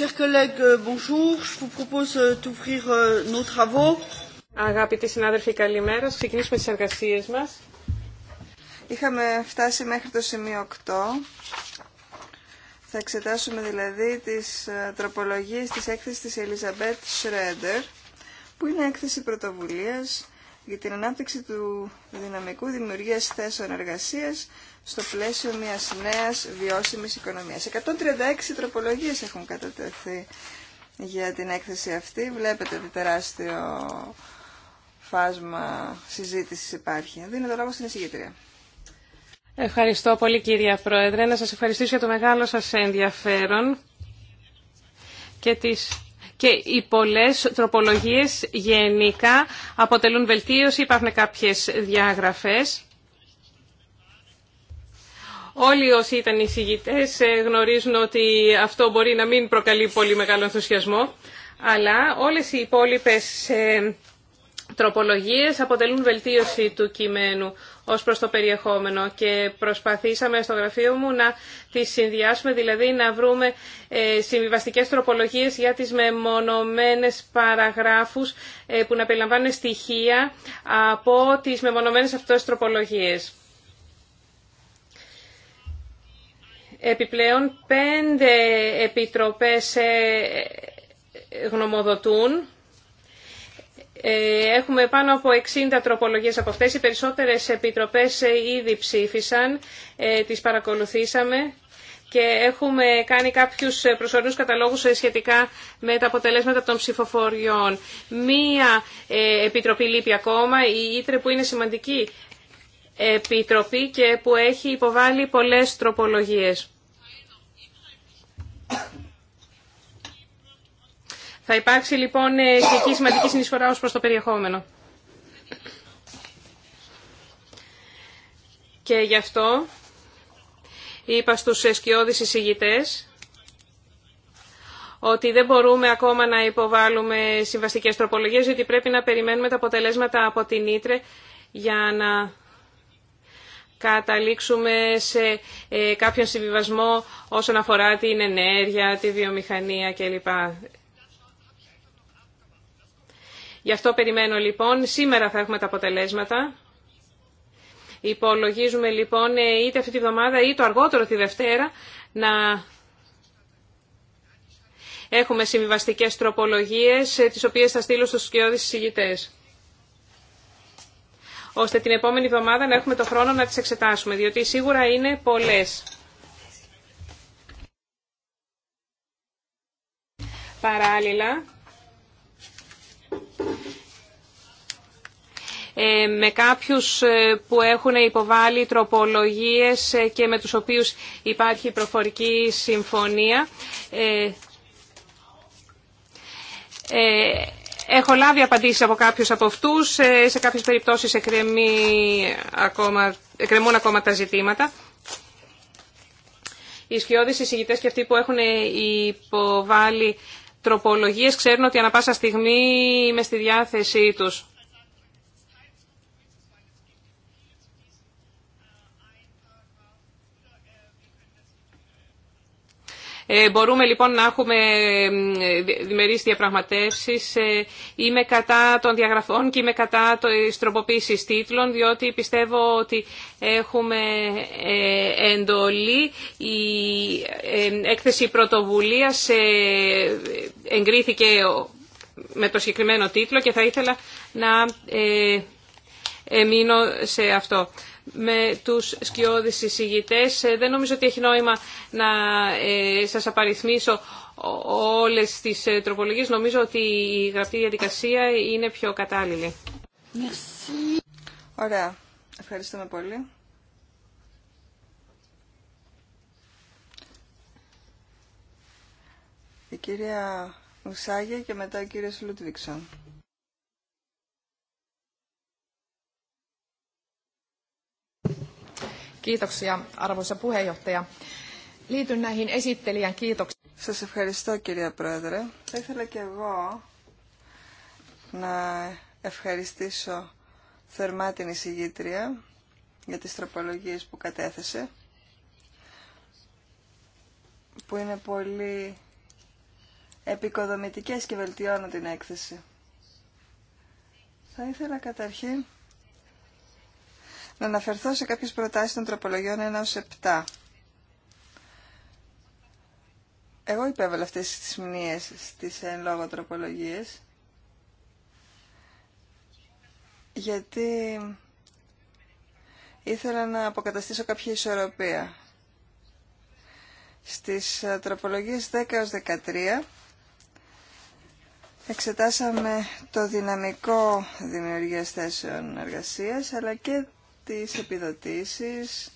Chers collègues, euh, bonjour. Je vous propose euh, d'ouvrir euh, nos travaux. Αγαπητοί συνάδελφοι, καλημέρα. Ξεκινήσουμε τις εργασίες μας. Είχαμε φτάσει μέχρι το σημείο 8. Θα εξετάσουμε δηλαδή τις ε, τροπολογίες της έκθεσης της Ελιζαμπέτ Σρέντερ, που είναι έκθεση πρωτοβουλίας για την ανάπτυξη του δυναμικού δημιουργίας θέσεων εργασίας στο πλαίσιο μιας νέας βιώσιμης οικονομίας. 136 τροπολογίες έχουν κατατεθεί για την έκθεση αυτή. Βλέπετε το τεράστιο φάσμα συζήτησης υπάρχει. Δίνω το λόγο στην εισηγήτρια. Ευχαριστώ πολύ κυρία Πρόεδρε. Να σας ευχαριστήσω για το μεγάλο σας ενδιαφέρον και τις και οι πολλές τροπολογίες γενικά αποτελούν βελτίωση, υπάρχουν κάποιες διαγραφές. Όλοι όσοι ήταν εισηγητέ ε, γνωρίζουν ότι αυτό μπορεί να μην προκαλεί πολύ μεγάλο ενθουσιασμό, αλλά όλες οι υπόλοιπες ε, τροπολογίες αποτελούν βελτίωση του κειμένου ως προς το περιεχόμενο και προσπαθήσαμε στο γραφείο μου να τις συνδυάσουμε, δηλαδή να βρούμε ε, συμβιβαστικές τροπολογίες για τις μεμονωμένες παραγράφους ε, που να περιλαμβάνουν στοιχεία από τις μεμονωμένες αυτές τροπολογίες. Επιπλέον, πέντε επιτροπές ε, γνωμοδοτούν ε, έχουμε πάνω από 60 τροπολογίες από αυτές. Οι περισσότερες επιτροπές ε, ήδη ψήφισαν, ε, τις παρακολουθήσαμε και έχουμε κάνει κάποιους προσωρινούς καταλόγους σχετικά με τα αποτελέσματα των ψηφοφοριών. Μία επιτροπή λείπει ακόμα, η Ήτρε που είναι σημαντική επιτροπή και που έχει υποβάλει πολλές τροπολογίες. Θα υπάρξει λοιπόν ε, και εκεί σημαντική συνεισφορά ως προς το περιεχόμενο. Και γι' αυτό είπα στους σκιώδεις εισηγητές ότι δεν μπορούμε ακόμα να υποβάλουμε συμβαστικές τροπολογίες, γιατί πρέπει να περιμένουμε τα αποτελέσματα από την Ήτρε για να καταλήξουμε σε ε, κάποιον συμβιβασμό όσον αφορά την ενέργεια, τη βιομηχανία κλπ. Γι' αυτό περιμένω λοιπόν, σήμερα θα έχουμε τα αποτελέσματα. Υπολογίζουμε λοιπόν ε, είτε αυτή τη βδομάδα είτε το αργότερο τη Δευτέρα να έχουμε συμβιβαστικές τροπολογίες ε, τις οποίες θα στείλω στους σκιώδεις συζητητές ώστε την επόμενη εβδομάδα να έχουμε το χρόνο να τις εξετάσουμε, διότι σίγουρα είναι πολλές. Παράλληλα, ε, με κάποιους ε, που έχουν υποβάλει τροπολογίες ε, και με τους οποίους υπάρχει προφορική συμφωνία. Έχω λάβει απαντήσεις από κάποιους από αυτούς. Σε κάποιες περιπτώσεις ακόμα, εκκρεμούν ακόμα τα ζητήματα. Οι σκιώδεις εισηγητές και αυτοί που έχουν υποβάλει τροπολογίες ξέρουν ότι ανα πάσα στιγμή είμαι στη διάθεσή τους. Ε, μπορούμε λοιπόν να έχουμε διμερείς διαπραγματεύσεις. Ε, είμαι κατά των διαγραφών και είμαι κατά της τροποποίησης τίτλων, διότι πιστεύω ότι έχουμε ε, εντολή. Η έκθεση πρωτοβουλίας εγκρίθηκε με το συγκεκριμένο τίτλο και θα ήθελα να μείνω σε αυτό με τους σκιώδεις εισηγητές. Ε, δεν νομίζω ότι έχει νόημα να ε, σας απαριθμίσω όλες τις ε, τροπολογίες. Νομίζω ότι η γραπτή διαδικασία είναι πιο κατάλληλη. Merci. Ωραία. Ευχαριστούμε πολύ. Η κυρία Ουσάγια και μετά ο κύριος Λουτβίξον. Kiitoksia, arvoisa puheenjohtaja. Liityn näihin Σας ευχαριστώ κυρία Πρόεδρε. Θα ήθελα και εγώ να ευχαριστήσω θερμά την εισηγήτρια για τις τροπολογίες που κατέθεσε που είναι πολύ επικοδομητικές και βελτιώνουν την έκθεση. Θα ήθελα καταρχήν να αναφερθώ σε κάποιες προτάσεις των τροπολογιών 1 ως 7. Εγώ υπέβαλα αυτές τις μνήες στις εν λόγω τροπολογίες, γιατί ήθελα να αποκαταστήσω κάποια ισορροπία. Στις ε, τροπολογίες 10 έως 13 εξετάσαμε το δυναμικό δημιουργίας θέσεων εργασίας αλλά και τις επιδοτήσεις,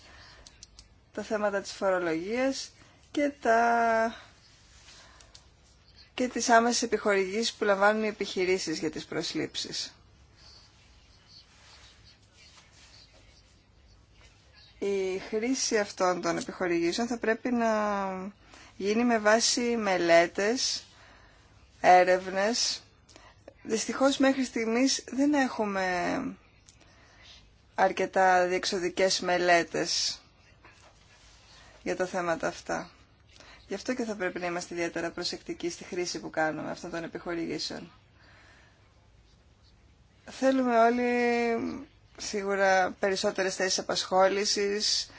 τα θέματα της φορολογίας και, τα... και τις άμεσες επιχορηγήσεις που λαμβάνουν οι επιχειρήσεις για τις προσλήψεις. Η χρήση αυτών των επιχορηγήσεων θα πρέπει να γίνει με βάση μελέτες, έρευνες. Δυστυχώς μέχρι στιγμής δεν έχουμε αρκετά διεξοδικές μελέτες για τα θέματα αυτά. Γι' αυτό και θα πρέπει να είμαστε ιδιαίτερα προσεκτικοί στη χρήση που κάνουμε αυτών των επιχορηγήσεων. Θέλουμε όλοι σίγουρα περισσότερες θέσεις απασχόλησης,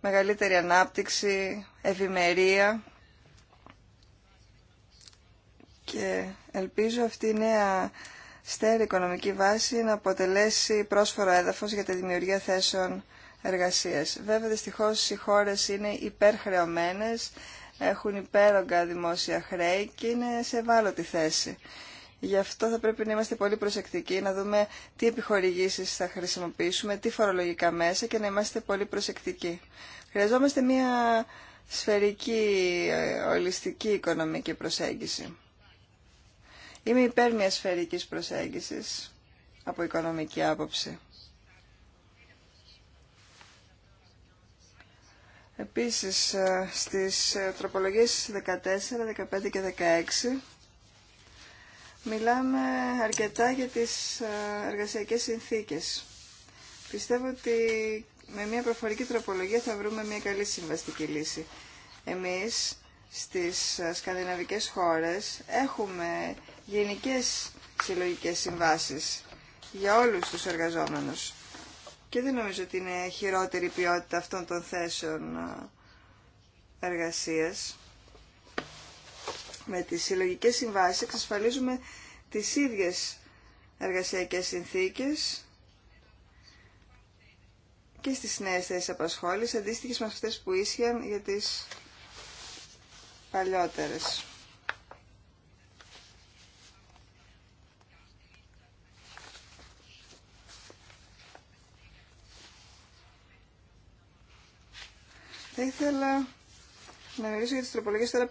μεγαλύτερη ανάπτυξη, ευημερία και ελπίζω αυτή η νέα στέρη οικονομική βάση να αποτελέσει πρόσφορο έδαφος για τη δημιουργία θέσεων εργασίας. Βέβαια, δυστυχώς οι χώρες είναι υπερχρεωμένες, έχουν υπέρογκα δημόσια χρέη και είναι σε ευάλωτη θέση. Γι' αυτό θα πρέπει να είμαστε πολύ προσεκτικοί, να δούμε τι επιχορηγήσεις θα χρησιμοποιήσουμε, τι φορολογικά μέσα και να είμαστε πολύ προσεκτικοί. Χρειαζόμαστε μια σφαιρική, ε, ολιστική οικονομική προσέγγιση. Είμαι υπέρ μιας σφαιρικής προσέγγισης από οικονομική άποψη. Επίσης, ε, στις ε, τροπολογίες 14, 15 και 16 μιλάμε αρκετά για τις ε, εργασιακές συνθήκες. Πιστεύω ότι με μια προφορική τροπολογία θα βρούμε μια καλή συμβαστική λύση. Εμείς στις σκανδιναβικές χώρες έχουμε γενικές συλλογικές συμβάσεις για όλους τους εργαζόμενους. Και δεν νομίζω ότι είναι χειρότερη ποιότητα αυτών των θέσεων εργασίας. Με τις συλλογικές συμβάσεις εξασφαλίζουμε τις ίδιες εργασιακές συνθήκες και στις νέες θέσεις απασχόλησης, αντίστοιχες με αυτές που ίσχυαν για τις παλιότερες. Θα ήθελα να μιλήσω για τις τροπολογίες τώρα 54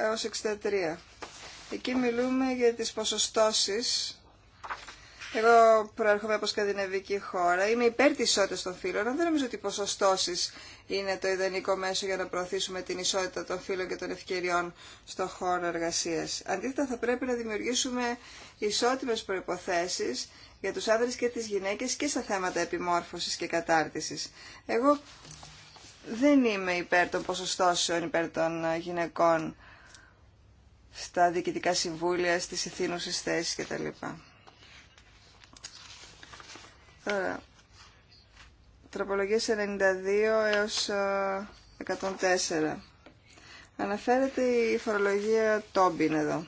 έως 63. Εκεί μιλούμε για τις ποσοστώσεις. Εγώ προέρχομαι από σκανδιναβική χώρα. Είμαι υπέρ της ισότητας των φύλων. Δεν νομίζω ότι οι ποσοστώσεις είναι το ιδανικό μέσο για να προωθήσουμε την ισότητα των φύλων και των ευκαιριών στον χώρο εργασίας. Αντίθετα θα πρέπει να δημιουργήσουμε ισότιμες προϋποθέσεις για τους άνδρες και τις γυναίκες και στα θέματα επιμόρφωσης και κατάρτισης. Εγώ δεν είμαι υπέρ των ποσοστώσεων υπέρ των γυναικών στα διοικητικά συμβούλια, στις ηθήνουσες θέσεις κτλ. Τώρα, τροπολογίες 92 έως 104. Ε, Αναφέρεται η φορολογία Τόμπιν εδώ.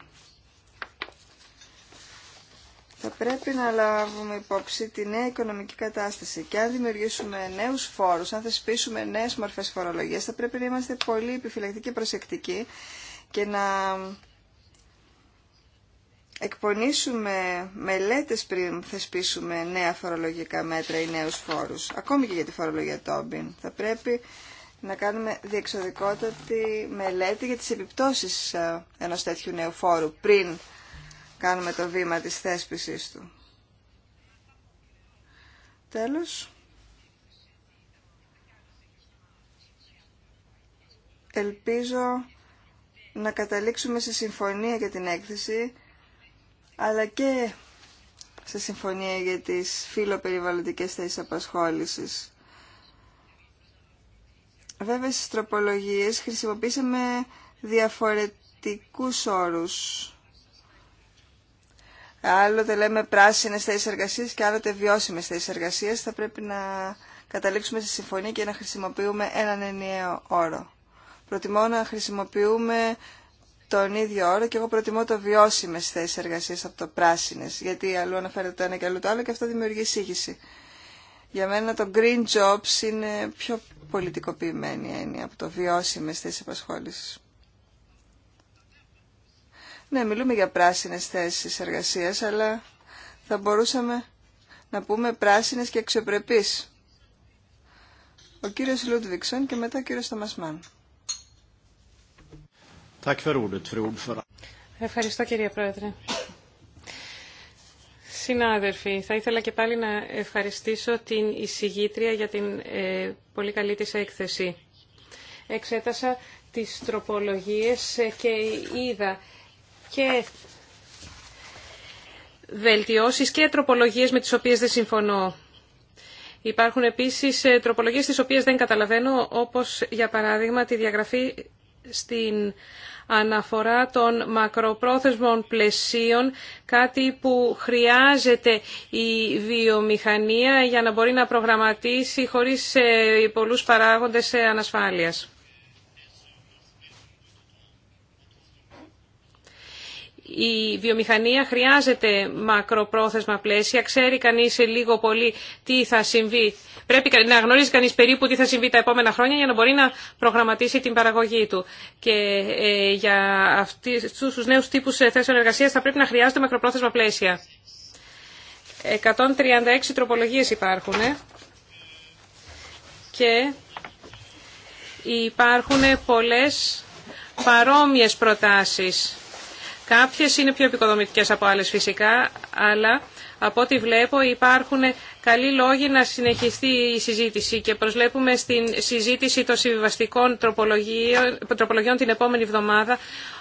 Θα πρέπει να λάβουμε υπόψη τη νέα οικονομική κατάσταση και αν δημιουργήσουμε νέους φόρους, αν θεσπίσουμε νέες μορφέ φορολογίας, θα πρέπει να είμαστε πολύ επιφυλακτικοί και προσεκτικοί και να εκπονήσουμε μελέτες πριν θεσπίσουμε νέα φορολογικά μέτρα ή νέους φόρους, ακόμη και για τη φορολογία Τόμπιν. Θα πρέπει να κάνουμε διεξοδικότατη μελέτη για τις επιπτώσεις ε, ενός τέτοιου νέου φόρου πριν κάνουμε το βήμα της θέσπισης του. Τέλος. Ελπίζω να καταλήξουμε σε συμφωνία για την έκθεση, αλλά και σε συμφωνία για τις φιλοπεριβαλλοντικές θέσεις απασχόλησης. Βέβαια στις τροπολογίες χρησιμοποίησαμε διαφορετικούς όρους άλλοτε λέμε πράσινε θέσει εργασία και άλλοτε βιώσιμε θέσει εργασία. Θα πρέπει να καταλήξουμε στη συμφωνία και να χρησιμοποιούμε έναν ενιαίο όρο. Προτιμώ να χρησιμοποιούμε τον ίδιο όρο και εγώ προτιμώ το βιώσιμε θέσει εργασία από το πράσινε. Γιατί αλλού αναφέρεται το ένα και αλλού το άλλο και αυτό δημιουργεί σύγχυση. Για μένα το green jobs είναι πιο πολιτικοποιημένη έννοια από το βιώσιμε θέσει απασχόληση. Ναι, μιλούμε για πράσινες θέσεις εργασίας, αλλά θα μπορούσαμε να πούμε πράσινες και αξιοπρεπείς. Ο κύριος Λούντβιξον και μετά ο κύριος Σταμασμάν. Ευχαριστώ κύριε Πρόεδρε. Συνάδελφοι, θα ήθελα και πάλι να ευχαριστήσω την εισηγήτρια για την ε, πολύ καλή της έκθεση. Εξέτασα τις τροπολογίες ε, και είδα και βελτιώσεις και τροπολογίες με τις οποίες δεν συμφωνώ. Υπάρχουν επίσης ε, τροπολογίες τις οποίες δεν καταλαβαίνω, όπως για παράδειγμα τη διαγραφή στην αναφορά των μακροπρόθεσμων πλαισίων, κάτι που χρειάζεται η βιομηχανία για να μπορεί να προγραμματίσει χωρίς ε, πολλούς παράγοντες ε, ανασφάλειας. η βιομηχανία χρειάζεται μακροπρόθεσμα πλαίσια. Ξέρει κανείς λίγο πολύ τι θα συμβεί. Πρέπει να γνωρίζει κανείς περίπου τι θα συμβεί τα επόμενα χρόνια για να μπορεί να προγραμματίσει την παραγωγή του. Και ε, για αυτού τους νέους τύπους ε, θέσεων εργασίας θα πρέπει να χρειάζεται μακροπρόθεσμα πλαίσια. 136 τροπολογίες υπάρχουν ε. και υπάρχουν πολλές παρόμοιες προτάσεις. Κάποιες είναι πιο επικοδομητικές από άλλες φυσικά, αλλά από ό,τι βλέπω υπάρχουν καλοί λόγοι να συνεχιστεί η συζήτηση και προσλέπουμε στην συζήτηση των συμβιβαστικών τροπολογιών, την επόμενη εβδομάδα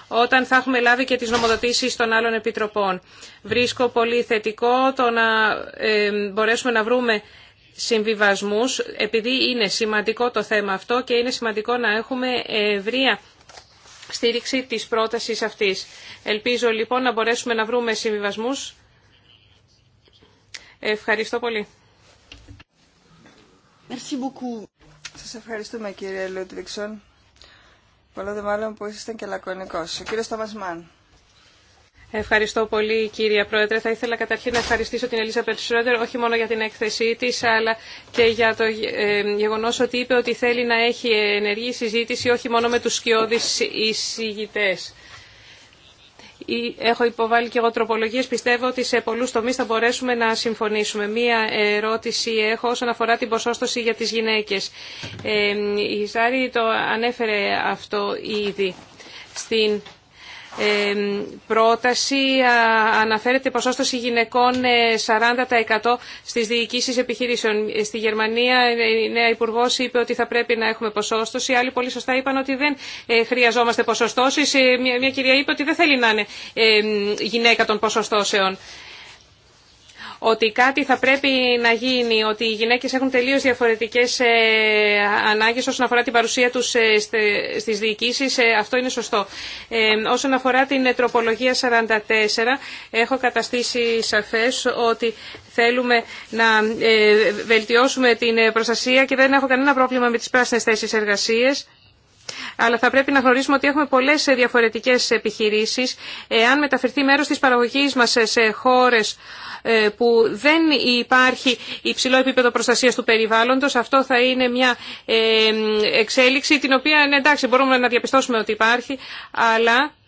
όταν θα έχουμε λάβει και τις νομοδοτήσεις των άλλων επιτροπών. Βρίσκω πολύ θετικό το να μπορέσουμε να βρούμε συμβιβασμούς επειδή είναι σημαντικό το θέμα αυτό και είναι σημαντικό να έχουμε ευρεία στήριξη της πρότασης αυτής. Ελπίζω λοιπόν να μπορέσουμε να βρούμε συμβιβασμούς. Ευχαριστώ πολύ. Σα ευχαριστούμε κύριε Λούτβιξον. Πολλά δε μάλλον που ήσασταν και λακωνικό. Ο κύριο Τόμα Μάν. Ευχαριστώ πολύ κύριε Πρόεδρε. Θα ήθελα καταρχήν να ευχαριστήσω την Ελίζα Περσρόντερ όχι μόνο για την έκθεσή τη, αλλά και για το ε, γεγονό ότι είπε ότι θέλει να έχει ενεργή συζήτηση όχι μόνο με τους σκιώδει εισηγητέ. Έχω υποβάλει και εγώ τροπολογίες. Πιστεύω ότι σε πολλούς τομείς θα μπορέσουμε να συμφωνήσουμε. Μία ερώτηση έχω όσον αφορά την ποσόστοση για τις γυναίκες. Ε, η Ζάρη το ανέφερε αυτό ήδη στην πρόταση αναφέρεται ποσόστοση γυναικών 40% ε, στις διοικήσεις επιχειρήσεων. Ε, στη Γερμανία ε, η νέα υπουργό είπε ότι θα πρέπει να έχουμε ποσόστοση. Άλλοι πολύ σωστά είπαν ότι δεν χρειαζόμαστε ποσοστώσεις. Μια κυρία είπε ότι δεν θέλει να είναι γυναίκα των ποσοστώσεων ότι κάτι θα πρέπει να γίνει, ότι οι γυναίκες έχουν τελείως διαφορετικές ε, ανάγκες όσον αφορά την παρουσία τους ε, στις διοικήσεις, ε, αυτό είναι σωστό. Όσον αφορά την τροπολογία 44, έχω καταστήσει σαφές ότι θέλουμε να βελτιώσουμε την προστασία και δεν έχω κανένα πρόβλημα με τις πράσινες θέσεις εργασίες αλλά θα πρέπει να γνωρίζουμε ότι έχουμε πολλέ διαφορετικέ επιχειρήσει Εάν μεταφερθεί μέρο τη παραγωγή μα σε χώρε ε, που δεν υπάρχει υψηλό επίπεδο προστασίας του περιβάλλοντος, αυτό θα είναι μια ε, εξέλιξη την οποία ναι, εντάξει μπορούμε να διαπιστώσουμε ότι υπάρχει, αλλά...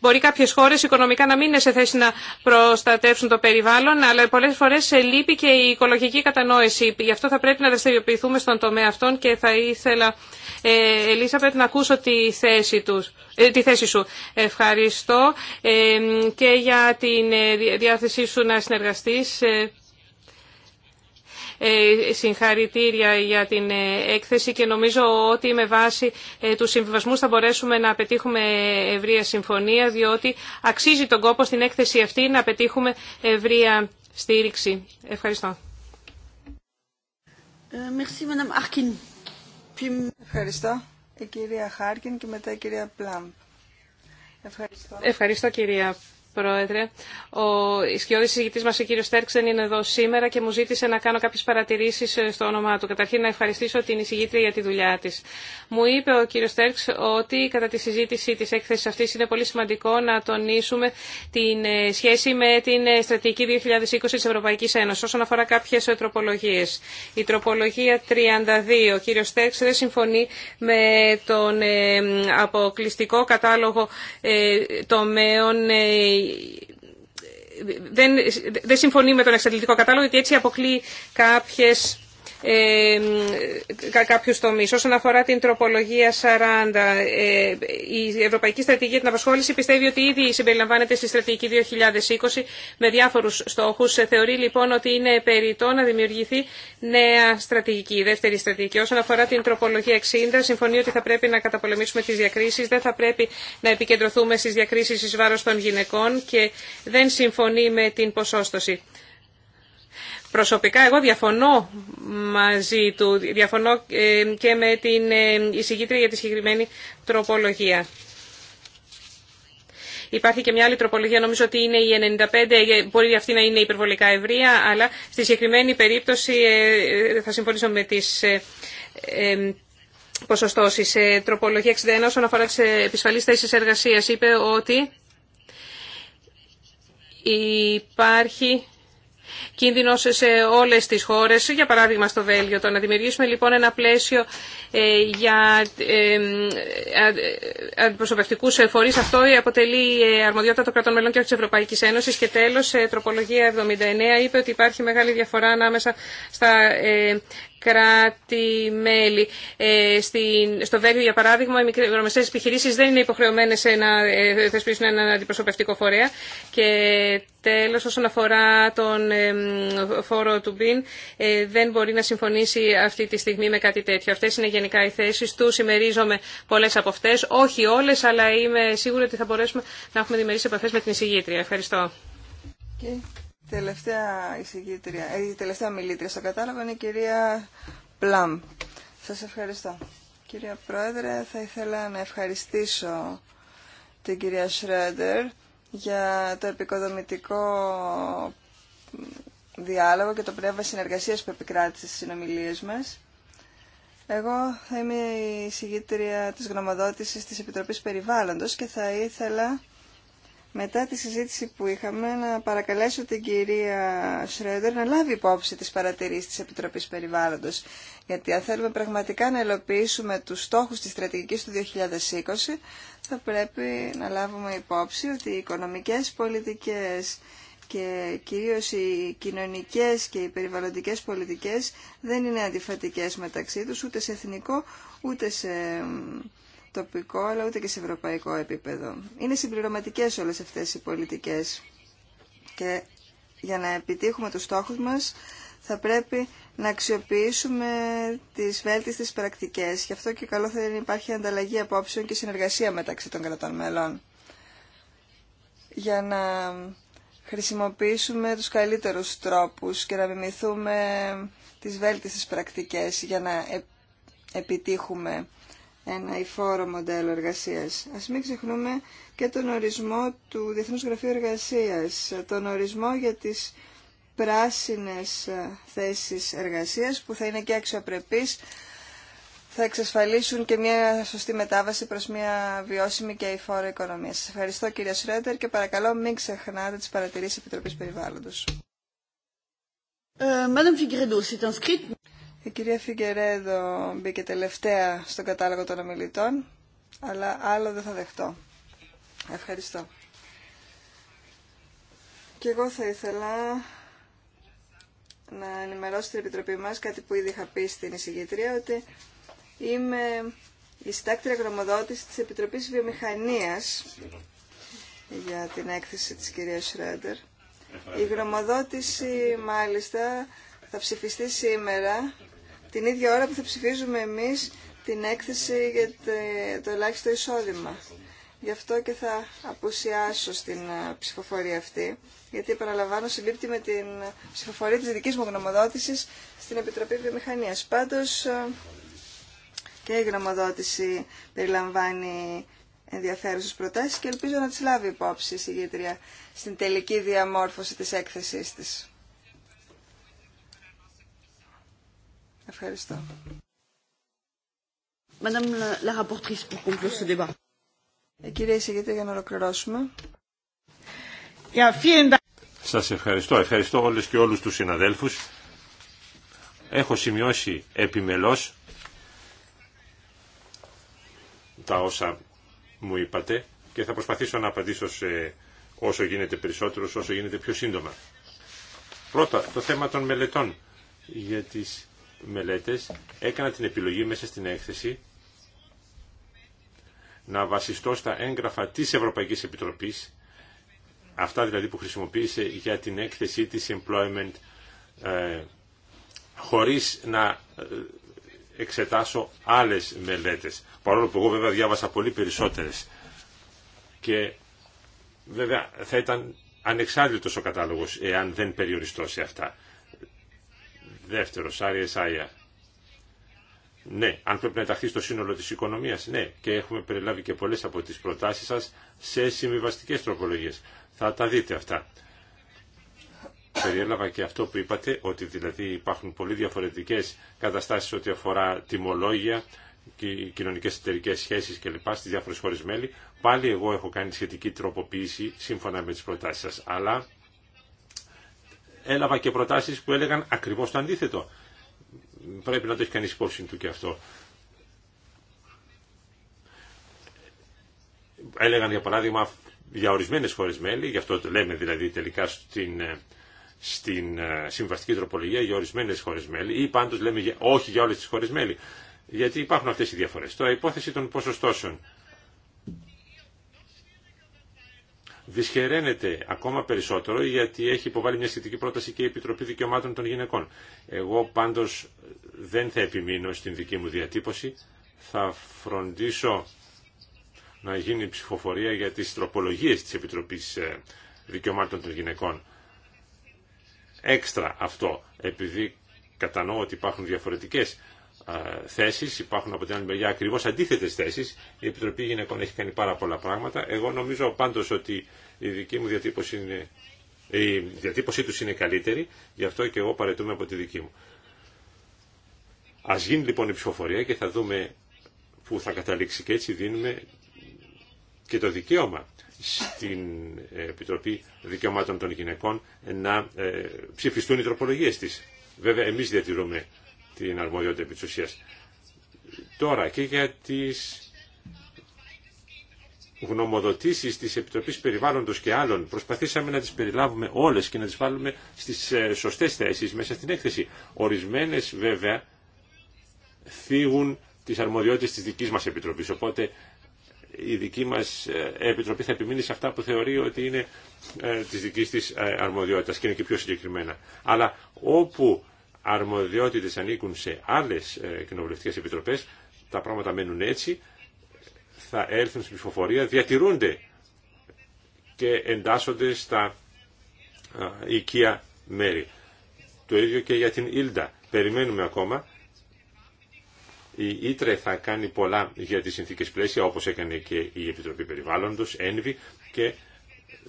Μπορεί κάποιε χώρες οικονομικά να μην είναι σε θέση να προστατεύσουν το περιβάλλον, αλλά πολλές φορέ λείπει και η οικολογική κατανόηση. Γι' αυτό θα πρέπει να δραστηριοποιηθούμε στον τομέα αυτόν και θα ήθελα πρέπει να ακούσω τη θέση, ε, τη θέση σου. Ευχαριστώ ε, και για την ε, διάθεσή σου να συνεργαστείς. Συγχαρητήρια για την έκθεση και νομίζω ότι με βάση του συμβιβασμού θα μπορέσουμε να πετύχουμε ευρεία συμφωνία διότι αξίζει τον κόπο στην έκθεση αυτή να πετύχουμε ευρεία στήριξη. Ευχαριστώ. Merci, Ευχαριστώ. Η κυρία Χάρκιν και μετά η κυρία Πλάμπ. Ευχαριστώ. Ευχαριστώ κυρία Πρόεδρε. Ο ισχυώδη συζητητή μα, ο κύριο Στέρξ, δεν είναι εδώ σήμερα και μου ζήτησε να κάνω κάποιε παρατηρήσει ε, στο όνομά του. Καταρχήν, να ευχαριστήσω την εισηγήτρια για τη δουλειά τη. Μου είπε ο κύριο Στέρξ ότι κατά τη συζήτηση τη έκθεση αυτή είναι πολύ σημαντικό να τονίσουμε την ε, σχέση με την ε, στρατηγική 2020 τη Ευρωπαϊκή Ένωση όσον αφορά κάποιε τροπολογίε. Η τροπολογία 32. Ο κύριο Στέρξ δεν συμφωνεί με τον αποκλειστικό κατάλογο τομέων δεν, δεν συμφωνεί με τον εξαντλητικό κατάλογο και έτσι αποκλεί κάποιες κάποιους τομείς. Όσον αφορά την τροπολογία 40, ε, η Ευρωπαϊκή Στρατηγική την Απασχόληση πιστεύει ότι ήδη συμπεριλαμβάνεται στη Στρατηγική 2020 με διάφορους στόχους. Ε, θεωρεί λοιπόν ότι είναι περιττό να δημιουργηθεί νέα στρατηγική, η δεύτερη στρατηγική. Όσον αφορά την τροπολογία 60, συμφωνεί ότι θα πρέπει να καταπολεμήσουμε τις διακρίσεις, δεν θα πρέπει να επικεντρωθούμε στις διακρίσεις εις βάρος των γυναικών και δεν συμφωνεί με την ποσόστοση. Προσωπικά εγώ διαφωνώ μαζί του, διαφωνώ ε, και με την ε, εισηγήτρια για τη συγκεκριμένη τροπολογία. Υπάρχει και μια άλλη τροπολογία, νομίζω ότι είναι η 95, ε, μπορεί αυτή να είναι υπερβολικά ευρεία, αλλά στη συγκεκριμένη περίπτωση θα συμφωνήσω με τις ποσοστώσεις. Τροπολογία 61 όσον αφορά τις επισφαλείς θέσεις εργασίας είπε ότι υπάρχει Κίνδυνο σε όλες τις χώρες, για παράδειγμα στο Βέλγιο. Το να δημιουργήσουμε λοιπόν ένα πλαίσιο ε, για ε, ε, αντιπροσωπευτικούς φορεί, αυτό αποτελεί αρμοδιότητα των κρατών μελών και τη Ευρωπαϊκή Ένωση Και τέλος, τροπολογία 79 είπε ότι υπάρχει μεγάλη διαφορά ανάμεσα στα κράτη-μέλη. Ε, στο Βέλγιο, για παράδειγμα, οι μικρομεσαίες επιχειρήσεις δεν είναι υποχρεωμένες να ε, θεσπίσουν έναν αντιπροσωπευτικό φορέα. Και τέλος, όσον αφορά τον φόρο του ΜΠΙΝ, ε, δεν μπορεί να συμφωνήσει αυτή τη στιγμή με κάτι τέτοιο. Αυτές είναι γενικά οι θέσεις του. Συμμερίζομαι πολλές από αυτές, όχι όλες, αλλά είμαι σίγουρη ότι θα μπορέσουμε να έχουμε διμερείς επαφές με την εισηγήτρια. Ευχαριστώ τελευταία εισηγήτρια, ε, η τελευταία μιλήτρια στο κατάλογο είναι η κυρία Πλάμ. Σας ευχαριστώ. Κυρία Πρόεδρε, θα ήθελα να ευχαριστήσω την κυρία Σρέντερ για το επικοδομητικό διάλογο και το πνεύμα συνεργασίας που επικράτησε στις συνομιλίες μας. Εγώ θα είμαι η συγγήτρια της γνωμοδότησης της Επιτροπής Περιβάλλοντος και θα ήθελα μετά τη συζήτηση που είχαμε να παρακαλέσω την κυρία Σρέντερ να λάβει υπόψη τις παρατηρήσεις της Επιτροπής Περιβάλλοντος. Γιατί αν θέλουμε πραγματικά να ελοπίσουμε τους στόχους της στρατηγικής του 2020 θα πρέπει να λάβουμε υπόψη ότι οι οικονομικές πολιτικές και κυρίως οι κοινωνικές και οι περιβαλλοντικές πολιτικές δεν είναι αντιφατικές μεταξύ τους ούτε σε εθνικό ούτε σε τοπικό αλλά ούτε και σε ευρωπαϊκό επίπεδο. Είναι συμπληρωματικές όλες αυτές οι πολιτικές και για να επιτύχουμε τους στόχους μας θα πρέπει να αξιοποιήσουμε τις βέλτιστες πρακτικές. Γι' αυτό και καλό θα είναι να υπάρχει ανταλλαγή απόψεων και συνεργασία μεταξύ των κρατών μελών για να χρησιμοποιήσουμε τους καλύτερους τρόπους και να μιμηθούμε τις βέλτιστες πρακτικές για να ε, επιτύχουμε ένα υφόρο μοντέλο εργασίας. Ας μην ξεχνούμε και τον ορισμό του Διεθνούς Γραφείου Εργασίας, τον ορισμό για τις πράσινες ε, θέσεις εργασίας που θα είναι και αξιοπρεπείς, θα εξασφαλίσουν και μια σωστή μετάβαση προς μια βιώσιμη και υφόρο οικονομία. Σας ευχαριστώ κύριε Σρέντερ και παρακαλώ μην ξεχνάτε τις παρατηρήσεις Επιτροπής Περιβάλλοντος. Ε, η κυρία Φιγκερέδο μπήκε τελευταία στον κατάλογο των ομιλητών, αλλά άλλο δεν θα δεχτώ. Ευχαριστώ. Και εγώ θα ήθελα να ενημερώσω την Επιτροπή μας, κάτι που ήδη είχα πει στην εισηγητρία, ότι είμαι η συντάκτρια γνωμοδότηση της Επιτροπής Βιομηχανίας για την έκθεση της κυρίας Σρέντερ. Η γνωμοδότηση, μάλιστα, θα ψηφιστεί σήμερα την ίδια ώρα που θα ψηφίζουμε εμείς την έκθεση για το ελάχιστο εισόδημα. Γι' αυτό και θα απουσιάσω στην ε, ψηφοφορία αυτή, γιατί επαναλαμβάνω συμπίπτει με την ψηφοφορία της δικής μου γνωμοδότησης στην Επιτροπή Βιομηχανίας. Πάντως ε, και η γνωμοδότηση περιλαμβάνει ενδιαφέρουσες προτάσεις και ελπίζω να τις λάβει υπόψη η συγγήτρια στην τελική διαμόρφωση της έκθεσής της. Ευχαριστώ. Ε, Εισηγητή, για να Σας ευχαριστώ. Ευχαριστώ όλες και όλους τους συναδέλφους. Έχω σημειώσει επιμελώς τα όσα μου είπατε και θα προσπαθήσω να απαντήσω σε όσο γίνεται περισσότερο, όσο γίνεται πιο σύντομα. Πρώτα, το θέμα των μελετών για τις μελέτες έκανα την επιλογή μέσα στην έκθεση να βασιστώ στα έγγραφα της Ευρωπαϊκής Επιτροπής, αυτά δηλαδή που χρησιμοποίησε για την έκθεσή της employment, ε, χωρίς να ε, εξετάσω άλλες μελέτες. Παρόλο που εγώ βέβαια διάβασα πολύ περισσότερες. Και βέβαια θα ήταν ανεξάρτητος ο κατάλογος εάν δεν περιοριστώ σε αυτά. Δεύτερο, Σάρι Σάια. Ναι, αν πρέπει να ενταχθεί στο σύνολο της οικονομίας, ναι. Και έχουμε περιλάβει και πολλές από τις προτάσεις σας σε συμβιβαστικέ τροπολογίες. Θα τα δείτε αυτά. Περιέλαβα και αυτό που είπατε, ότι δηλαδή υπάρχουν πολύ διαφορετικές καταστάσεις ό,τι αφορά τιμολόγια, κοινωνικέ εταιρικέ σχέσει κλπ. στι διάφορε χώρε μέλη. Πάλι εγώ έχω κάνει σχετική τροποποίηση σύμφωνα με τι προτάσει σα. Αλλά έλαβα και προτάσεις που έλεγαν ακριβώς το αντίθετο. Πρέπει να το έχει κανείς υπόψη του και αυτό. Έλεγαν για παράδειγμα για ορισμένες χώρες μέλη, γι' αυτό το λέμε δηλαδή τελικά στην, ε, στην ε, συμβαστική τροπολογία για ορισμένες χώρες μέλη ή πάντως λέμε όχι για όλες τις χώρες μέλη. Γιατί υπάρχουν αυτές οι διαφορές. Τώρα υπόθεση των ποσοστώσεων. δυσχεραίνεται ακόμα περισσότερο γιατί έχει υποβάλει μια σχετική πρόταση και η Επιτροπή Δικαιωμάτων των Γυναικών. Εγώ πάντως δεν θα επιμείνω στην δική μου διατύπωση. Θα φροντίσω να γίνει ψηφοφορία για τις τροπολογίες της Επιτροπής ε, Δικαιωμάτων των Γυναικών. Έξτρα αυτό, επειδή κατανοώ ότι υπάρχουν διαφορετικές ε, θέσεις, υπάρχουν από την άλλη μεριά ακριβώς αντίθετες θέσεις. Η Επιτροπή Γυναικών έχει κάνει πάρα πολλά πράγματα. Εγώ νομίζω πάντω ότι η δική μου διατύπωση είναι... Η διατύπωσή τους είναι καλύτερη, γι' αυτό και εγώ παρετούμε από τη δική μου. Ας γίνει λοιπόν η ψηφοφορία και θα δούμε που θα καταλήξει και έτσι δίνουμε και το δικαίωμα στην ε, Επιτροπή Δικαιωμάτων των Γυναικών να ε, ψηφιστούν οι τροπολογίες της. Βέβαια εμείς διατηρούμε την αρμοδιότητα επί της ουσίας. Τώρα και για τις Γνωμοδοτήσει της Επιτροπής Περιβάλλοντος και άλλων προσπαθήσαμε να τις περιλάβουμε όλες και να τις βάλουμε στις ε, σωστές θέσεις μέσα στην έκθεση. Ορισμένες βέβαια φύγουν τις αρμοδιότητες της δικής μας Επιτροπής, οπότε η δική μας ε, Επιτροπή θα επιμείνει σε αυτά που θεωρεί ότι είναι ε, της δικής της αρμοδιότητας και είναι και πιο συγκεκριμένα. Αλλά όπου αρμοδιότητες ανήκουν σε άλλες κοινοβουλευτικές επιτροπές, τα πράγματα μένουν έτσι, θα έρθουν στην ψηφοφορία διατηρούνται και εντάσσονται στα οικία μέρη. Το ίδιο και για την Ήλντα. Περιμένουμε ακόμα. Η Ήτρε θα κάνει πολλά για τις συνθήκες πλαίσια, όπως έκανε και η Επιτροπή Περιβάλλοντος, Ένβη, και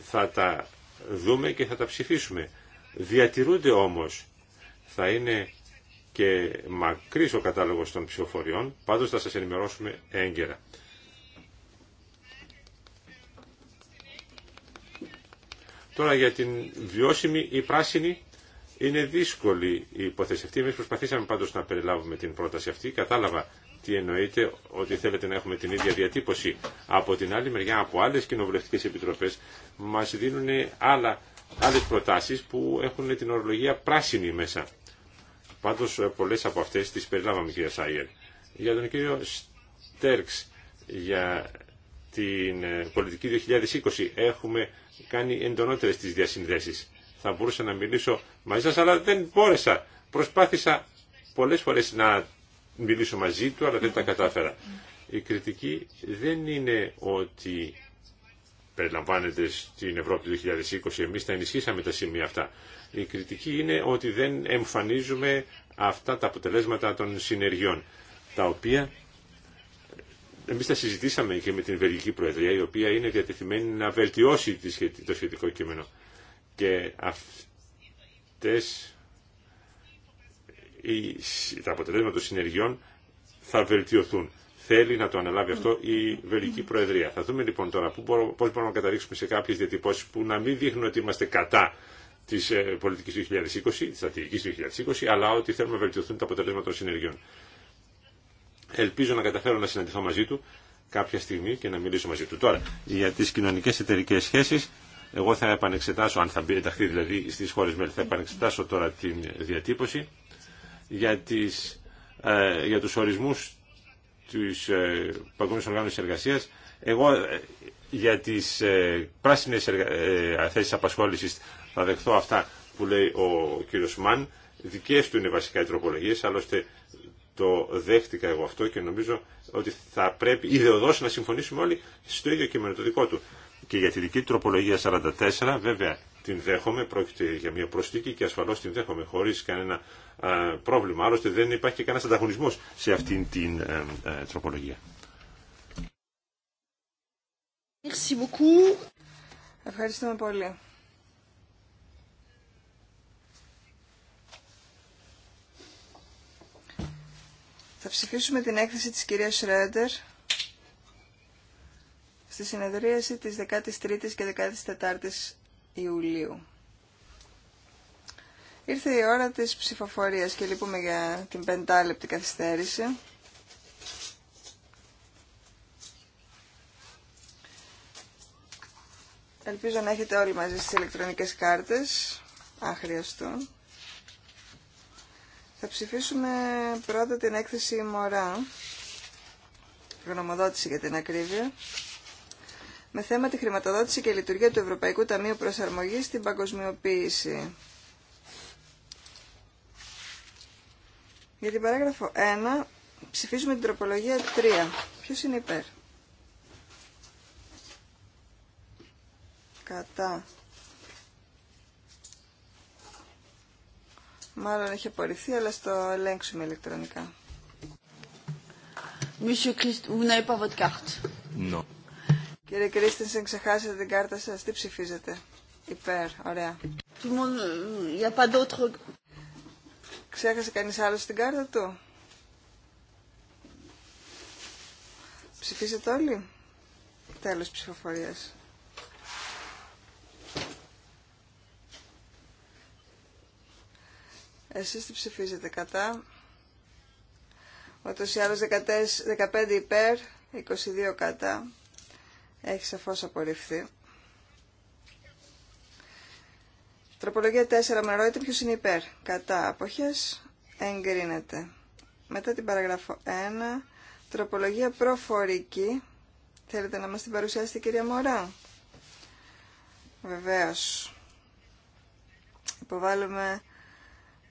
θα τα δούμε και θα τα ψηφίσουμε. Διατηρούνται όμως, θα είναι και μακρύς ο κατάλογος των ψηφοφοριών, πάντως θα σας ενημερώσουμε έγκαιρα. Τώρα για την βιώσιμη ή πράσινη είναι δύσκολη η υπόθεση αυτή. Εμείς προσπαθήσαμε πάντως να περιλάβουμε την πρόταση αυτή. Κατάλαβα τι εννοείται ότι θέλετε να έχουμε την ίδια διατύπωση. Από την άλλη μεριά, από άλλες κοινοβουλευτικές επιτροπές μας δίνουν άλλα, άλλες προτάσεις που έχουν την ορολογία πράσινη μέσα. Πάντως ε, πολλές από αυτές τις περιλάβαμε κυρία Σάιερ. Για τον κύριο Στέρξ, για την ε, πολιτική 2020 έχουμε κάνει εντονότερες τις διασυνδέσεις. Θα μπορούσα να μιλήσω μαζί σας, αλλά δεν μπόρεσα. Προσπάθησα πολλές φορές να μιλήσω μαζί του, αλλά δεν τα κατάφερα. Η κριτική δεν είναι ότι περιλαμβάνεται στην Ευρώπη του 2020, εμείς τα ενισχύσαμε τα σημεία αυτά. Η κριτική είναι ότι δεν εμφανίζουμε αυτά τα αποτελέσματα των συνεργειών, τα οποία εμείς τα συζητήσαμε και με την Βελγική Προεδρία, η οποία είναι διατεθειμένη να βελτιώσει το σχετικό κείμενο. Και αυτές τα αποτελέσματα των συνεργειών θα βελτιωθούν. Θέλει να το αναλάβει αυτό η Βελγική Προεδρία. Θα δούμε λοιπόν τώρα πώ μπορούμε, πώς μπορούμε να καταλήξουμε σε κάποιες διατυπώσεις που να μην δείχνουν ότι είμαστε κατά της ε, πολιτικής 2020, της του 2020, αλλά ότι θέλουμε να βελτιωθούν τα αποτελέσματα των συνεργειών. Ελπίζω να καταφέρω να συναντηθώ μαζί του κάποια στιγμή και να μιλήσω μαζί του. Τώρα, για τι κοινωνικέ εταιρικέ σχέσει, εγώ θα επανεξετάσω, αν θα ενταχθεί δηλαδή στι χώρε μέλη, θα επανεξετάσω τώρα την διατύπωση για, τις, ε, για τους ορισμούς της ε, Οργάνωσης Εργασίας. Εγώ ε, για τις ε, πράσινες εργα... Ε, θέσεις απασχόλησης θα δεχθώ αυτά που λέει ο κύριος Μαν. Δικές του είναι βασικά οι τροπολογίες, άλλωστε το δέχτηκα εγώ αυτό και νομίζω ότι θα πρέπει ιδεοδό να συμφωνήσουμε όλοι στο ίδιο κείμενο το δικό του. Και για τη δική του τροπολογία 44 βέβαια την δέχομαι, πρόκειται για μια προσθήκη και ασφαλώς την δέχομαι χωρίς κανένα πρόβλημα. Άλλωστε δεν υπάρχει και κανένας ανταγωνισμός σε αυτήν την ε, ε τροπολογία. Ευχαριστούμε πολύ. Θα ψηφίσουμε την έκθεση της κυρίας Σρέντερ στη συνεδρίαση της 13ης και 14ης Ιουλίου. Ήρθε η ώρα της ψηφοφορίας και λείπουμε για την πεντάλεπτη καθυστέρηση. Ελπίζω να έχετε όλοι μαζί στις ηλεκτρονικές κάρτες, αν θα ψηφίσουμε πρώτα την έκθεση Μωρά, γνωμοδότηση για την ακρίβεια, με θέμα τη χρηματοδότηση και λειτουργία του Ευρωπαϊκού Ταμείου Προσαρμογής στην παγκοσμιοποίηση. Για την παράγραφο 1 ψηφίζουμε την τροπολογία 3. Ποιος είναι υπέρ. Κατά Μάλλον έχει απορριφθεί, αλλά στο ελέγξουμε ηλεκτρονικά. Κύριε Κύριε Κρίστινσεν, ξεχάσατε την κάρτα σας. Τι ψηφίζετε. Υπέρ. Ωραία. Euh, Ξέχασε κανείς άλλος την κάρτα του. Ψηφίζετε όλοι. Τέλος ψηφοφορίας. Εσείς τι ψηφίζετε κατά. Ούτως ή άλλως 15 υπέρ, 22 κατά. Έχει σαφώς απορριφθεί. Τροπολογία 4 με ρόιτε ποιος είναι υπέρ. Κατά αποχές εγκρίνεται. Μετά την παραγράφω. 1, τροπολογία προφορική. Θέλετε να μας την παρουσιάσετε κυρία Μωρά. Βεβαίως. Υποβάλλουμε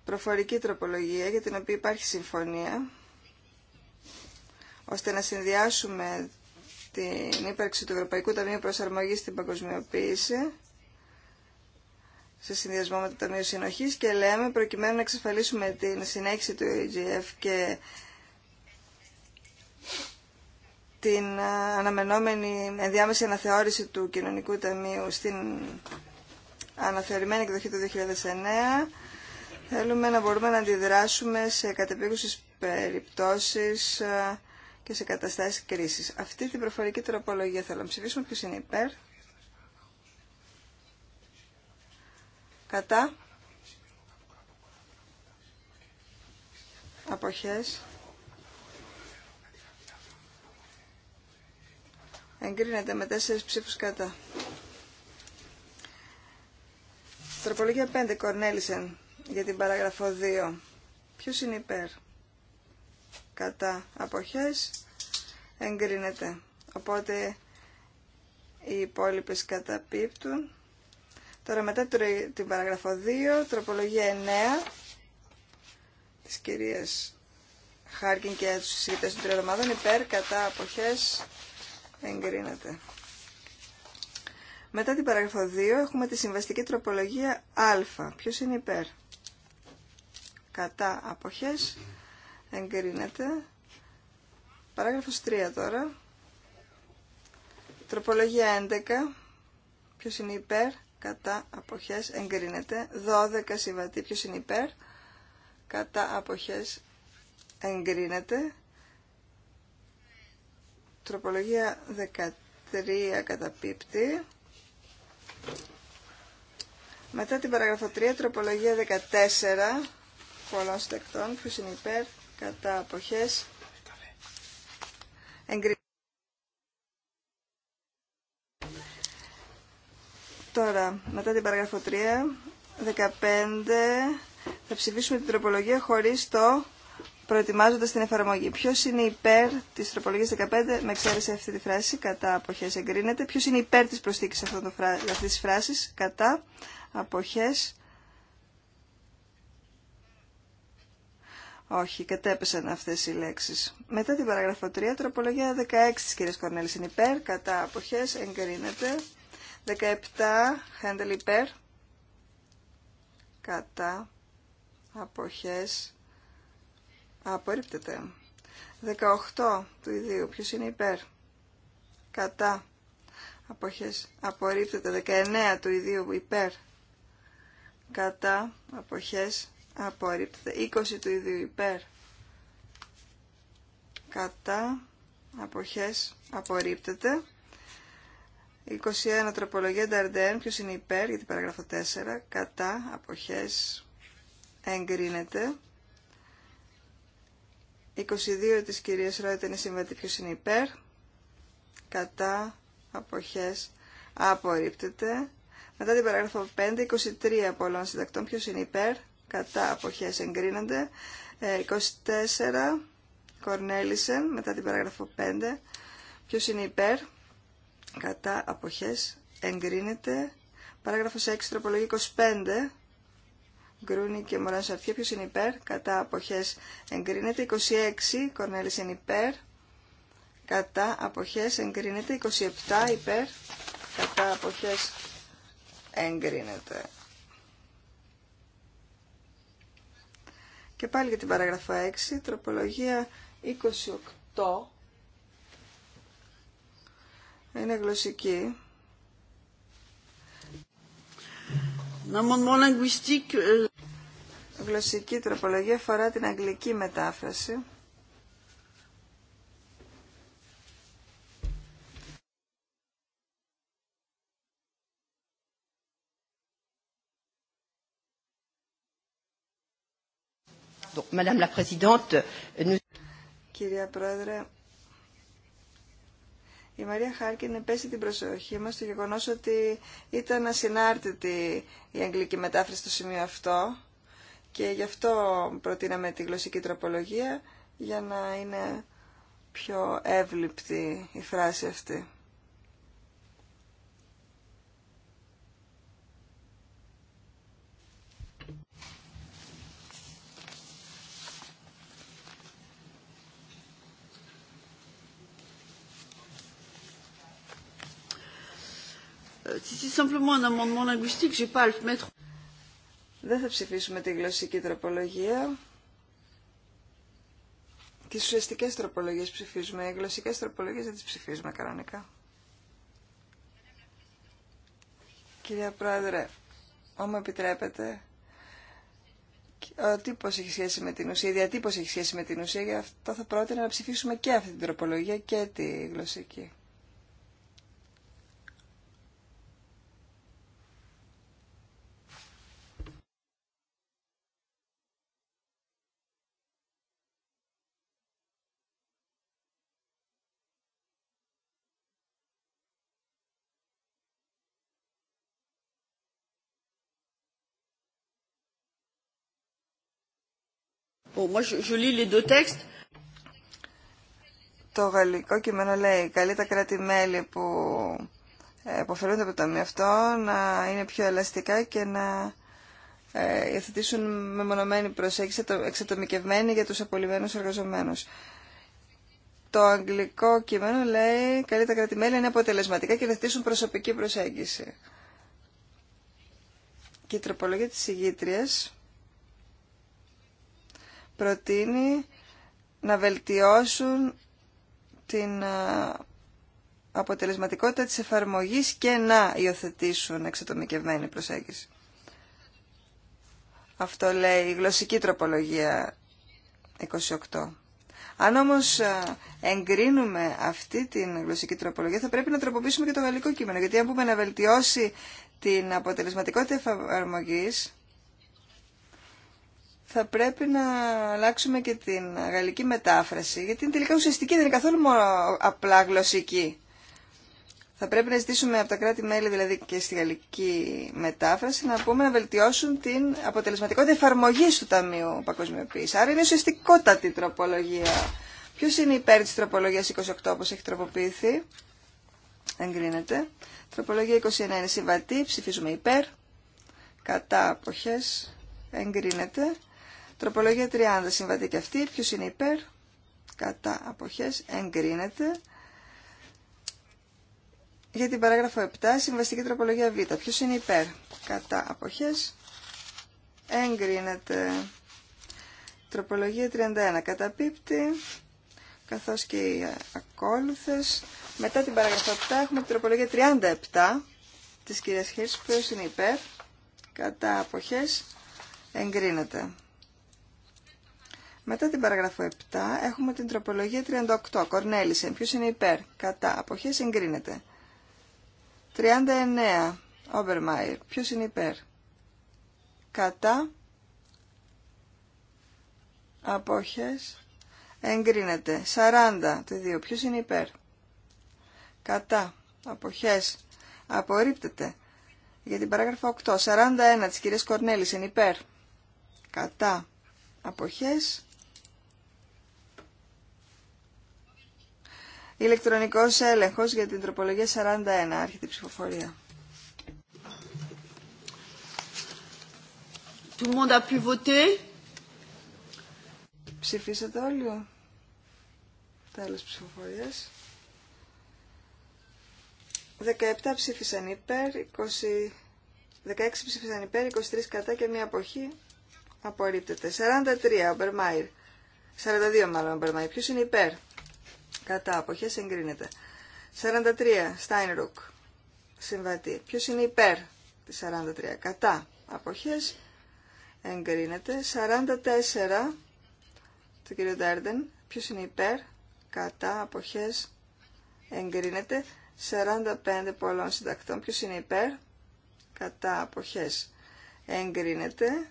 προφορική τροπολογία για την οποία υπάρχει συμφωνία ώστε να συνδυάσουμε την ύπαρξη του Ευρωπαϊκού Ταμείου Προσαρμογής στην Παγκοσμιοποίηση σε συνδυασμό με το Ταμείο Συνοχής και λέμε προκειμένου να εξασφαλίσουμε την συνέχιση του EGF και την αναμενόμενη ενδιάμεση αναθεώρηση του Κοινωνικού Ταμείου στην αναθεωρημένη εκδοχή του 2009 Θέλουμε να μπορούμε να αντιδράσουμε σε κατεπίγουσες περιπτώσεις ε, και σε καταστάσεις κρίσης. Αυτή την προφορική τροπολογία θέλω να ψηφίσουμε. Ποιος είναι υπέρ. Κατά. Αποχές. Εγκρίνεται με τέσσερις ψήφους κατά. Τροπολογία 5. Κορνέλισεν για την παράγραφο 2. Ποιος είναι υπέρ. Κατά αποχές εγκρίνεται. Οπότε οι υπόλοιπε καταπίπτουν. Τώρα μετά την παράγραφο 2, τροπολογία 9 της κυρίας Χάρκιν και τους συζητητές των τριοδομάδων υπέρ κατά αποχές εγκρίνεται. Μετά την παράγραφο 2 έχουμε τη συμβαστική τροπολογία α. Ποιος είναι υπέρ κατά αποχές εγκρίνεται. Παράγραφος 3 τώρα. Τροπολογία 11. Ποιος είναι υπέρ, κατά αποχές εγκρίνεται. 12 συμβατή. Ποιος είναι υπέρ, κατά αποχές εγκρίνεται. Τροπολογία 13 κατά καταπίπτει. Μετά την παραγραφό 3, τροπολογία 14 πολλών συντακτών. που είναι υπέρ, κατά αποχές. Τώρα, μετά την παραγραφό 3, 15, θα ψηφίσουμε την τροπολογία χωρίς το προετοιμάζοντας την εφαρμογή. Ποιος είναι υπέρ της τροπολογίας 15, με εξαίρεση αυτή τη φράση, κατά αποχές εγκρίνεται. Ποιος είναι υπέρ της προσθήκης αυτής της φράσης, κατά αποχές Όχι, κατέπεσαν αυτές οι λέξεις. Μετά την παραγραφό 3, τροπολογία 16 τη κυρία Κορνέλη είναι υπέρ, κατά αποχές, εγκρίνεται. 17, Χέντελ υπέρ, κατά αποχές, απορρίπτεται. 18 του ιδίου, ποιος είναι υπέρ, κατά αποχές, απορρίπτεται. 19 του ιδίου υπέρ, κατά αποχές, απορρίπτεται 20 του ίδιου υπέρ κατά αποχές απορρίπτεται 21 τροπολογία Νταρντέν ποιος είναι υπέρ για την 4 κατά αποχές εγκρίνεται 22 της κυρίας Ρόιτ είναι συμβατή ποιος είναι υπέρ κατά αποχές απορρίπτεται μετά την παράγραφο 5 23 πολλών συντακτών ποιος είναι υπέρ κατά αποχές εγκρίνονται. 24 ε, Κορνέλισεν μετά την παράγραφο 5. Ποιος είναι υπέρ κατά αποχές εγκρίνεται. Παράγραφος 6 τροπολογή 25. Γκρούνι και Μωράν Σαρτιέ, ποιος είναι υπέρ, κατά αποχές εγκρίνεται, 26, Κορνέλης υπέρ, κατά αποχές εγκρίνεται, 27 υπέρ, κατά αποχές εγκρίνεται. Και πάλι για την παραγραφή 6, τροπολογία 28, είναι γλωσσική. Euh, γλωσσική τροπολογία αφορά την αγγλική μετάφραση. Κυρία Πρόεδρε, η Μαρία Χάρκιν πέσει την προσοχή μας στο γεγονός ότι ήταν ασυνάρτητη η αγγλική μετάφραση στο σημείο αυτό και γι' αυτό προτείναμε τη γλωσσική τροπολογία για να είναι πιο εύληπτη η φράση αυτή. Δεν θα ψηφίσουμε τη γλωσσική τροπολογία. Τι ουσιαστικέ τροπολογίε ψηφίζουμε. Οι γλωσσικέ τροπολογίε δεν τι ψηφίζουμε κανονικά. Κυρία Πρόεδρε, όμως επιτρέπετε, ο τύπο έχει σχέση με την ουσία, η διατύπωση έχει σχέση με την ουσία, γι' αυτό θα πρότεινα να ψηφίσουμε και αυτή την τροπολογία και τη γλωσσική. Το γαλλικό κείμενο λέει καλεί τα κράτη-μέλη που αποφελούνται ε, από το ταμείο αυτό να είναι πιο ελαστικά και να ε, με μεμονωμένη προσέγγιση εξατομικευμένη για τους απολυμμένους εργαζομένους. Το αγγλικό κείμενο λέει καλεί τα κράτη-μέλη είναι αποτελεσματικά και να υιοθετήσουν προσωπική προσέγγιση. Και η τροπολογία της ηγήτριας προτείνει να βελτιώσουν την ε, αποτελεσματικότητα της εφαρμογής και να υιοθετήσουν εξατομικευμένη προσέγγιση. Αυτό λέει η γλωσσική τροπολογία 28. Αν όμως ε, εγκρίνουμε αυτή την γλωσσική τροπολογία θα πρέπει να τροποποιήσουμε και το γαλλικό κείμενο. Γιατί αν πούμε να βελτιώσει την αποτελεσματικότητα εφαρμογής θα πρέπει να αλλάξουμε και την γαλλική μετάφραση, γιατί είναι τελικά ουσιαστική, δεν είναι καθόλου μόνο απλά γλωσσική. Θα πρέπει να ζητήσουμε από τα κράτη-μέλη, δηλαδή και στη γαλλική μετάφραση, να πούμε να βελτιώσουν την αποτελεσματικότητα εφαρμογή του Ταμείου Παγκοσμιοποίηση. Άρα είναι ουσιαστικότατη τροπολογία. Ποιο είναι υπέρ τη τροπολογία 28, όπω έχει τροποποιηθεί. Εγκρίνεται. Τροπολογία 29 είναι συμβατή. Ψηφίζουμε υπέρ. Κατά αποχέ. Εγκρίνεται. Τροπολογία 30 συμβατή και αυτή. Ποιος είναι υπέρ. Κατά αποχές εγκρίνεται. Για την παράγραφο 7 συμβαστική τροπολογία Β. Ποιος είναι υπέρ. Κατά αποχές εγκρίνεται. Τροπολογία 31 καταπίπτει καθώς και οι ακόλουθες. Μετά την παραγραφο 7 έχουμε την τροπολογία 37 της κυρίας Χίρς, ποιος είναι υπέρ, κατά αποχές, εγκρίνεται. Μετά την παραγραφό 7 έχουμε την τροπολογία 38. Κορνέλησεν. Ποιο είναι υπέρ. Κατά. αποχέ εγκρίνεται. 39. Όμπερμαϊρ. Ποιο είναι υπέρ. Κατά. απόχέ. Εγκρίνεται. 40. Το 2. Ποιο είναι υπέρ. Κατά. αποχέ. Απορρίπτεται. Για την παράγραφο 8. 41 Τη κυρία Κορνέλης υπέρ. Κατά. Αποχές. Ηλεκτρονικός έλεγχος για την τροπολογία 41. Άρχεται η ψηφοφορία. Tout le monde a pu voter. Ψηφίσατε όλοι. Τέλος ψηφοφορίας. 17 ψήφισαν υπέρ, 20... 16 ψήφισαν υπέρ, 23 κατά και μία αποχή. Απορρίπτεται. 43 ο Μπερμάιρ. 42 μάλλον ο Μπερμάιρ. Ποιος είναι υπέρ. Κατά απόχέ εγκρίνεται. 43. Στάινρουκ. Συμβατή. Ποιο είναι υπέρ τη 43. Κατά αποχές εγκρίνεται. 44. Του κύριο Ντάρντεν. Ποιο είναι υπέρ. Κατά αποχές εγκρίνεται. 45 πολλών συντακτών. Ποιο είναι υπέρ. Κατά αποχές εγκρίνεται.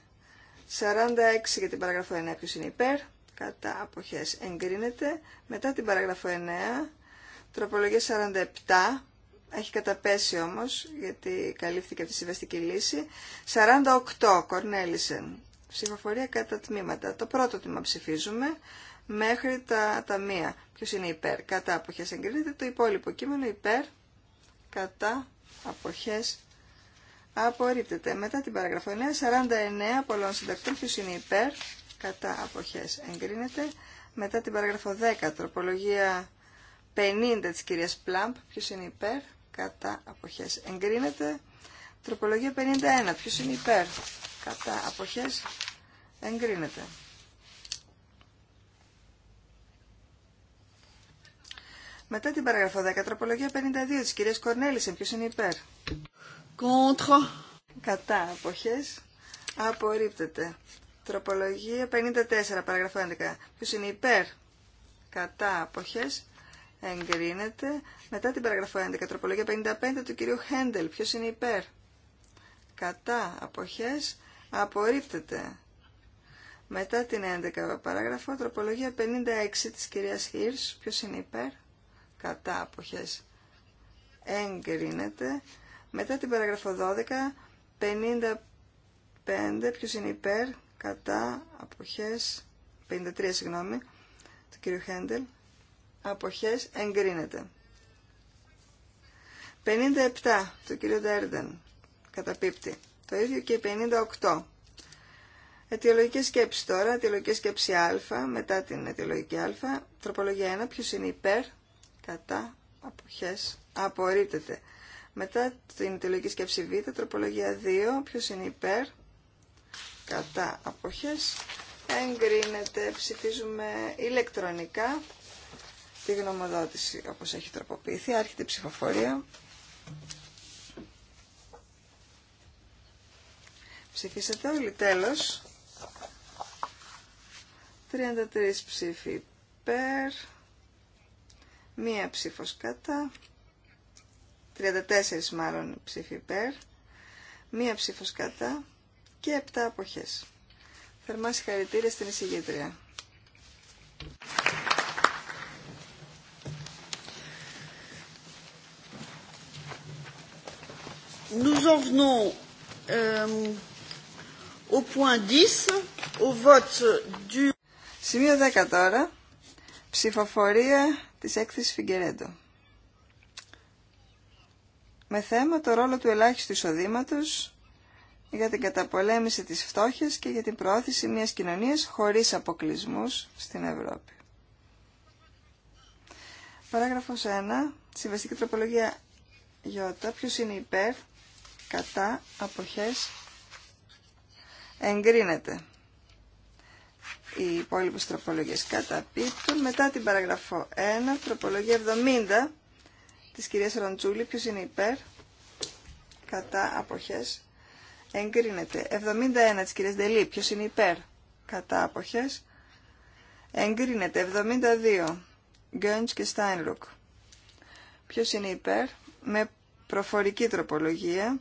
46 για την παραγραφή 9. Ποιος είναι υπέρ κατά αποχές εγκρίνεται. Μετά την παράγραφο 9, τροπολογία 47, έχει καταπέσει όμως γιατί καλύφθηκε από τη συμβαστική λύση. 48, Κορνέλησεν, ψηφοφορία κατά τμήματα. Το πρώτο τμήμα ψηφίζουμε μέχρι τα ταμεία. Ποιο είναι υπέρ, κατά αποχές εγκρίνεται. Το υπόλοιπο κείμενο υπέρ, κατά αποχές απορρίπτεται. Μετά την παραγραφή 9, 49 πολλών συντακτών, ποιος είναι υπέρ, κατά αποχές εγκρίνεται. Μετά την παράγραφο 10, τροπολογία 50 της κυρίας Πλάμπ, ποιος είναι υπέρ, κατά αποχές εγκρίνεται. Τροπολογία 51, ποιος είναι υπέρ, κατά αποχές εγκρίνεται. Μετά την παράγραφο 10, τροπολογία 52 της κυρίας Κορνέλησεν, ποιος είναι υπέρ. Κατά αποχές απορρίπτεται. Τροπολογία 54, παραγραφό 11. Ποιος είναι υπέρ, κατά, αποχές, εγκρίνεται. Μετά την παραγραφό 11, τροπολογία 55 του κυρίου Χέντελ. Ποιο είναι υπέρ, κατά, αποχές, απορρίπτεται. Μετά την 11 παράγραφο, τροπολογία 56 της κυρίας Χίρς, ποιος είναι υπέρ, κατά αποχές, εγκρίνεται. Μετά την παράγραφο 12, 55, ποιος είναι υπέρ, κατά αποχές 53 συγγνώμη του κύριου Χέντελ αποχές εγκρίνεται 57 του κύριου Ντέρντεν καταπίπτει το ίδιο και 58 Αιτιολογική σκέψη τώρα, αιτιολογική σκέψη α, μετά την αιτιολογική α, τροπολογία 1, ποιος είναι υπέρ, κατά, αποχές, απορρίπτεται. Μετά την αιτιολογική σκέψη β, τροπολογία 2, ποιος είναι υπέρ, κατά αποχές εγκρίνεται. Ψηφίζουμε ηλεκτρονικά τη γνωμοδότηση όπως έχει τροποποιηθεί. Άρχεται η ψηφοφορία. Ψηφίσατε όλοι τέλος. 33 ψήφοι υπέρ. Μία ψήφος κατά. 34 μάλλον ψήφοι υπέρ. Μία ψήφος κατά και 7 αποχές. Θερμά συγχαρητήρια στην εισηγήτρια. Nous en venons euh, au point 10, au vote du... Σημείο 10 τώρα, ψηφοφορία της έκθεσης Φιγκερέντο. Με θέμα το ρόλο του ελάχιστου εισοδήματος για την καταπολέμηση της φτώχειας και για την προώθηση μιας κοινωνίας χωρίς αποκλεισμούς στην Ευρώπη. Παράγραφος 1. Συμβαστική τροπολογία Ι. Ποιος είναι υπέρ, κατά, αποχές, εγκρίνεται. Οι υπόλοιπε τροπολογίες καταπίπτουν. Μετά την παραγραφό 1, τροπολογία 70 της κυρίας Ροντζούλη. Ποιος είναι υπέρ, κατά, αποχές, εγκρίνεται. 71 της κυρίας Δελή, ποιος είναι υπέρ, κατά αποχές, εγκρίνεται. 72, Γκέντς και Στάινρουκ, ποιος είναι υπέρ, με προφορική τροπολογία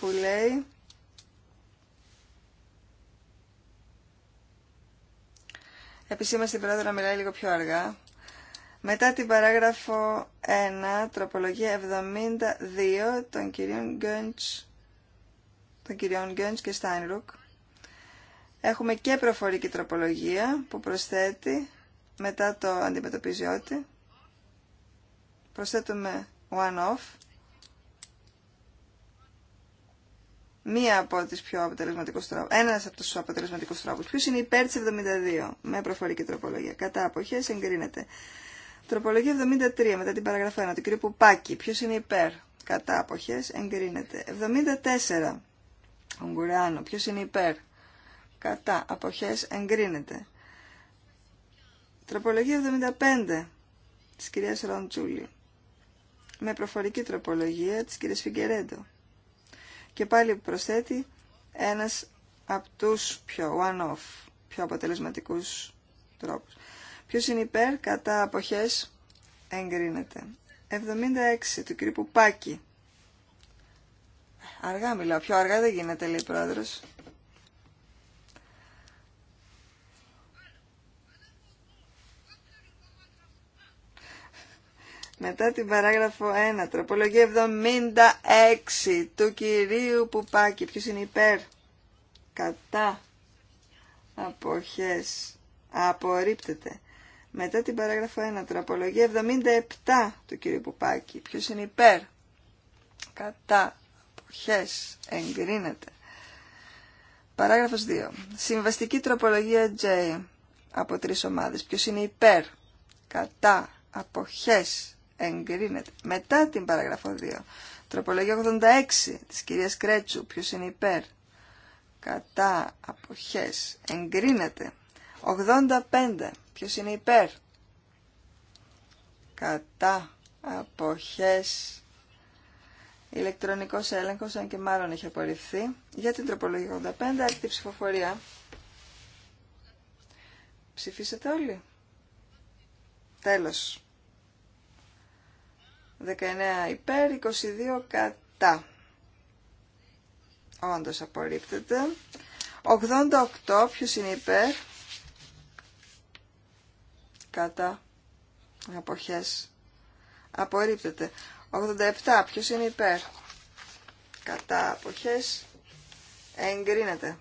που λέει... Επισήμαστε την πρόεδρο να μιλάει λίγο πιο αργά. Μετά την παράγραφο 1, τροπολογία 72 των κυρίων Γκέντς των κυριών Γκέντς και Στάινρουκ. Έχουμε και προφορική τροπολογία που προσθέτει μετά το αντιμετωπίζει ότι. Προσθέτουμε one-off. Μία από τις πιο αποτελεσματικούς τρόπους. Ένας από τους αποτελεσματικούς τρόπους. Ποιος είναι υπέρ της 72 με προφορική τροπολογία. Κατά αποχές εγκρίνεται. Τροπολογία 73 μετά την παραγραφή 1 του κ. Πουπάκη. Ποιος είναι υπέρ. Κατά αποχές εγκρίνεται. 74 Ποιο Ποιος είναι υπέρ. Κατά. Αποχές εγκρίνεται. Τροπολογία 75 της κυρίας Ροντζούλη. Με προφορική τροπολογία της κυρίας Φιγκερέντο. Και πάλι προσθέτει ένας από τους πιο one-off, πιο αποτελεσματικούς τρόπους. Ποιος είναι υπέρ κατά αποχές εγκρίνεται. 76 του κύριου Πουπάκη Αργά μιλάω, πιο αργά δεν γίνεται, λέει η πρόεδρος. Μετά την παράγραφο 1, τροπολογία 76 του κυρίου Πουπάκη. Ποιος είναι υπέρ, κατά, αποχές, απορρίπτεται. Μετά την παράγραφο 1, τροπολογία 77 του κυρίου Πουπάκη. Ποιος είναι υπέρ, κατά, Αποχές. Εγκρίνεται. Παράγραφος 2. Συμβαστική τροπολογία J από τρεις ομάδες. Ποιος είναι υπέρ, κατά, αποχές, εγκρίνεται. Μετά την παράγραφο 2. Τροπολογία 86 της κυρίας Κρέτσου. Ποιος είναι υπέρ, κατά, αποχές, εγκρίνεται. 85. Ποιος είναι υπέρ, κατά, αποχές, Ηλεκτρονικό έλεγχο αν και μάλλον έχει απορριφθεί, για την τροπολογία 85, τη ψηφοφορία. Ψηφίσατε όλοι. Τέλος. 19 υπέρ, 22 κατά. Όντως απορρίπτεται. 88, ποιος είναι υπέρ. Κατά. Αποχές. Απορρίπτεται. 87. Ποιος είναι υπέρ. Κατά αποχές εγκρίνεται.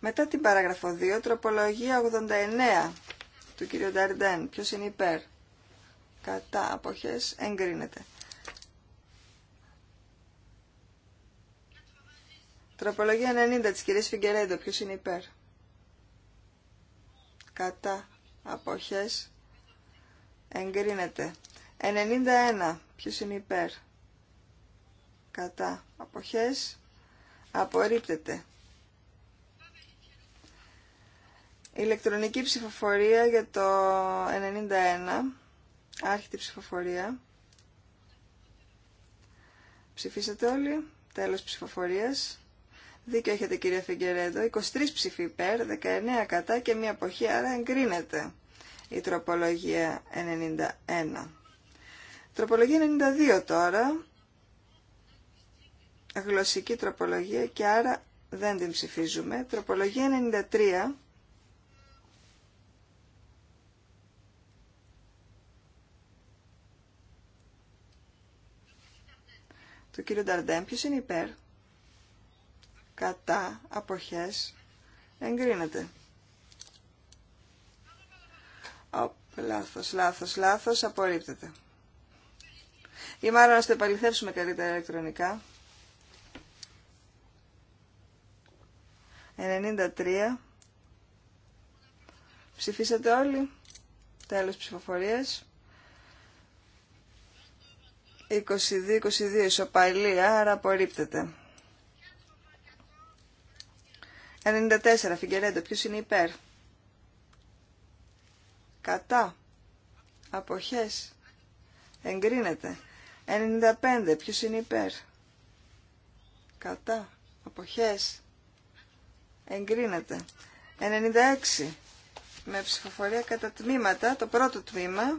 Μετά την παράγραφο 2, τροπολογία 89 του κ. Νταρντέν. Ποιος είναι υπέρ. Κατά αποχές εγκρίνεται. Τροπολογία 90 της κυρίας Φιγκερέντο. Ποιος είναι υπέρ. Κατά αποχές εγκρίνεται. 91. Ποιος είναι υπέρ. Κατά. Αποχές. Απορρίπτεται. Ηλεκτρονική ψηφοφορία για το 91. Άρχιτη ψηφοφορία. Ψηφίσατε όλοι. Τέλος ψηφοφορίας. Δίκιο έχετε κυρία Φιγκερέντο. 23 ψήφοι υπέρ, 19 κατά και μία αποχή, άρα εγκρίνεται η τροπολογία 91. Τροπολογία 92 τώρα, γλωσσική τροπολογία και άρα δεν την ψηφίζουμε. Τροπολογία 93. το κύριο Νταρντέμ, ποιος είναι υπέρ, κατά, αποχές, εγκρίνεται. ο λάθος, λάθος, λάθος, απορρίπτεται. Ή Μάρα, να το επαληθεύσουμε καλύτερα ηλεκτρονικά. 93. Ψηφίσατε όλοι. ψηφοφορίες. ψηφοφορίας. 22-22 ισοπαλία, άρα απορρίπτεται. 94 Φιγκερέντο, ποιος είναι υπέρ. Κατά. Αποχές. Εγκρίνεται. 95. Ποιος είναι υπέρ. Κατά. Αποχές. Εγκρίνεται. 96. Με ψηφοφορία κατά τμήματα. Το πρώτο τμήμα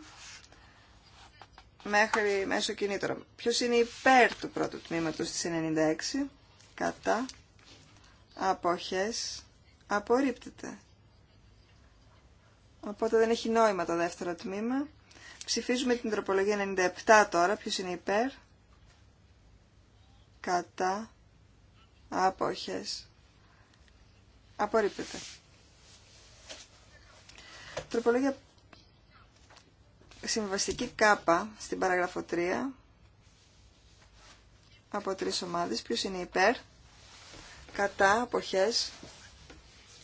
μέχρι μέσω κινήτρων. Ποιος είναι υπέρ του πρώτου τμήματος της 96. Κατά. Αποχές. Απορρίπτεται. Οπότε δεν έχει νόημα το δεύτερο τμήμα. Ψηφίζουμε την τροπολογία 97 τώρα. Ποιος είναι υπέρ. Κατά. Απόχες. Απορρίπτεται. Τροπολογία συμβαστική κάπα στην παράγραφο 3 από τρεις ομάδες. Ποιος είναι υπέρ. Κατά. Αποχές.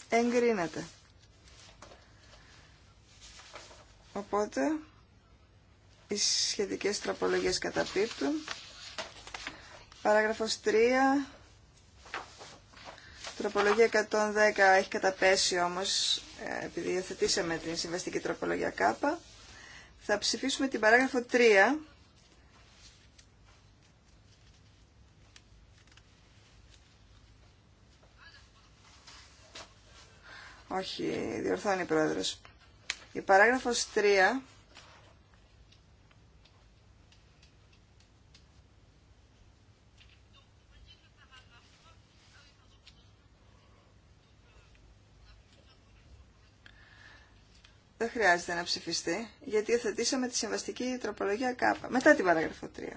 Εγκρίνεται. Οπότε οι σχετικές τροπολογίες καταπίπτουν. Παράγραφος 3. Τροπολογία 110 έχει καταπέσει όμως, ε, επειδή υιοθετήσαμε την συμβαστική τροπολογία Κ. Θα ψηφίσουμε την παράγραφο 3. Όχι, διορθώνει η πρόεδρος. Η παράγραφος 3 Δεν χρειάζεται να ψηφιστεί, γιατί εθετήσαμε τη συμβαστική τροπολογία Κ, μετά την παράγραφο 3.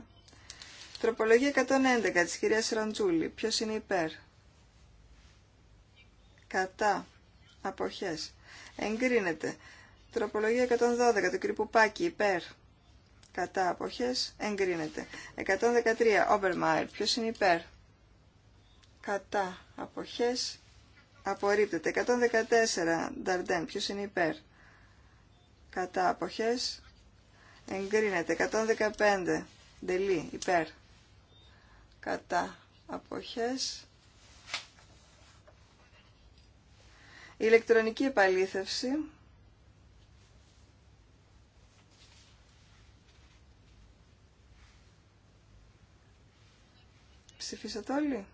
Τροπολογία 111 της κυρίας Ραντζούλη. Ποιος είναι υπέρ. Κατά. Αποχές. Εγκρίνεται. Τροπολογία 112 του κρυπού Πουπάκη Υπέρ. Κατά. Αποχές. Εγκρίνεται. 113. Όμπερμαερ. Ποιος είναι υπέρ. Κατά. Αποχές. Απορρίπτεται. 114. Νταρντέν. Ποιος είναι υπέρ κατά αποχές εγκρίνεται 115 δελή υπέρ κατά αποχές ηλεκτρονική επαλήθευση ψηφίσατε όλοι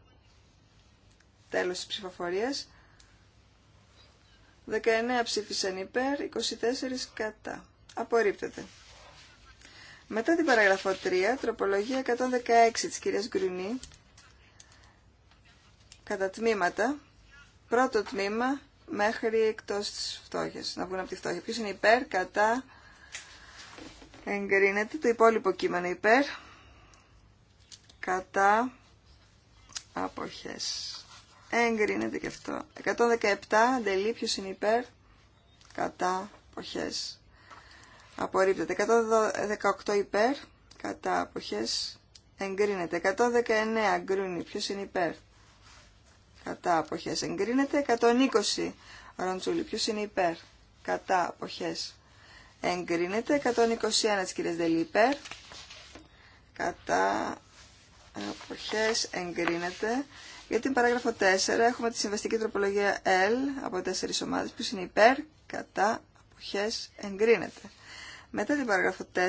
τέλος της ψηφοφορίας 19 ψήφισαν υπέρ, 24 κατά. Απορρίπτεται. Μετά την παραγραφό 3, τροπολογία 116 της κυρίας Γκρουνή, κατά τμήματα, πρώτο τμήμα μέχρι εκτός της φτώχειας, να βγουν από τη φτώχεια. Ποιος είναι υπέρ, κατά, εγκρίνεται, το υπόλοιπο κείμενο υπέρ, κατά, αποχές. Εγκρίνεται και αυτό. 117 αντελεί ποιος είναι υπέρ. Κατά αποχές. Απορρίπτεται. 118 υπέρ. Κατά αποχές. Εγκρίνεται. 119 γκρούνι. Ποιος είναι υπέρ. Κατά αποχές. Εγκρίνεται. 120 ροντζούλι. Ποιος είναι υπέρ. Κατά αποχές. Εγκρίνεται. 121 της κυρίας Δελή υπέρ. Κατά αποχές. Εγκρίνεται. Για την παράγραφο 4 έχουμε τη συμβαστική τροπολογία L από τέσσερις ομάδες που είναι υπέρ, κατά, αποχές, εγκρίνεται. Μετά την παράγραφο 4,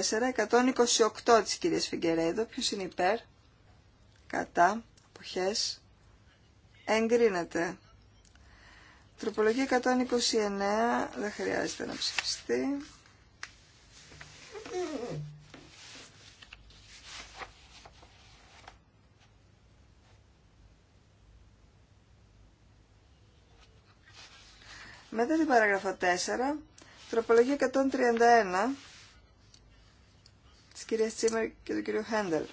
128 της κυρίας Φιγκερέιδο, Ποιο είναι υπέρ, κατά, αποχές, εγκρίνεται. Τροπολογία 129 δεν χρειάζεται να ψηφιστεί. Μετά την παράγραφο 4, τροπολογία 131 της κυρίας Τσίμερ και του κυρίου Χέντελ.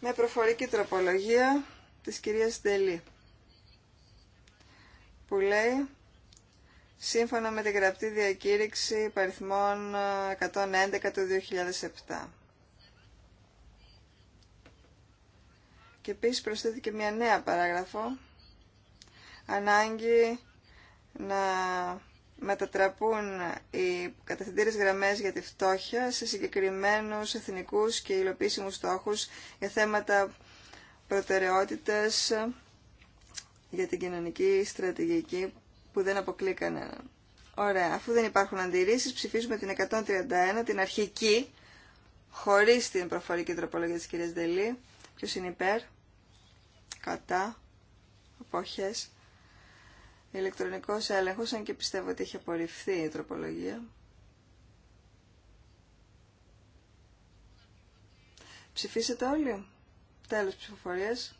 Με προφορική τροπολογία της κυρίας Ντελή που λέει σύμφωνα με την γραπτή διακήρυξη παριθμών 111 του 2007. Και επίσης προσθέθηκε μια νέα παράγραφο ανάγκη να μετατραπούν οι κατευθυντήρες γραμμές για τη φτώχεια σε συγκεκριμένους εθνικούς και υλοποιήσιμους στόχους για θέματα προτεραιότητες για την κοινωνική στρατηγική που δεν αποκλεί κανέναν. Ωραία, αφού δεν υπάρχουν αντιρρήσεις ψηφίζουμε την 131, την αρχική, χωρίς την προφορική τροπολογία της κυρίας Δελή. Ποιος είναι υπέρ, κατά, αποχές, ηλεκτρονικός έλεγχος, αν και πιστεύω ότι έχει απορριφθεί η τροπολογία. Ψηφίσατε όλοι. Τέλος ψηφοφορίας.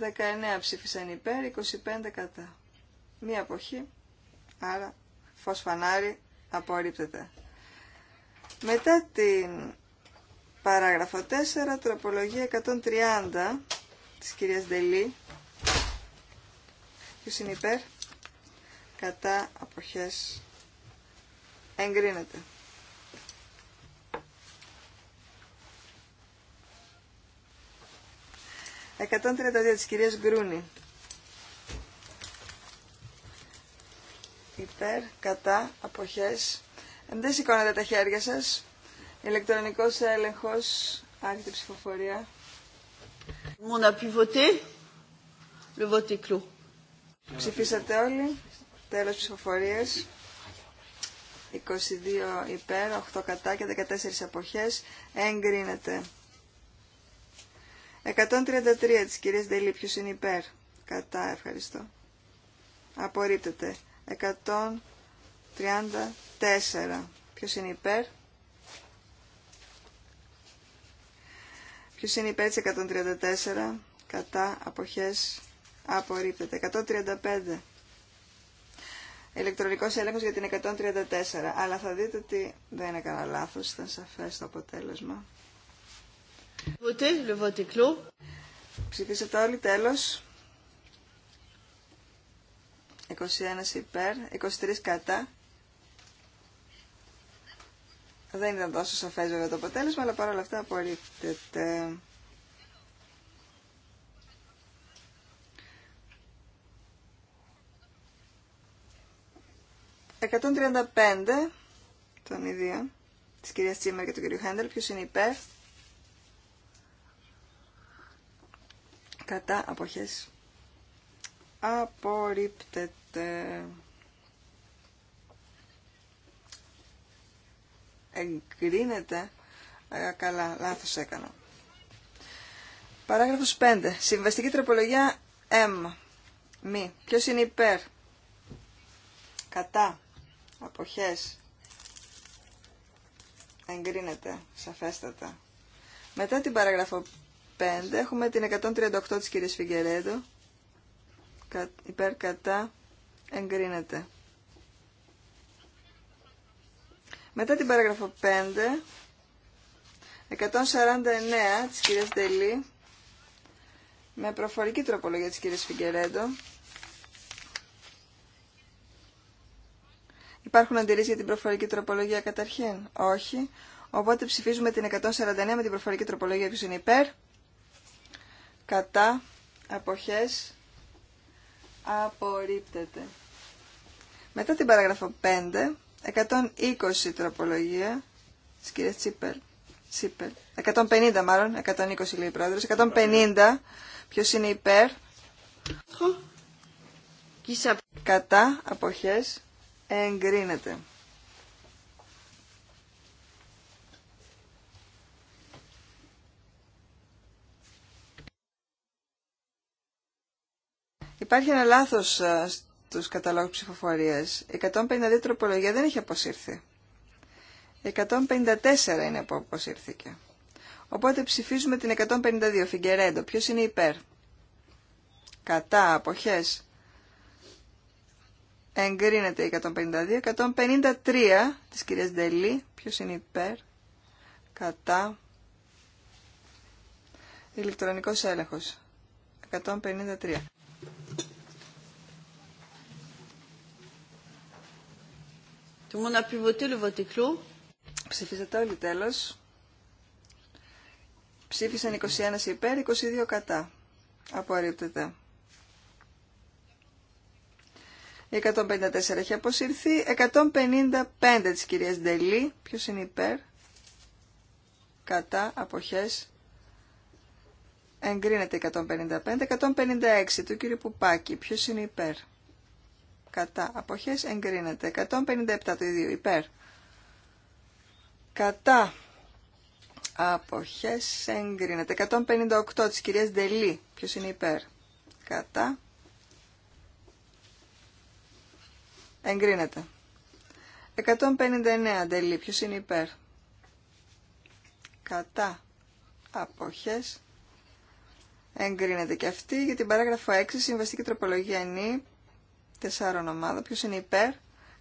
19 ψήφισαν υπέρ, 25 κατά. Μία αποχή, άρα φως φανάρι απορρίπτεται. Μετά την παράγραφο 4, τροπολογία 130 της κυρίας Δελή. Ποιος είναι υπέρ, κατά αποχές εγκρίνεται. Εκατόν της κυρίας Γκρούνη. Υπέρ, κατά, αποχές. Δεν σηκώνετε τα χέρια σας. Ηλεκτρονικός έλεγχος, Άρχιτε ψηφοφορία. Μου να πει. Ψηφίσατε όλοι. Τέλος ψηφοφορίας. 22 υπέρ, 8 κατά και 14 αποχές. Εγκρίνεται. 133 της κυρίας Δελή. Ποιος είναι υπέρ. Κατά. Ευχαριστώ. Απορρίπτεται. 134. Ποιος είναι υπέρ. Ποιος είναι υπέρ της 134. Κατά. Αποχές. Απορρίπτεται. 135 Ηλεκτρονικός έλεγχος για την 134. Αλλά θα δείτε ότι δεν έκανα λάθο ήταν σαφές το αποτέλεσμα. Ψηφίσατε όλοι, τέλο. 21 υπέρ, 23 κατά. Δεν ήταν τόσο σαφές βέβαια το αποτέλεσμα, αλλά παρόλα αυτά απορρίπτεται. 135 των ιδίων της κυρίας Τσίμερ και του κυρίου Χέντελ. Ποιος είναι υπέρ. Κατά αποχές. Απορρίπτεται. Εγκρίνεται. Ε, καλά, λάθος έκανα. Παράγραφος 5. Συμβαστική τροπολογία M. Μη. Ποιος είναι υπέρ. Κατά αποχές εγκρίνεται σαφέστατα. Μετά την παραγραφό 5 έχουμε την 138 της κυρίας Φιγκερέντο υπέρ κατά εγκρίνεται. Μετά την παραγραφό 5 149 της κυρίας με προφορική τροπολογία της κυρίας Φιγκερέντο Υπάρχουν αντιρρήσει για την προφορική τροπολογία καταρχήν. Όχι. Οπότε ψηφίζουμε την 149 με την προφορική τροπολογία. Ποιος είναι υπέρ. Κατά. Αποχές. Απορρίπτεται. Μετά την παράγραφο 5, 120 τροπολογία Σκύρια Τσίπερ. 150 μάλλον, 120 λέει η 150, ποιο είναι υπέρ. Κατά, αποχές, εγκρίνεται. Υπάρχει ένα λάθος στους καταλόγους ψηφοφορίας. 152 τροπολογία δεν έχει αποσύρθει. 154 είναι που αποσύρθηκε. Οπότε ψηφίζουμε την 152 Φιγκερέντο. Ποιος είναι υπέρ. Κατά, αποχές. Εγκρίνεται η 152. 153 της κυρίας Ντελή. Ποιος είναι υπέρ. Κατά. Ηλεκτρονικός έλεγχος. 153. Tout le monde le vote όλοι τέλος. Ψήφισαν 21 υπέρ, 22 κατά. Απορρίπτεται. Η 154 έχει αποσυρθεί. 155 της κυρίας Ντελή. Ποιος είναι υπέρ. Κατά αποχές. Εγκρίνεται 155. 156 του κύριου Πουπάκη. Ποιος είναι υπέρ. Κατά αποχές εγκρίνεται. 157 του ίδιου υπέρ. Κατά αποχές εγκρίνεται. 158 της κυρίας Ντελή. Ποιος είναι υπέρ. Κατά Εγκρίνεται. 159 αντελεί. Ποιος είναι υπέρ. Κατά. Αποχές. Εγκρίνεται και αυτή για την παράγραφο 6. Συμβαστική τροπολογία νη. Τεσσάρων ομάδα. Ποιος είναι υπέρ.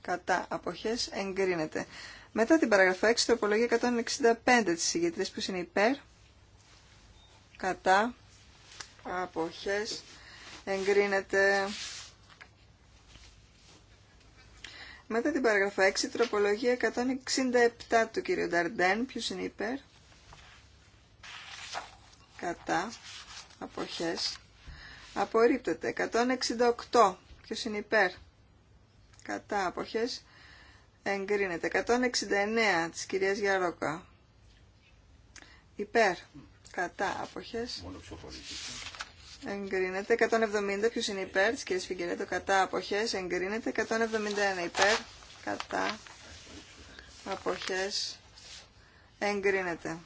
Κατά. Αποχές. Εγκρίνεται. Μετά την παράγραφο 6. Τροπολογία 165 της ηγετρής. Ποιος είναι υπέρ. Κατά. Αποχές. Εγκρίνεται. Μετά την παραγραφή 6, τροπολογία 167 του κυρίου Νταρντέν. Ποιος είναι υπέρ. Κατά. Αποχές. Απορρίπτεται. 168. Ποιος είναι υπέρ. Κατά. Αποχές. Εγκρίνεται. 169 της κυρίας Γιαρόκα. Υπέρ. Κατά. Αποχές εγκρίνεται 170 Ποιο είναι υπέρ τη κυρία Φιγκερέτο κατά αποχές εγκρίνεται 171 υπέρ κατά αποχές εγκρίνεται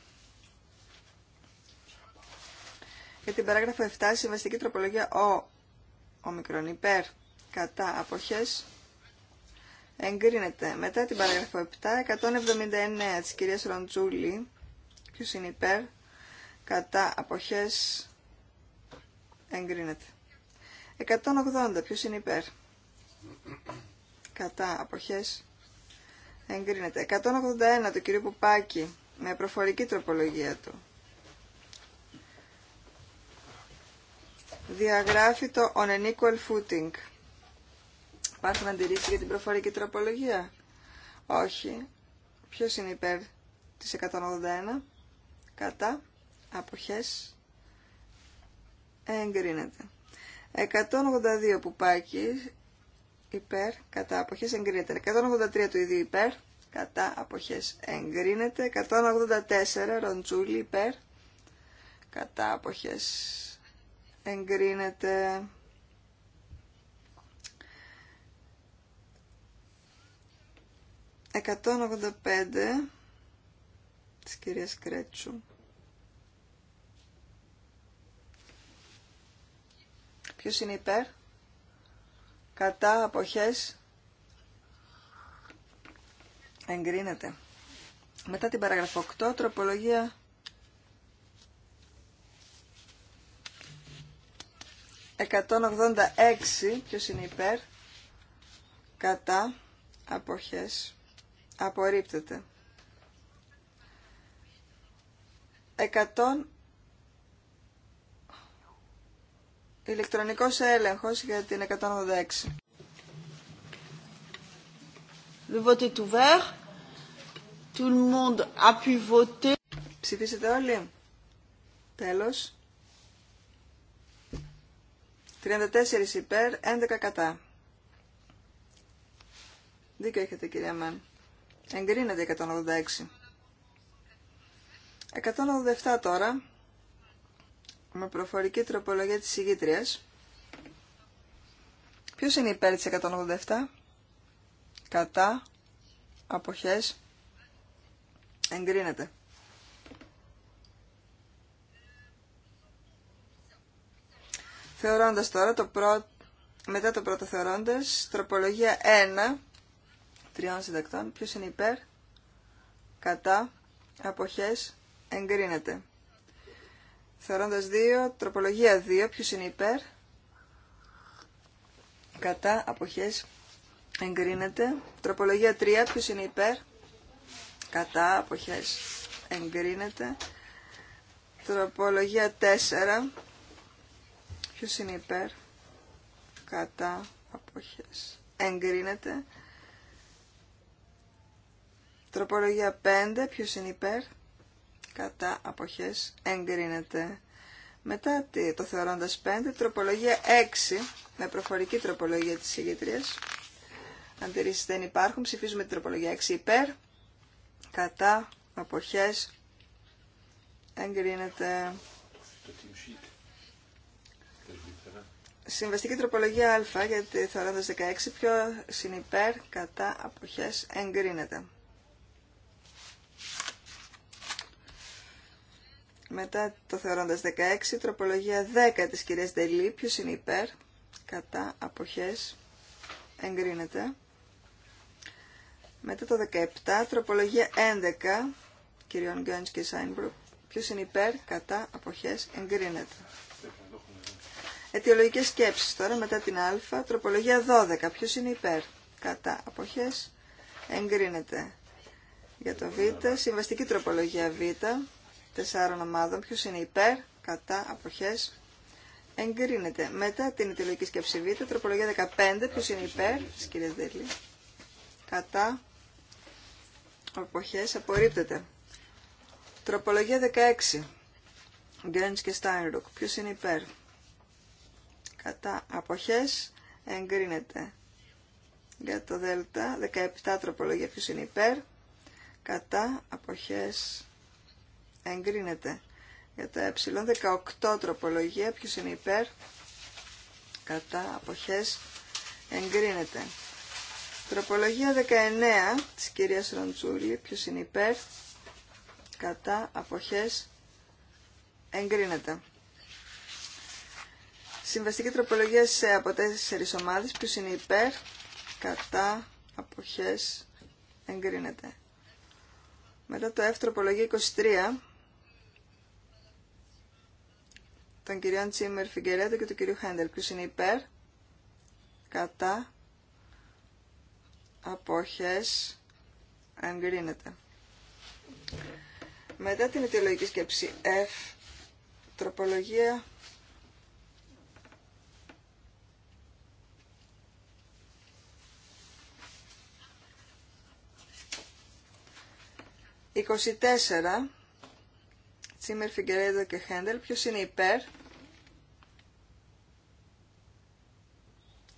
για την παράγραφο 7 συμβαστική τροπολογία ο μικρόν. υπέρ κατά αποχές εγκρίνεται μετά την παράγραφο 7 179 τη κύρια Ροντζούλη ποιο είναι υπέρ κατά αποχές εγκρίνεται. 180, ποιος είναι υπέρ. Κατά, αποχές, εγκρίνεται. 181, το κύριο Πουπάκη, με προφορική τροπολογία του. Διαγράφει το on an equal footing. Υπάρχουν αντιρρήσεις για την προφορική τροπολογία. Όχι. Ποιος είναι υπέρ της 181. Κατά. Αποχές εγκρίνεται. 182 πουπάκι υπέρ, κατά αποχές εγκρίνεται. 183 του ίδιου υπέρ, κατά αποχές εγκρίνεται. 184 ροντζούλι υπέρ, κατά αποχές εγκρίνεται. «185» της κυρίας Κρέτσου Ποιος είναι υπέρ. Κατά αποχές εγκρίνεται. Μετά την παραγραφή 8, τροπολογία 186, ποιος είναι υπέρ, κατά, αποχές, απορρίπτεται. Ηλεκτρονικός έλεγχος για την 186. Le vote est ouvert. Tout le monde a pu voter. όλοι. Τέλος. 34 υπέρ, 11 κατά. Δίκιο έχετε κυρία Μαν. Εγκρίνεται 186. 187 τώρα με προφορική τροπολογία της ηγήτριας. Ποιος είναι υπέρ της 187? Κατά. Αποχές. Εγκρίνεται. Θεωρώντας τώρα, το μετά το πρώτο θεωρώντας, τροπολογία 1, τριών συντακτών, ποιος είναι υπέρ, κατά, αποχές, εγκρίνεται. Θεωρώντας 2, τροπολογία 2, ποιος είναι υπέρ, κατά, αποχές, εγκρίνεται. Τροπολογία 3, ποιος είναι υπέρ, κατά, αποχές, εγκρίνεται. Τροπολογία 4, ποιος είναι υπέρ, κατά, αποχές, εγκρίνεται. Τροπολογία 5, ποιος είναι υπέρ, κατά αποχές εγκρίνεται. Μετά το θεωρώντας 5, τροπολογία 6, με προφορική τροπολογία της ηγήτριας. Αντιρρήσεις δεν υπάρχουν, ψηφίζουμε την τροπολογία 6 υπέρ, κατά αποχές εγκρίνεται. Συμβαστική τροπολογία α γιατί τη θεωρώντας 16, πιο είναι κατά αποχές εγκρίνεται. Μετά το θεωρώντας 16, τροπολογία 10 της κυρίας Ντελή. ποιος είναι υπέρ, κατά, αποχές, εγκρίνεται. Μετά το 17, τροπολογία 11, κυρίων Γκέντς και Σάινμπρουκ, ποιος είναι υπέρ, κατά, αποχές, εγκρίνεται. Αιτιολογικές σκέψεις τώρα, μετά την α, τροπολογία 12, ποιος είναι υπέρ, κατά, αποχές, εγκρίνεται. Για το β, συμβαστική τροπολογία β, τεσσάρων ομάδων. Ποιο είναι υπέρ, κατά, αποχές, εγκρίνεται. Μετά την ιτηλογική σκέψη Β, τροπολογία 15, ποιο είναι υπέρ, της Δέλη, κατά, αποχές, απορρίπτεται. Τροπολογία 16, Γκέντ και Στάινρουκ, ποιο είναι υπέρ, κατά, αποχές, εγκρίνεται. Για το Δέλτα, 17 τροπολογία, ποιο είναι υπέρ, κατά, αποχές, εγκρίνεται. Για τα ε 18 τροπολογία, ποιος είναι υπέρ, κατά αποχές εγκρίνεται. Τροπολογία 19 της κυρίας Ροντσούλη, Ποιο είναι υπέρ, κατά αποχές εγκρίνεται. Συμβαστική τροπολογία σε από τέσσερις ομάδες, ποιος είναι υπέρ, κατά αποχές εγκρίνεται. Μετά το F τροπολογία 23, των κυρίων Τσίμερ Φιγκερέντο και του κυρίου Χέντελ. Ποιος είναι υπέρ, κατά, αποχές, εγκρίνεται. Μετά την αιτιολογική σκέψη F, τροπολογία 24... Τσίμερ, Φιγκερέδο και Χέντελ. Ποιος είναι υπέρ.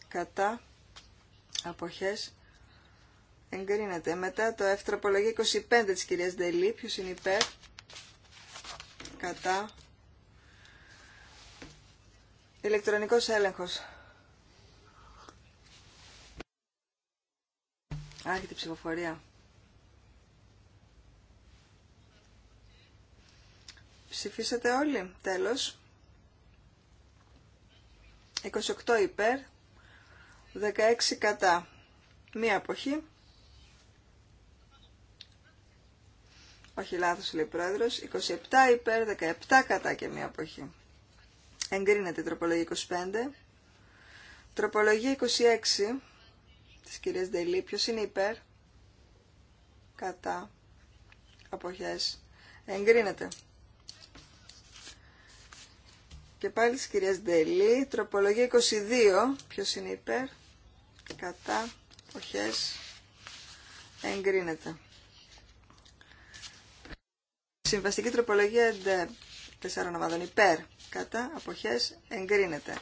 Κατά. Αποχές. Εγκρίνεται. Μετά το απολογή 25 της κυρίας Ντελή. Ποιος είναι υπέρ. Κατά. Ηλεκτρονικός έλεγχος. Άρχεται ψηφοφορία. Ψηφίσατε όλοι. Τέλος. 28 υπέρ, 16 κατά. Μία αποχή. Όχι λάθος λέει πρόεδρος. 27 υπέρ, 17 κατά και μία αποχή. Εγκρίνεται η τροπολογία 25. Τροπολογία 26 της κυρίας Ντελή. Ποιος είναι υπέρ. Κατά. Αποχές. Εγκρίνεται. Και πάλι της κυρίας Ντελή, τροπολογία 22, ποιος είναι υπέρ, κατά, οχές, εγκρίνεται. Συμβαστική τροπολογία 4 ομάδων υπέρ, κατά, αποχές, εγκρίνεται.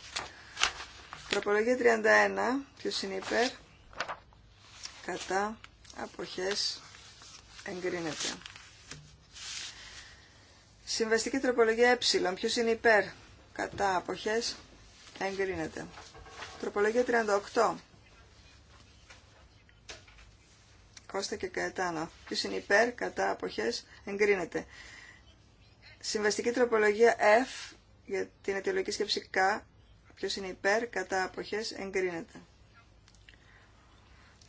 Τροπολογία 31, ποιος είναι υπέρ, κατά, αποχές, εγκρίνεται. Συμβαστική τροπολογία ε, ποιος είναι υπέρ, κατά αποχές εγκρίνεται. Τροπολογία 38. Κώστα και Καετάνο. Ποιος είναι υπέρ, κατά αποχές εγκρίνεται. Συμβαστική τροπολογία F για την αιτιολογική σκέψη K. Ποιος είναι υπέρ, κατά αποχές εγκρίνεται.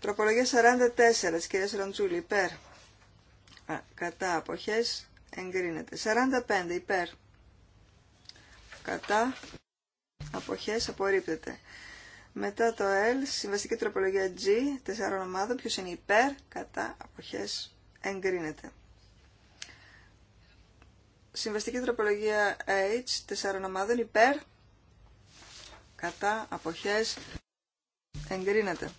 Τροπολογία 44 κύρια Ροντζούλη υπέρ. κατά αποχές εγκρίνεται. 45 υπέρ κατά, αποχές, απορρίπτεται. Μετά το L, συμβαστική τροπολογία G, τεσσάρων ομάδων, ποιος είναι υπέρ, κατά, αποχές, εγκρίνεται. Συμβαστική τροπολογία H, τεσσάρων ομάδων, υπέρ, κατά, αποχές, εγκρίνεται.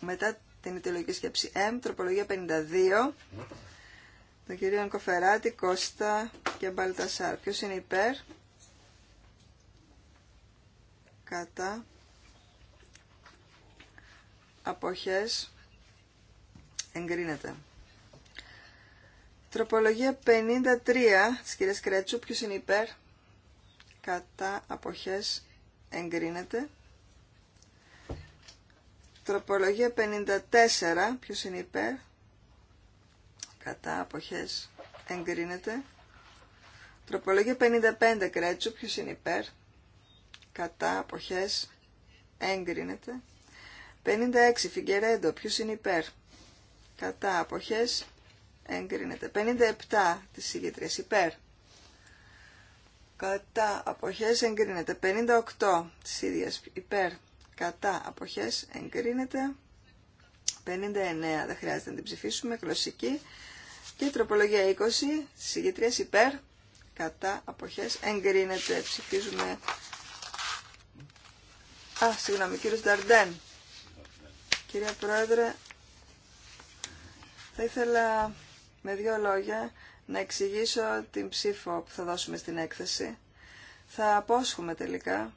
Μετά την ιδεολογική σκέψη M, τροπολογία 52, τον κυρίων Κοφεράτη, Κώστα και Μπαλτασάρ. Ποιος είναι υπέρ, κατά αποχές εγκρίνεται. Τροπολογία 53 της κυρίας Κρέτσου, ποιος είναι υπέρ, κατά αποχές εγκρίνεται. Τροπολογία 54, ποιος είναι υπέρ, κατά αποχές εγκρίνεται. Τροπολογία 55 Κρέτσου, ποιος είναι υπέρ, κατά αποχές έγκρινεται. 56 Φιγκερέντο, ποιο είναι υπέρ, κατά αποχές έγκρινεται. 57 της ηγετρίας υπέρ, κατά αποχές εγκρίνεται. 58 της ίδιας υπέρ, κατά αποχές εγκρίνεται. 59 δεν χρειάζεται να την ψηφίσουμε, Κλωσική. Και τροπολογία 20 της ηγετρίας υπέρ, κατά αποχές εγκρίνεται. Ψηφίζουμε Α, συγγνώμη, κύριος Νταρντέν. Κυρία Πρόεδρε, θα ήθελα με δύο λόγια να εξηγήσω την ψήφο που θα δώσουμε στην έκθεση. Θα απόσχουμε τελικά.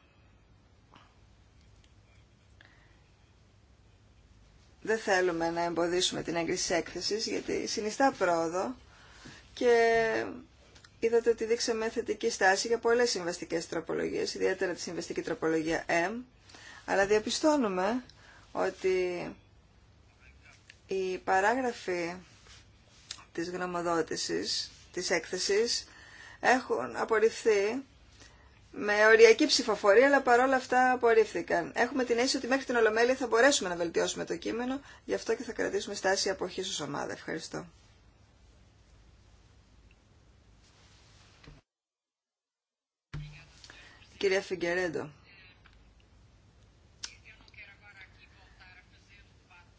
Δεν θέλουμε να εμποδίσουμε την έγκριση έκθεσης, γιατί συνιστά πρόοδο και είδατε ότι δείξαμε θετική στάση για πολλές συμβαστικές τροπολογίες, ιδιαίτερα τη συμβαστική τροπολογία M, αλλά διαπιστώνουμε ότι οι παράγραφοι της γνωμοδότησης, της έκθεσης, έχουν απορριφθεί με οριακή ψηφοφορία, αλλά παρόλα αυτά απορρίφθηκαν. Έχουμε την αίσθηση ότι μέχρι την Ολομέλεια θα μπορέσουμε να βελτιώσουμε το κείμενο, γι' αυτό και θα κρατήσουμε στάση αποχή ως ομάδα. Ευχαριστώ. Κυρία Φιγκερέντο.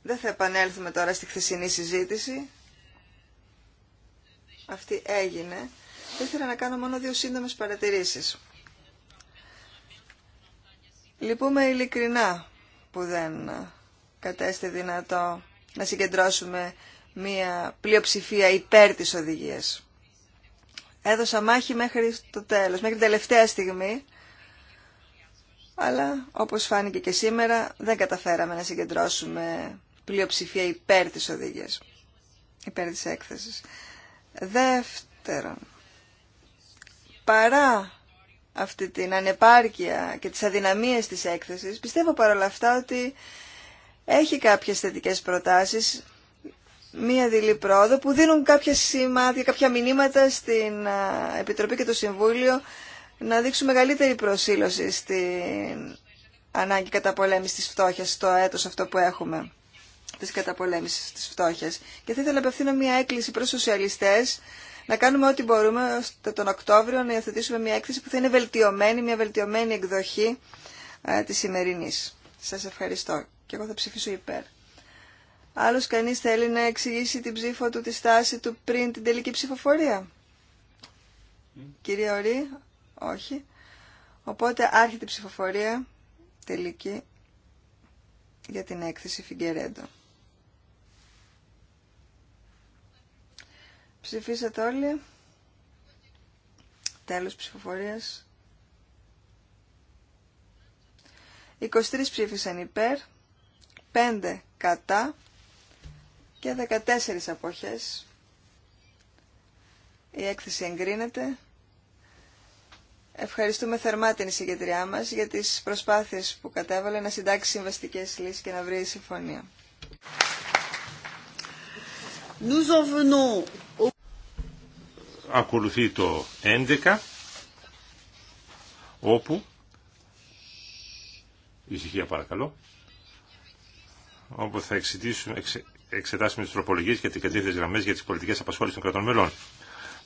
Δεν θα επανέλθουμε τώρα στη χθεσινή συζήτηση. Αυτή έγινε. Ήθελα να κάνω μόνο δύο σύντομες παρατηρήσεις. Λυπούμε ειλικρινά που δεν κατέστη δυνατό να συγκεντρώσουμε μία πλειοψηφία υπέρ της οδηγίας. Έδωσα μάχη μέχρι το τέλος, μέχρι την τελευταία στιγμή, αλλά όπως φάνηκε και σήμερα δεν καταφέραμε να συγκεντρώσουμε πλειοψηφία υπέρ της οδηγίας, υπέρ της έκθεσης. Δεύτερον, παρά αυτή την ανεπάρκεια και τις αδυναμίες της έκθεσης, πιστεύω παρόλα αυτά ότι έχει κάποιες θετικές προτάσεις, μία δειλή πρόοδο που δίνουν κάποια σημάδια, κάποια μηνύματα στην Επιτροπή και το Συμβούλιο να δείξουν μεγαλύτερη προσήλωση στην ανάγκη καταπολέμησης της φτώχειας στο έτος αυτό που έχουμε. Τη καταπολέμηση τη φτώχεια. Και θα ήθελα να απευθύνω μια έκκληση προ σοσιαλιστές να κάνουμε ό,τι μπορούμε ώστε τον Οκτώβριο να υιοθετήσουμε μια έκθεση που θα είναι βελτιωμένη, μια βελτιωμένη εκδοχή τη ε, της σημερινής. Σας ευχαριστώ και εγώ θα ψηφίσω υπέρ. Άλλο κανεί θέλει να εξηγήσει την ψήφο του, τη στάση του πριν την τελική ψηφοφορία. Mm. Κυρία Ορή, όχι. Οπότε άρχεται η ψηφοφορία τελική για την έκθεση Φιγκερέντο. Ψηφίσατε όλοι. Τέλος ψηφοφορίας. 23 ψήφισαν υπέρ, 5 κατά και 14 αποχές. Η έκθεση εγκρίνεται. Ευχαριστούμε θερμά την εισηγητριά μας για τις προσπάθειες που κατέβαλε να συντάξει συμβαστικές λύσεις και να βρει συμφωνία. Nous en venons ακολουθεί το 11 όπου ησυχία παρακαλώ όπου θα εξε, εξετάσουμε τις τροπολογίες και τις κατήφθες γραμμές για τις πολιτικές απασχόλησεις των κρατών μελών.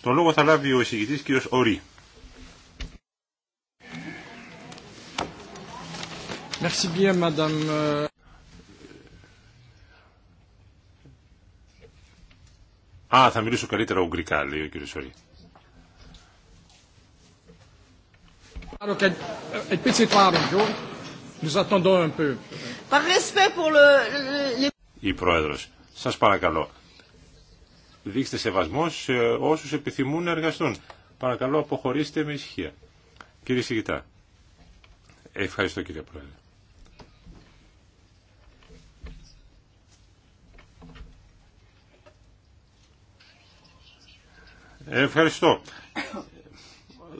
Τον λόγο θα λάβει ο εισηγητής κ. Ορή. Merci bien, madame. Euh, Α, θα μιλήσω καλύτερα ουγγρικά, λέει ο κύριο Σωρή. Euh, Η Πρόεδρος, σας παρακαλώ, δείξτε σεβασμό σε όσους επιθυμούν να εργαστούν. Παρακαλώ, αποχωρήστε με ησυχία. Κύριε Σιγητά, ευχαριστώ κύριε Πρόεδρε. Ευχαριστώ.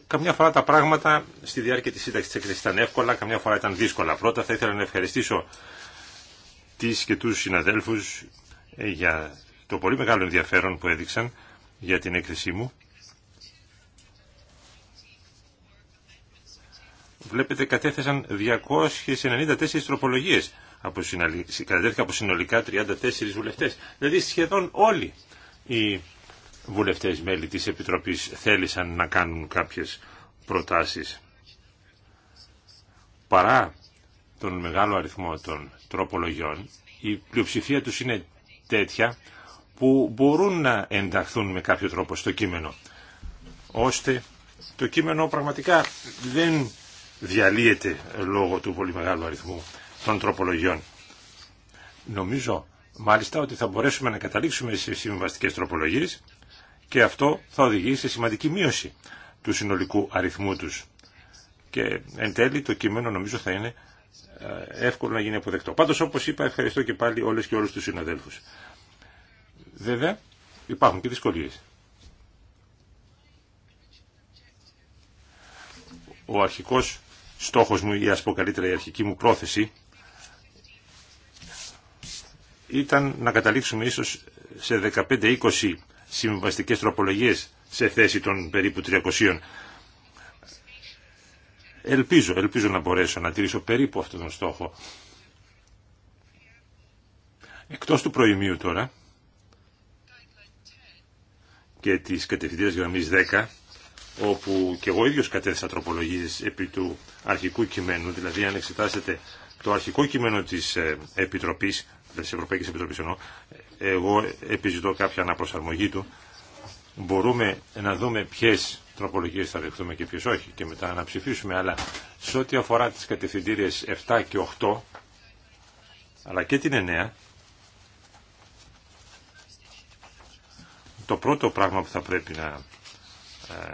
Καμιά φορά τα πράγματα στη διάρκεια της σύνταξης της έκθεσης ήταν εύκολα, καμιά φορά ήταν δύσκολα. Πρώτα θα ήθελα να ευχαριστήσω τις και τους συναδέλφους ε, για το πολύ μεγάλο ενδιαφέρον που έδειξαν για την έκθεσή μου. Βλέπετε κατέθεσαν 294 τροπολογίες, από από συνολικά 34 βουλευτές. Δηλαδή σχεδόν όλοι οι βουλευτές μέλη της Επιτροπής θέλησαν να κάνουν κάποιες προτάσεις. Παρά τον μεγάλο αριθμό των τροπολογιών, η πλειοψηφία τους είναι τέτοια που μπορούν να ενταχθούν με κάποιο τρόπο στο κείμενο, ώστε το κείμενο πραγματικά δεν διαλύεται λόγω του πολύ μεγάλου αριθμού των τροπολογιών. Νομίζω μάλιστα ότι θα μπορέσουμε να καταλήξουμε σε συμβαστικές τροπολογίες και αυτό θα οδηγεί σε σημαντική μείωση του συνολικού αριθμού τους. Και εν τέλει το κείμενο νομίζω θα είναι ε, εύκολο να γίνει αποδεκτό. Πάντως όπως είπα ευχαριστώ και πάλι όλες και όλους τους συναδέλφους. Βέβαια υπάρχουν και δυσκολίες. Ο αρχικός στόχος μου ή ας πω καλύτερα η αρχική μου πρόθεση ήταν να καταλήξουμε ίσως σε 15-20 συμβαστικές τροπολογίες σε θέση των περίπου 300. Ελπίζω, ελπίζω να μπορέσω να τηρήσω περίπου αυτόν τον στόχο. Εκτός του προημίου τώρα και της κατευθυντήρας γραμμής 10, όπου και εγώ ίδιος κατέθεσα τροπολογίες επί του αρχικού κειμένου, δηλαδή αν εξετάσετε το αρχικό κείμενο της ε, Επιτροπής, της Ευρωπαϊκής Επιτροπής εννοώ, εγώ επιζητώ κάποια αναπροσαρμογή του, μπορούμε να δούμε ποιε τροπολογίε θα δεχτούμε και ποιε όχι και μετά να ψηφίσουμε, αλλά σε ό,τι αφορά τις κατευθυντήριες 7 και 8, αλλά και την 9, το πρώτο πράγμα που θα πρέπει να ε,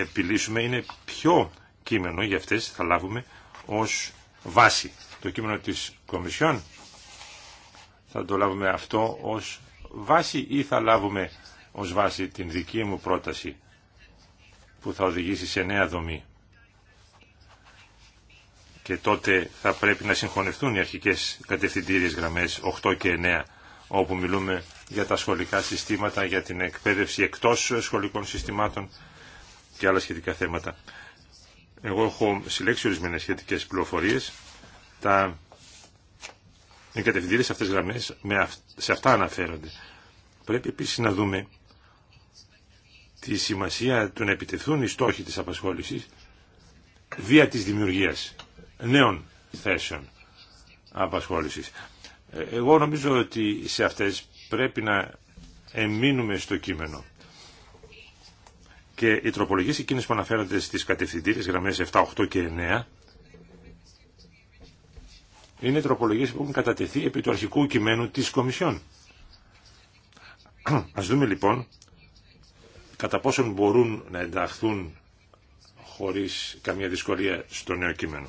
επιλύσουμε είναι ποιο κείμενο για αυτές θα λάβουμε ως βάση. Το κείμενο της Κομισιόν θα το λάβουμε αυτό ως βάση ή θα λάβουμε ως βάση την δική μου πρόταση που θα οδηγήσει σε νέα δομή. Και τότε θα πρέπει να συγχωνευτούν οι αρχικές κατευθυντήριες γραμμές 8 και 9 όπου μιλούμε για τα σχολικά συστήματα, για την εκπαίδευση εκτός σχολικών συστημάτων και άλλα σχετικά θέματα. Εγώ έχω συλλέξει ορισμένες σχετικές πληροφορίες. Τα οι κατευθυντήρες αυτές γραμμές σε αυτά αναφέρονται. Πρέπει επίσης να δούμε τη σημασία του να επιτεθούν οι στόχοι της απασχόλησης δια της δημιουργίας νέων θέσεων απασχόλησης. Ε, εγώ νομίζω ότι σε αυτές πρέπει να εμείνουμε στο κείμενο. Και οι τροπολογίες εκείνες που αναφέρονται στις κατευθυντήρες γραμμές 7, 8 και 9 είναι τροπολογίες που έχουν κατατεθεί επί του αρχικού κειμένου της Κομισιόν. Ας δούμε λοιπόν κατά πόσον μπορούν να ενταχθούν χωρίς καμία δυσκολία στο νέο κείμενο.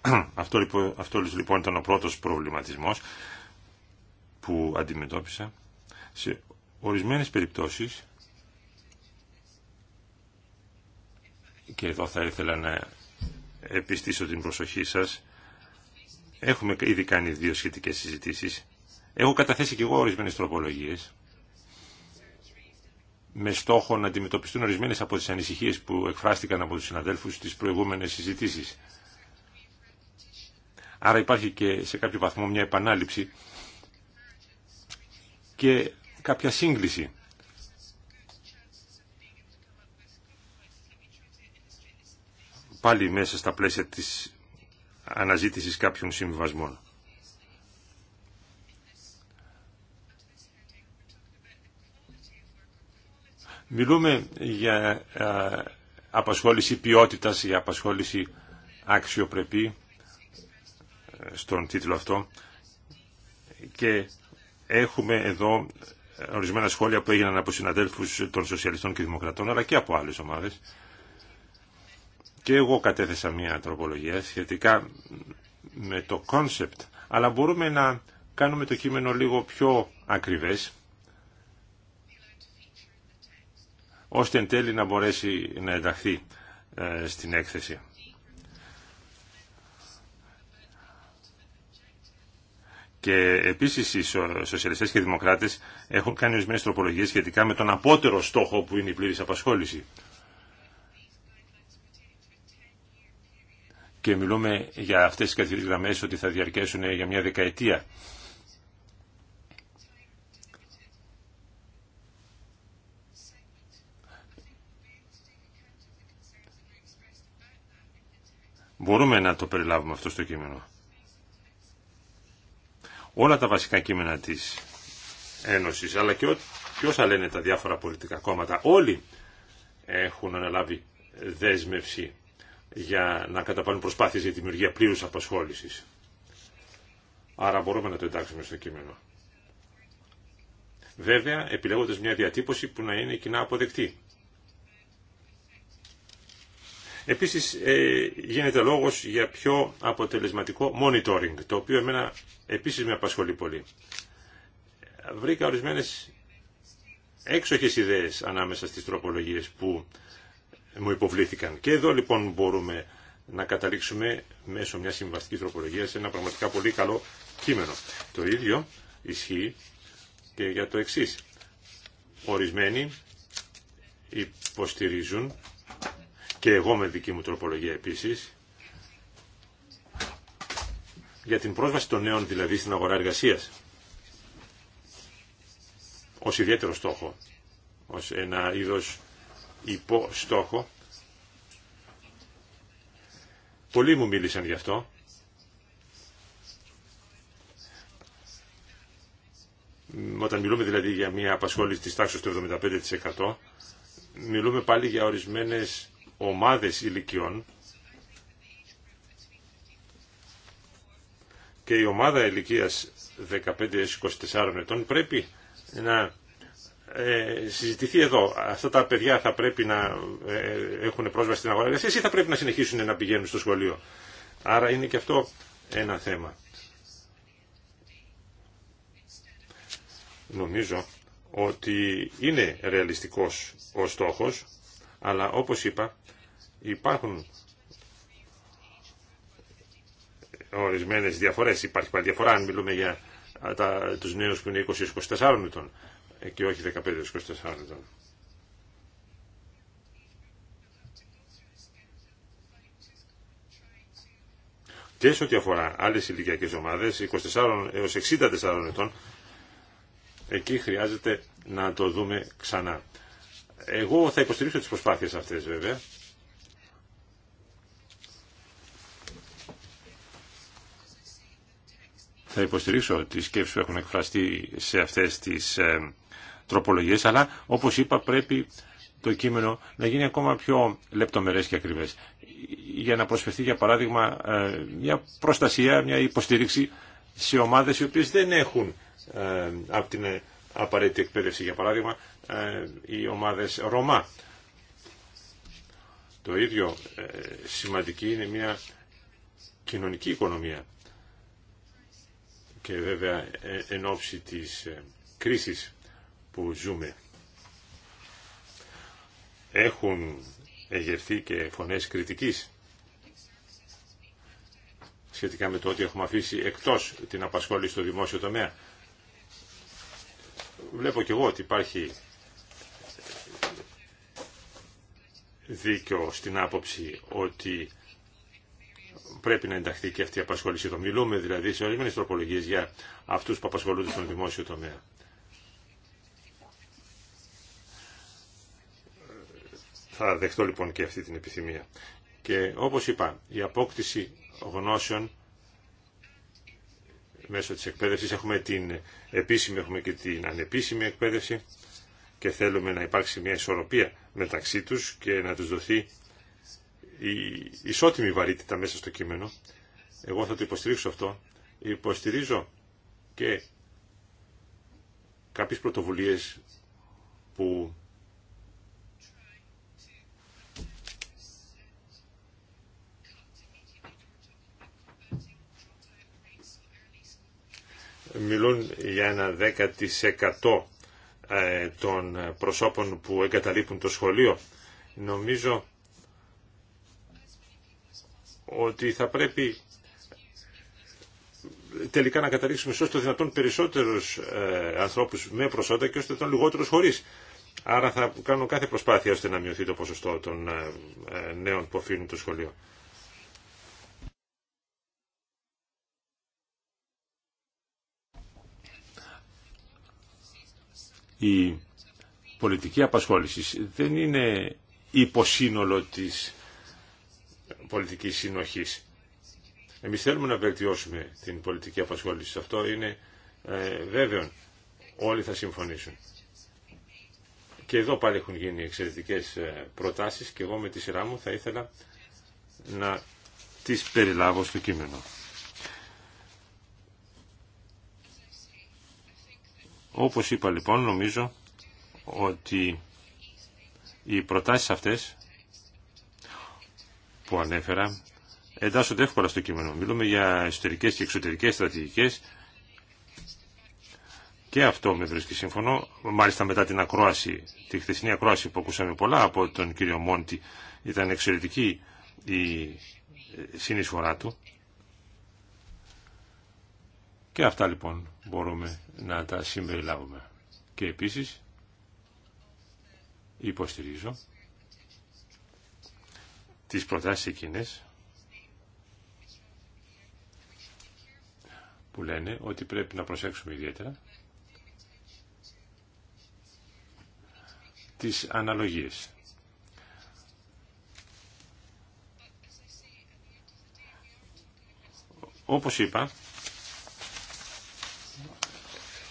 Αυτό, λοιπόν, αυτό λοιπόν ήταν ο πρώτος προβληματισμός που αντιμετώπισα. Σε ορισμένες περιπτώσεις και εδώ θα ήθελα να επιστήσω την προσοχή σας. Έχουμε ήδη κάνει δύο σχετικές συζητήσεις. Έχω καταθέσει και εγώ ορισμένες τροπολογίες με στόχο να αντιμετωπιστούν ορισμένες από τις ανησυχίες που εκφράστηκαν από τους συναδέλφους στις προηγούμενες συζητήσεις. Άρα υπάρχει και σε κάποιο βαθμό μια επανάληψη και κάποια σύγκληση πάλι μέσα στα πλαίσια της αναζήτησης κάποιων συμβιβασμών. Μιλούμε για απασχόληση ποιότητας, για απασχόληση αξιοπρεπή ε, στον τίτλο αυτό και έχουμε εδώ ορισμένα σχόλια που έγιναν από συναδέλφους των Σοσιαλιστών και Δημοκρατών αλλά και από άλλες ομάδες και εγώ κατέθεσα μια τροπολογία σχετικά με το concept, αλλά μπορούμε να κάνουμε το κείμενο λίγο πιο ακριβές, ώστε εν τέλει να μπορέσει να ενταχθεί ε, στην έκθεση. Και επίσης οι σοσιαλιστές και οι δημοκράτε έχουν κάνει ορισμένε τροπολογίε σχετικά με τον απότερο στόχο που είναι η πλήρης απασχόληση. και μιλούμε για αυτές τις καθηγητές ότι θα διαρκέσουν για μια δεκαετία. Μπορούμε να το περιλάβουμε αυτό στο κείμενο. Όλα τα βασικά κείμενα της Ένωσης, αλλά και, ό, και όσα λένε τα διάφορα πολιτικά κόμματα, όλοι έχουν αναλάβει δέσμευση για να καταπάνουν προσπάθειες για τη δημιουργία πλήρους απασχόλησης. Άρα μπορούμε να το εντάξουμε στο κείμενο. Βέβαια, επιλέγοντας μια διατύπωση που να είναι κοινά αποδεκτή. Επίσης, ε, γίνεται λόγος για πιο αποτελεσματικό monitoring, το οποίο εμένα επίσης με απασχολεί πολύ. Βρήκα ορισμένες έξοχες ιδέες ανάμεσα στις τροπολογίες που μου υποβλήθηκαν. Και εδώ λοιπόν μπορούμε να καταλήξουμε μέσω μιας συμβαστικής τροπολογίας σε ένα πραγματικά πολύ καλό κείμενο. Το ίδιο ισχύει και για το εξής. Ορισμένοι υποστηρίζουν και εγώ με δική μου τροπολογία επίσης για την πρόσβαση των νέων δηλαδή στην αγορά εργασίας ως ιδιαίτερο στόχο, ως ένα είδος υπό στόχο. Πολλοί μου μίλησαν γι' αυτό. Όταν μιλούμε δηλαδή για μια απασχόληση της τάξης του 75%, μιλούμε πάλι για ορισμένες ομάδες ηλικιών και η ομάδα ηλικίας 15-24 ετών πρέπει να ε, συζητηθεί εδώ. Αυτά τα παιδιά θα πρέπει να ε, έχουν πρόσβαση στην αγορά εργασία ή θα πρέπει να συνεχίσουν να πηγαίνουν στο σχολείο. Άρα είναι και αυτό ένα θέμα. Νομίζω ότι είναι ρεαλιστικός ο στόχος, αλλά όπως είπα υπάρχουν ορισμένες διαφορές. Υπάρχει πάλι διαφορά αν μιλούμε για τα, τους νέους που είναι 20-24 ετών. Ε, και όχι 15-24 ετών. Και σε ό,τι αφορά άλλε ηλικιακέ ομάδε, 24 έω 64 ετών, εκεί χρειάζεται να το δούμε ξανά. Εγώ θα υποστηρίξω τις προσπάθειες αυτές βέβαια. Θα υποστηρίξω τις σκέψεις που έχουν εκφραστεί σε αυτές τις ε, τροπολογίες, αλλά όπως είπα πρέπει το κείμενο να γίνει ακόμα πιο λεπτομερές και ακριβές. Για να προσφερθεί για παράδειγμα ε, μια προστασία, μια υποστήριξη σε ομάδες οι οποίες δεν έχουν ε, από την ε, απαραίτητη εκπαίδευση. Για παράδειγμα οι ομάδες Ρωμά. Το ίδιο σημαντική είναι μια κοινωνική οικονομία και βέβαια εν ώψη της κρίσης που ζούμε. Έχουν εγερθεί και φωνές κριτικής σχετικά με το ότι έχουμε αφήσει εκτός την απασχόληση στο δημόσιο τομέα. Βλέπω και εγώ ότι υπάρχει δίκιο στην άποψη ότι πρέπει να ενταχθεί και αυτή η απασχόληση. Το μιλούμε δηλαδή σε ορισμένε τροπολογίε για αυτού που απασχολούνται στον δημόσιο τομέα. Θα δεχτώ λοιπόν και αυτή την επιθυμία. Και όπως είπα, η απόκτηση γνώσεων μέσω της εκπαίδευσης έχουμε την επίσημη, έχουμε και την ανεπίσημη εκπαίδευση και θέλουμε να υπάρξει μια ισορροπία μεταξύ τους και να τους δοθεί η ισότιμη βαρύτητα μέσα στο κείμενο. Εγώ θα το υποστηρίξω αυτό. Υποστηρίζω και κάποιες πρωτοβουλίες που μιλούν για ένα 10% ε, των προσώπων που εγκαταλείπουν το σχολείο. Νομίζω ότι θα πρέπει τελικά να καταλήξουμε όσο δυνατόν περισσότερους ε, ανθρώπους με προσόντα και όσο το δυνατόν λιγότερους χωρίς. Άρα θα κάνω κάθε προσπάθεια ώστε να μειωθεί το ποσοστό των ε, νέων που αφήνουν το σχολείο. η πολιτική απασχόληση δεν είναι υποσύνολο της πολιτικής συνοχής. Εμείς θέλουμε να βελτιώσουμε την πολιτική απασχόληση. Αυτό είναι ε, βέβαιο. Όλοι θα συμφωνήσουν. Και εδώ πάλι έχουν γίνει εξαιρετικές ε, προτάσεις και εγώ με τη σειρά μου θα ήθελα να τις περιλάβω στο κείμενο. Όπως είπα λοιπόν, νομίζω ότι οι προτάσεις αυτές που ανέφερα εντάσσονται εύκολα στο κείμενο. Μιλούμε για εσωτερικές και εξωτερικές στρατηγικές και αυτό με βρίσκει σύμφωνο. Μάλιστα μετά την ακρόαση, τη χθεσινή ακρόαση που ακούσαμε πολλά από τον κύριο Μόντι ήταν εξαιρετική η συνεισφορά του. Και αυτά λοιπόν μπορούμε να τα συμπεριλάβουμε. Και επίσης υποστηρίζω τις προτάσεις εκείνες που λένε ότι πρέπει να προσέξουμε ιδιαίτερα τις αναλογίες. Όπως είπα,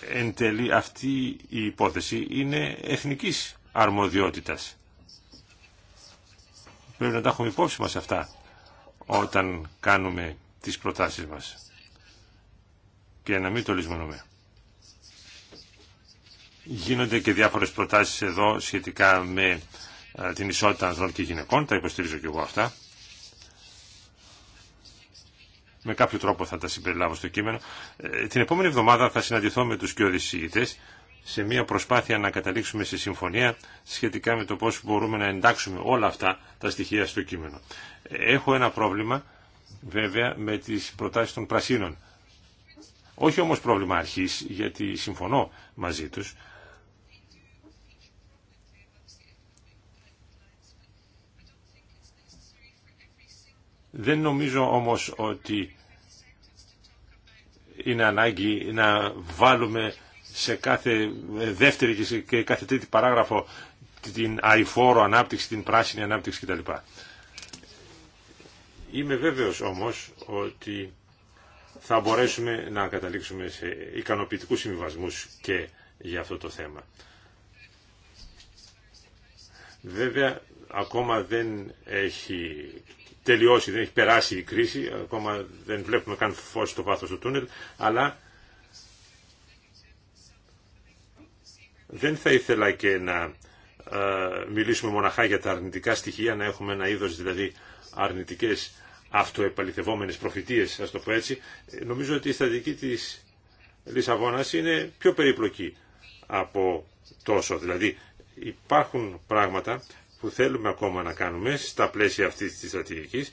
εν τέλει αυτή η υπόθεση είναι εθνικής αρμοδιότητας. Πρέπει να τα έχουμε υπόψη μας αυτά όταν κάνουμε τις προτάσεις μας και να μην το λησμονούμε. Γίνονται και διάφορες προτάσεις εδώ σχετικά με ε, την ισότητα ανδρών και γυναικών, τα υποστηρίζω και εγώ αυτά με κάποιο τρόπο θα τα συμπεριλάβω στο κείμενο. Ε, την επόμενη εβδομάδα θα συναντηθώ με τους κοιόδης σε μια προσπάθεια να καταλήξουμε σε συμφωνία σχετικά με το πώς μπορούμε να εντάξουμε όλα αυτά τα στοιχεία στο κείμενο. Έχω ένα πρόβλημα βέβαια με τις προτάσεις των πρασίνων. Όχι όμως πρόβλημα αρχής, γιατί συμφωνώ μαζί τους. Δεν νομίζω όμως ότι είναι ανάγκη να βάλουμε σε κάθε ε, δεύτερη και κάθε τρίτη παράγραφο την αηφόρο ανάπτυξη, την πράσινη ανάπτυξη κτλ. Είμαι βέβαιος όμως ότι θα μπορέσουμε να καταλήξουμε σε ικανοποιητικούς συμβιβασμού και για αυτό το θέμα. Βέβαια, ακόμα δεν έχει τελειώσει, δεν έχει περάσει η κρίση, ακόμα δεν βλέπουμε καν φως στο βάθος του τούνελ, αλλά δεν θα ήθελα και να ε, μιλήσουμε μοναχά για τα αρνητικά στοιχεία, να έχουμε ένα είδος δηλαδή αρνητικές αυτοεπαληθευόμενες προφητείες, ας το πω έτσι. Ε, νομίζω ότι η στατική της Λισαβόνας είναι πιο περίπλοκη από τόσο. Δηλαδή υπάρχουν πράγματα που θέλουμε ακόμα να κάνουμε στα πλαίσια αυτής της στρατηγικής.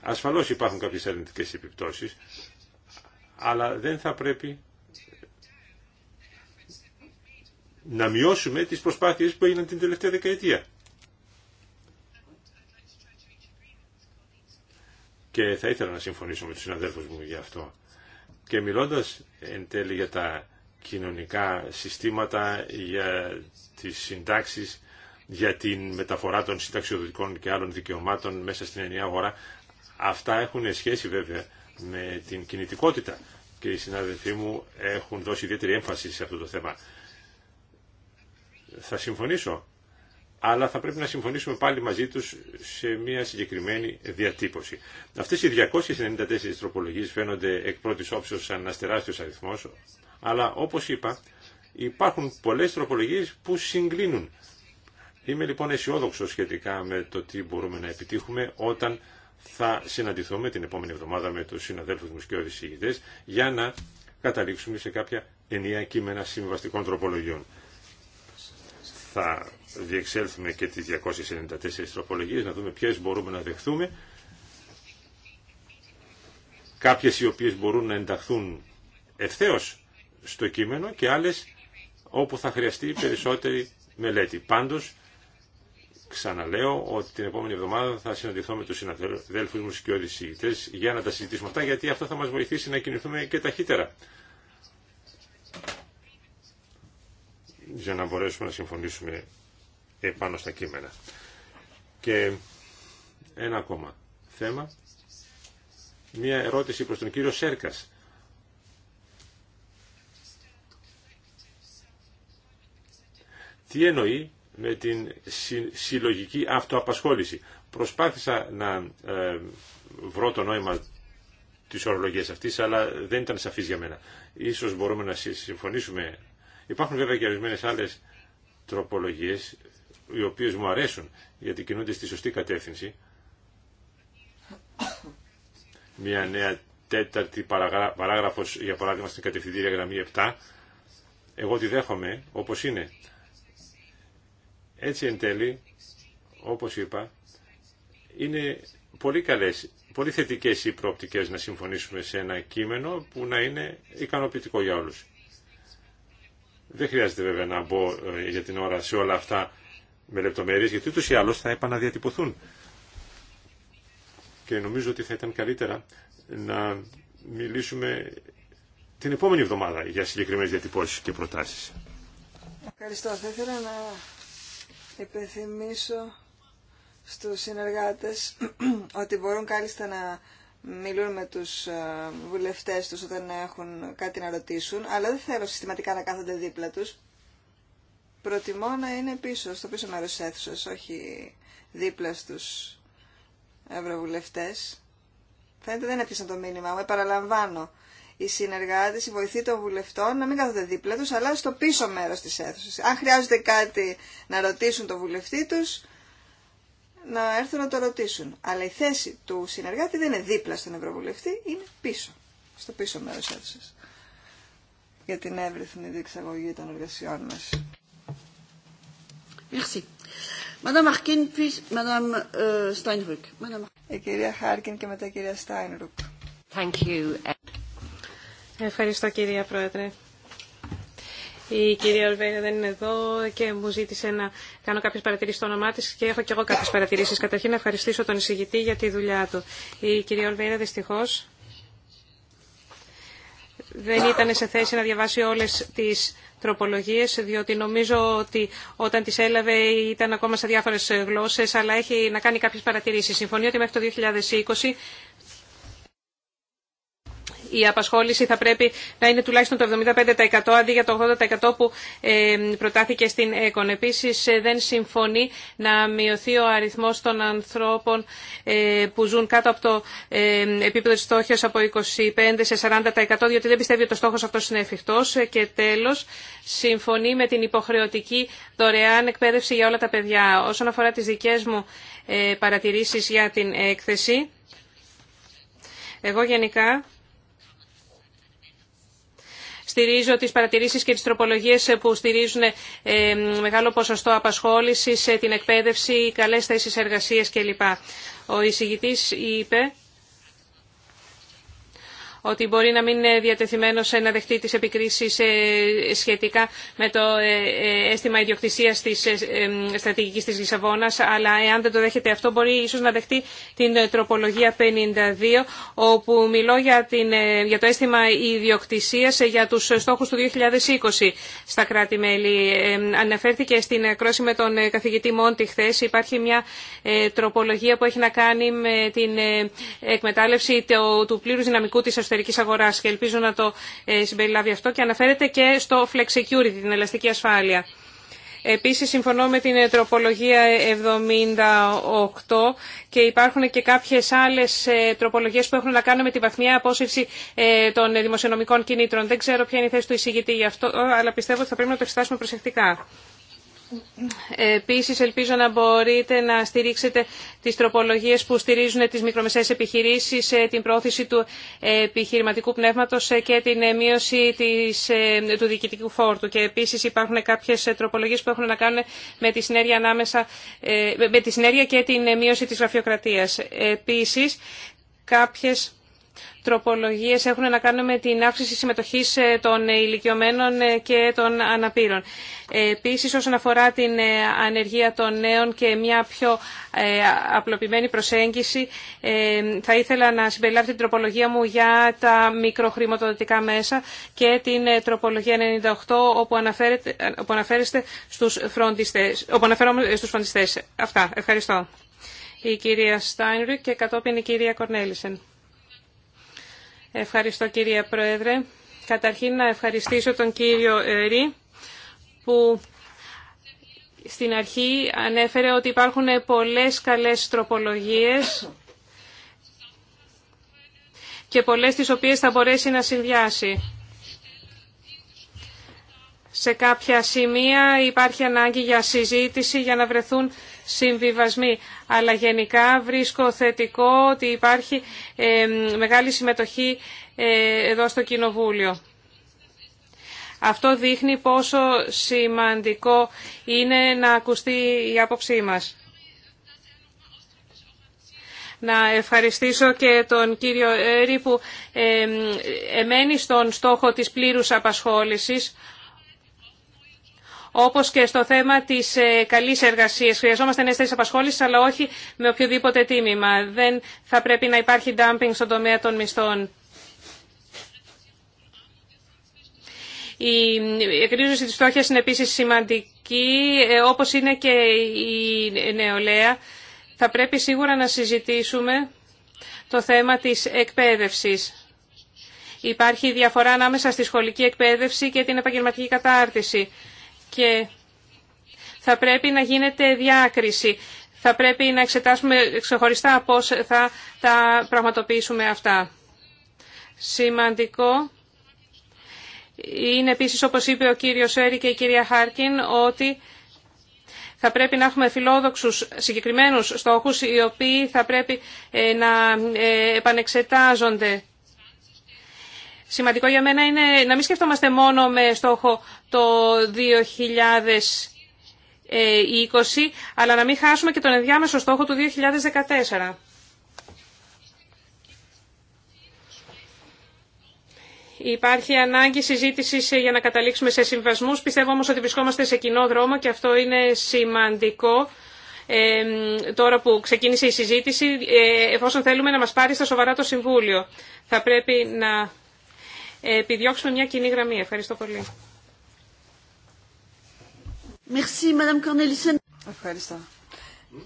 Ασφαλώς υπάρχουν κάποιες αρνητικές επιπτώσεις, αλλά δεν θα πρέπει να μειώσουμε τις προσπάθειες που έγιναν την τελευταία δεκαετία. Και θα ήθελα να συμφωνήσω με τους συναδέλφους μου για αυτό. Και μιλώντας εν τέλει για τα κοινωνικά συστήματα, για τις συντάξεις, για την μεταφορά των συνταξιοδοτικών και άλλων δικαιωμάτων μέσα στην ενιαία αγορά. Αυτά έχουν σχέση βέβαια με την κινητικότητα και οι συνάδελφοί μου έχουν δώσει ιδιαίτερη έμφαση σε αυτό το θέμα. Θα συμφωνήσω, αλλά θα πρέπει να συμφωνήσουμε πάλι μαζί τους σε μια συγκεκριμένη διατύπωση. Αυτές οι 294 τροπολογίες φαίνονται εκ πρώτης όψεως σαν ένας τεράστιος αριθμός, αλλά όπως είπα υπάρχουν πολλές τροπολογίες που συγκλίνουν Είμαι λοιπόν αισιόδοξο σχετικά με το τι μπορούμε να επιτύχουμε όταν θα συναντηθούμε την επόμενη εβδομάδα με τους συναδέλφους μου και οδησίγητες για να καταλήξουμε σε κάποια ενιαία κείμενα συμβαστικών τροπολογιών. Θα διεξέλθουμε και τις 294 τροπολογίες, να δούμε ποιες μπορούμε να δεχθούμε. Κάποιες οι οποίες μπορούν να ενταχθούν ευθέως στο κείμενο και άλλες όπου θα χρειαστεί περισσότερη μελέτη. Πάντως Ξαναλέω ότι την επόμενη εβδομάδα θα συναντηθώ με του συναδέλφους μου και για να τα συζητήσουμε αυτά, γιατί αυτό θα μας βοηθήσει να κινηθούμε και ταχύτερα. Για να μπορέσουμε να συμφωνήσουμε επάνω στα κείμενα. Και ένα ακόμα θέμα. Μία ερώτηση προς τον κύριο Σέρκας. Τι εννοεί με την συλλογική αυτοαπασχόληση. Προσπάθησα να ε, βρω το νόημα της ορολογίας αυτής, αλλά δεν ήταν σαφής για μένα. Ίσως μπορούμε να συμφωνήσουμε. Υπάρχουν βέβαια και ορισμένε άλλες τροπολογίες, οι οποίες μου αρέσουν, γιατί κινούνται στη σωστή κατεύθυνση. Μια νέα τέταρτη παράγραφος, για παράδειγμα, στην κατευθυντήρια γραμμή 7, εγώ τη δέχομαι όπως είναι, έτσι εν τέλει, όπως είπα, είναι πολύ καλές, πολύ θετικές οι προοπτικές να συμφωνήσουμε σε ένα κείμενο που να είναι ικανοποιητικό για όλους. Δεν χρειάζεται βέβαια να μπω ε, για την ώρα σε όλα αυτά με λεπτομέρειες, γιατί ούτως ή άλλως θα επαναδιατυπωθούν. Και νομίζω ότι θα ήταν καλύτερα να μιλήσουμε την επόμενη εβδομάδα για συγκεκριμένες διατυπώσεις και προτάσεις. Ευχαριστώ. Θα ήθελα να υπενθυμίσω στους συνεργάτες ότι μπορούν κάλλιστα να μιλούν με τους ε, βουλευτές τους όταν έχουν κάτι να ρωτήσουν, αλλά δεν θέλω συστηματικά να κάθονται δίπλα τους. Προτιμώ να είναι πίσω, στο πίσω μέρος της όχι δίπλα στους ευρωβουλευτές. Φαίνεται δεν έπιασαν το μήνυμά μου, επαναλαμβάνω οι συνεργάτε, οι βοηθοί των βουλευτών να μην κάθονται δίπλα τους, αλλά στο πίσω μέρος της αίθουσα. Αν χρειάζεται κάτι να ρωτήσουν τον βουλευτή τους, να έρθουν να το ρωτήσουν. Αλλά η θέση του συνεργάτη δεν είναι δίπλα στον Ευρωβουλευτή, είναι πίσω, στο πίσω μέρος αίθουσα. για την εύρυθμη διεξαγωγή των εργασιών μα. Merci. Madame Harkin, puis Madame euh, Steinruck. Madame... Η κυρία Χάρκιν και μετά η κυρία Thank you. Ευχαριστώ κυρία Πρόεδρε. Η κυρία Ολβέιρα δεν είναι εδώ και μου ζήτησε να κάνω κάποιε παρατηρήσει στο όνομά τη και έχω και εγώ κάποιε παρατηρήσει. Καταρχήν να ευχαριστήσω τον εισηγητή για τη δουλειά του. Η κυρία Ολβέιρα δυστυχώ δεν ήταν σε θέση να διαβάσει όλε τι τροπολογίε, διότι νομίζω ότι όταν τι έλαβε ήταν ακόμα σε διάφορε γλώσσε, αλλά έχει να κάνει κάποιε παρατηρήσει. Συμφωνεί ότι μέχρι το 2020 η απασχόληση θα πρέπει να είναι τουλάχιστον το 75% αντί για το 80% που ε, προτάθηκε στην ΕΚΟΝ. Επίσης ε, δεν συμφωνεί να μειωθεί ο αριθμός των ανθρώπων ε, που ζουν κάτω από το επίπεδο τη στόχευση από 25% σε 40% διότι δεν πιστεύει ότι ο στόχος αυτός είναι εφικτός. Και τέλος, συμφωνεί με την υποχρεωτική δωρεάν εκπαίδευση για όλα τα παιδιά. Όσον αφορά τι δικέ μου παρατηρήσει για την έκθεση, εγώ γενικά στηρίζω τις παρατηρήσεις και τις τροπολογίες που στηρίζουν ε, μεγάλο ποσοστό απασχόλησης, ε, την εκπαίδευση, καλές θέσεις εργασίας κλπ. Ο εισηγητής είπε ότι μπορεί να μην είναι διατεθειμένος ε, να δεχτεί τις επικρίσεις ε, σχετικά με το ε, αίσθημα ιδιοκτησία τη στρατηγική της Λισαβόνα, αλλά εάν δεν το δέχεται αυτό μπορεί ίσως να δεχτεί την τροπολογία 52, όπου μιλώ για, την, για το αίσθημα ιδιοκτησία για τους στόχους του 2020 στα κράτη-μέλη. Αναφέρθηκε στην ακρόση με τον καθηγητή Μόντι χθε. Υπάρχει μια τροπολογία που έχει να κάνει με την εκμετάλλευση του πλήρου δυναμικού της και ελπίζω να το ε, συμπεριλάβει αυτό και αναφέρεται και στο Flex Security, την ελαστική ασφάλεια. Επίση, συμφωνώ με την ε, τροπολογία 78 και υπάρχουν και κάποιε άλλε τροπολογίε που έχουν να κάνουν με τη βαθμιά απόσυρση ε, των δημοσιονομικών κινήτρων. Δεν ξέρω ποια είναι η θέση του εισηγητή γι' αυτό, αλλά πιστεύω ότι θα πρέπει να το εξετάσουμε προσεκτικά. Επίσης ελπίζω να μπορείτε να στηρίξετε τις τροπολογίες που στηρίζουν τις μικρομεσαίες επιχειρήσεις, ε, την πρόθεση του επιχειρηματικού πνεύματος ε, και την ε, μείωση της, του διοικητικού φόρτου. Και επίσης υπάρχουν κάποιες τροπολογίες που έχουν να κάνουν με τη συνέργεια, ανάμεσα, με τη συνέργεια και την μείωση της γραφειοκρατίας. Επίσης, κάποιες τροπολογίες έχουν να κάνουν με την αύξηση συμμετοχής ε, των ηλικιωμένων ε, και των αναπήρων. Ε, επίσης, όσον αφορά την ανεργία των νέων και μια πιο απλοποιημένη προσέγγιση, θα ήθελα να συμπεριλάβω την τροπολογία μου για τα μικροχρηματοδοτικά μέσα και την τροπολογία 98, όπου, όπου αναφέρεστε στους φροντιστές. στους φροντιστές. Αυτά. Ευχαριστώ. Η κυρία Στάινρου και κατόπιν η κυρία Κορνέλισεν. Ευχαριστώ κύριε Πρόεδρε. Καταρχήν να ευχαριστήσω τον κύριο ε, Ρή που στην αρχή ανέφερε ότι υπάρχουν πολλές καλές τροπολογίες και πολλές τις οποίες θα μπορέσει να συνδυάσει. Σε κάποια σημεία υπάρχει ανάγκη για συζήτηση για να βρεθούν συμβιβασμοί. Αλλά γενικά βρίσκω θετικό ότι υπάρχει ε, μεγάλη συμμετοχή ε, εδώ στο Κοινοβούλιο. Αυτό δείχνει πόσο σημαντικό είναι να ακουστεί η άποψή μας. Να ευχαριστήσω και τον κύριο Έρη που ε, εμένει στον στόχο της πλήρους απασχόλησης όπως και στο θέμα της ε, καλής εργασίας. Χρειαζόμαστε νέες θέσει απασχόληση, αλλά όχι με οποιοδήποτε τίμημα. Δεν θα πρέπει να υπάρχει dumping στον τομέα των μισθών. Η εκρίζωση τη φτώχεια είναι επίση σημαντική, ε, όπως είναι και η νεολαία. Θα πρέπει σίγουρα να συζητήσουμε το θέμα της εκπαίδευσης. Υπάρχει διαφορά ανάμεσα στη σχολική εκπαίδευση και την επαγγελματική κατάρτιση και θα πρέπει να γίνεται διάκριση. Θα πρέπει να εξετάσουμε ξεχωριστά πώς θα τα πραγματοποιήσουμε αυτά. Σημαντικό είναι επίσης, όπως είπε ο κύριος Έρη και η κυρία Χάρκιν, ότι θα πρέπει να έχουμε φιλόδοξους συγκεκριμένους στόχους, οι οποίοι θα πρέπει ε, να ε, επανεξετάζονται. Σημαντικό για μένα είναι να μην σκεφτόμαστε μόνο με στόχο το 2020, αλλά να μην χάσουμε και τον ενδιάμεσο στόχο του 2014. Υπάρχει ανάγκη συζήτηση για να καταλήξουμε σε συμβασμούς. Πιστεύω όμως ότι βρισκόμαστε σε κοινό δρόμο και αυτό είναι σημαντικό. Ε, τώρα που ξεκίνησε η συζήτηση, ε, εφόσον θέλουμε να μας πάρει στα σοβαρά το Συμβούλιο. Θα πρέπει να επιδιώξουμε μια κοινή γραμμή. Ευχαριστώ πολύ. Merci, Ευχαριστώ.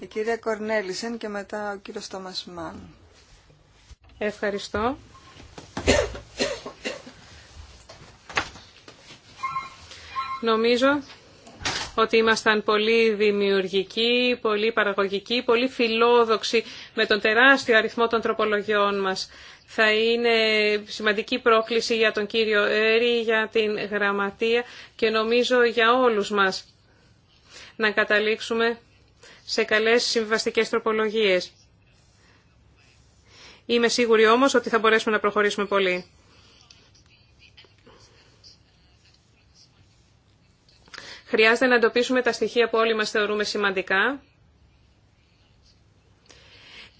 Η κυρία Κορνέλισεν και μετά ο κύριος Τόμας Μάν. Ευχαριστώ. Νομίζω ότι ήμασταν πολύ δημιουργικοί, πολύ παραγωγικοί, πολύ φιλόδοξοι με τον τεράστιο αριθμό των τροπολογιών μας θα είναι σημαντική πρόκληση για τον κύριο Έρη, για την γραμματεία και νομίζω για όλους μας να καταλήξουμε σε καλές συμβαστικές τροπολογίες. Είμαι σίγουρη όμως ότι θα μπορέσουμε να προχωρήσουμε πολύ. Χρειάζεται να εντοπίσουμε τα στοιχεία που όλοι μας θεωρούμε σημαντικά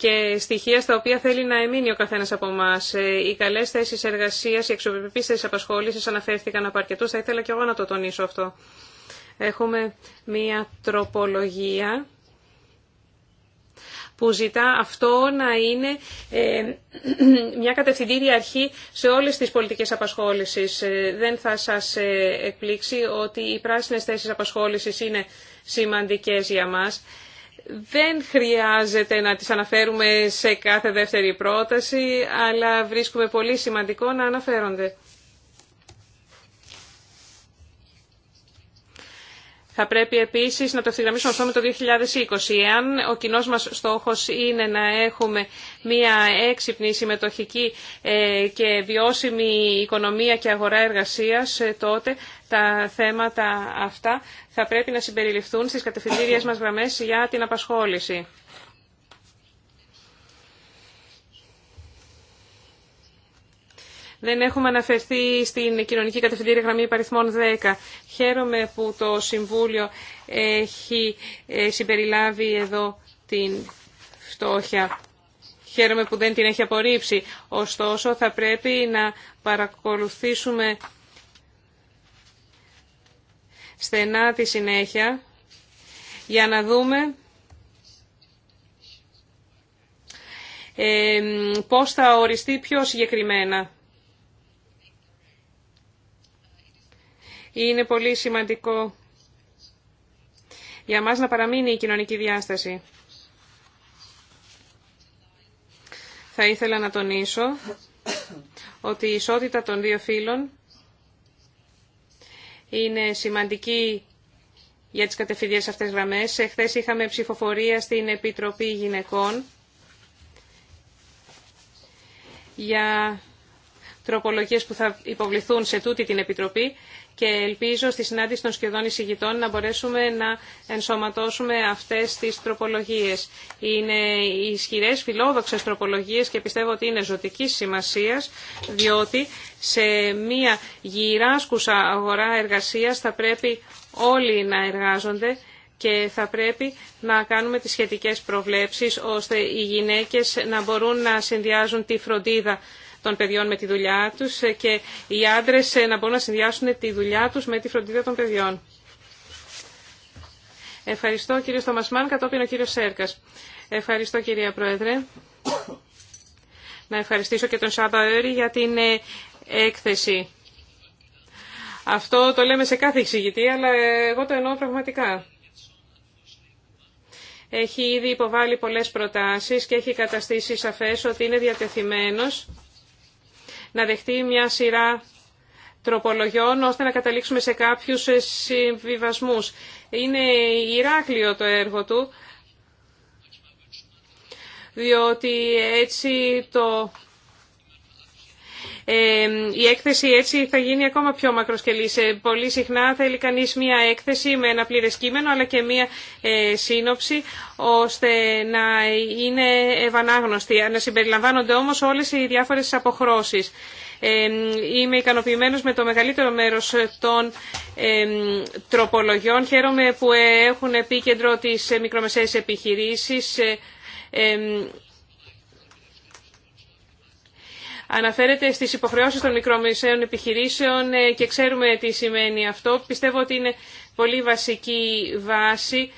και στοιχεία στα οποία θέλει να εμείνει ο καθένα από εμά. Οι καλέ θέσει εργασία, οι εξοπλιστέ θέσει απασχόληση αναφέρθηκαν από αρκετού. Θα ήθελα και εγώ να το τονίσω αυτό. Έχουμε μία τροπολογία που ζητά αυτό να είναι ε, μια κατευθυντήρια αρχή σε όλες τις πολιτικές απασχόλησεις. Ε, δεν θα σας ε, εκπλήξει ότι οι πράσινες θέσεις απασχόλησης είναι σημαντικές για μας δεν χρειάζεται να τις αναφέρουμε σε κάθε δεύτερη πρόταση, αλλά βρίσκουμε πολύ σημαντικό να αναφέρονται. Θα πρέπει επίση να το ευθυγραμμίσουμε αυτό με το 2020. Εάν ο κοινό μας στόχο είναι να έχουμε μια έξυπνη συμμετοχική ε, και βιώσιμη οικονομία και αγορά εργασίας, ε, τότε τα θέματα αυτά θα πρέπει να συμπεριληφθούν στις κατευθυντήριε μα γραμμές για την απασχόληση. Δεν έχουμε αναφερθεί στην κοινωνική κατευθυντήρια γραμμή υπαριθμών 10. Χαίρομαι που το Συμβούλιο έχει ε, συμπεριλάβει εδώ την φτώχεια. Χαίρομαι που δεν την έχει απορρίψει. Ωστόσο, θα πρέπει να παρακολουθήσουμε στενά τη συνέχεια για να δούμε ε, πώς θα οριστεί πιο συγκεκριμένα. Είναι πολύ σημαντικό για μας να παραμείνει η κοινωνική διάσταση. Θα ήθελα να τονίσω ότι η ισότητα των δύο φύλων είναι σημαντική για τις κατευθυντές αυτές γραμμές. Εχθές είχαμε ψηφοφορία στην Επιτροπή Γυναικών για τροπολογίες που θα υποβληθούν σε τούτη την Επιτροπή και ελπίζω στη συνάντηση των σχεδόν εισηγητών να μπορέσουμε να ενσωματώσουμε αυτές τις τροπολογίες. Είναι ισχυρές, φιλόδοξες τροπολογίες και πιστεύω ότι είναι ζωτικής σημασίας, διότι σε μια γυράσκουσα αγορά εργασίας θα πρέπει όλοι να εργάζονται και θα πρέπει να κάνουμε τις σχετικές προβλέψεις ώστε οι γυναίκες να μπορούν να συνδυάζουν τη φροντίδα των παιδιών με τη δουλειά τους ε, και οι άντρε ε, να μπορούν να συνδυάσουν τη δουλειά τους με τη φροντίδα των παιδιών. Ευχαριστώ κύριο Στομασμάν, κατόπιν ο κύριο Σέρκα. Ευχαριστώ κυρία Πρόεδρε. Να ευχαριστήσω και τον Σάμπα Έρη για την ε, έκθεση. Αυτό το λέμε σε κάθε εξηγητή, αλλά εγώ το εννοώ πραγματικά. Έχει ήδη υποβάλει πολλές προτάσεις και έχει καταστήσει σαφές ότι είναι διατεθειμένος να δεχτεί μια σειρά τροπολογιών ώστε να καταλήξουμε σε κάποιους συμβιβασμούς. Είναι Ηράκλειο το έργο του, διότι έτσι το η έκθεση έτσι θα γίνει ακόμα πιο μακροσκελής. Ε, πολύ συχνά θέλει κανεί μία έκθεση με ένα πλήρες κείμενο αλλά και μία ε, σύνοψη ώστε να είναι ευανάγνωστη, να συμπεριλαμβάνονται όμως όλες οι διάφορες αποχρώσεις. Είμαι ικανοποιημένος με το μεγαλύτερο μέρος των τροπολογιών. Χαίρομαι που έχουν επίκεντρο τις μικρομεσαίες επιχειρήσεις ε, Αναφέρεται στις υποχρεώσεις των μικρομεσαίων επιχειρήσεων ε, και ξέρουμε τι σημαίνει αυτό. Πιστεύω ότι είναι πολύ βασική βάση.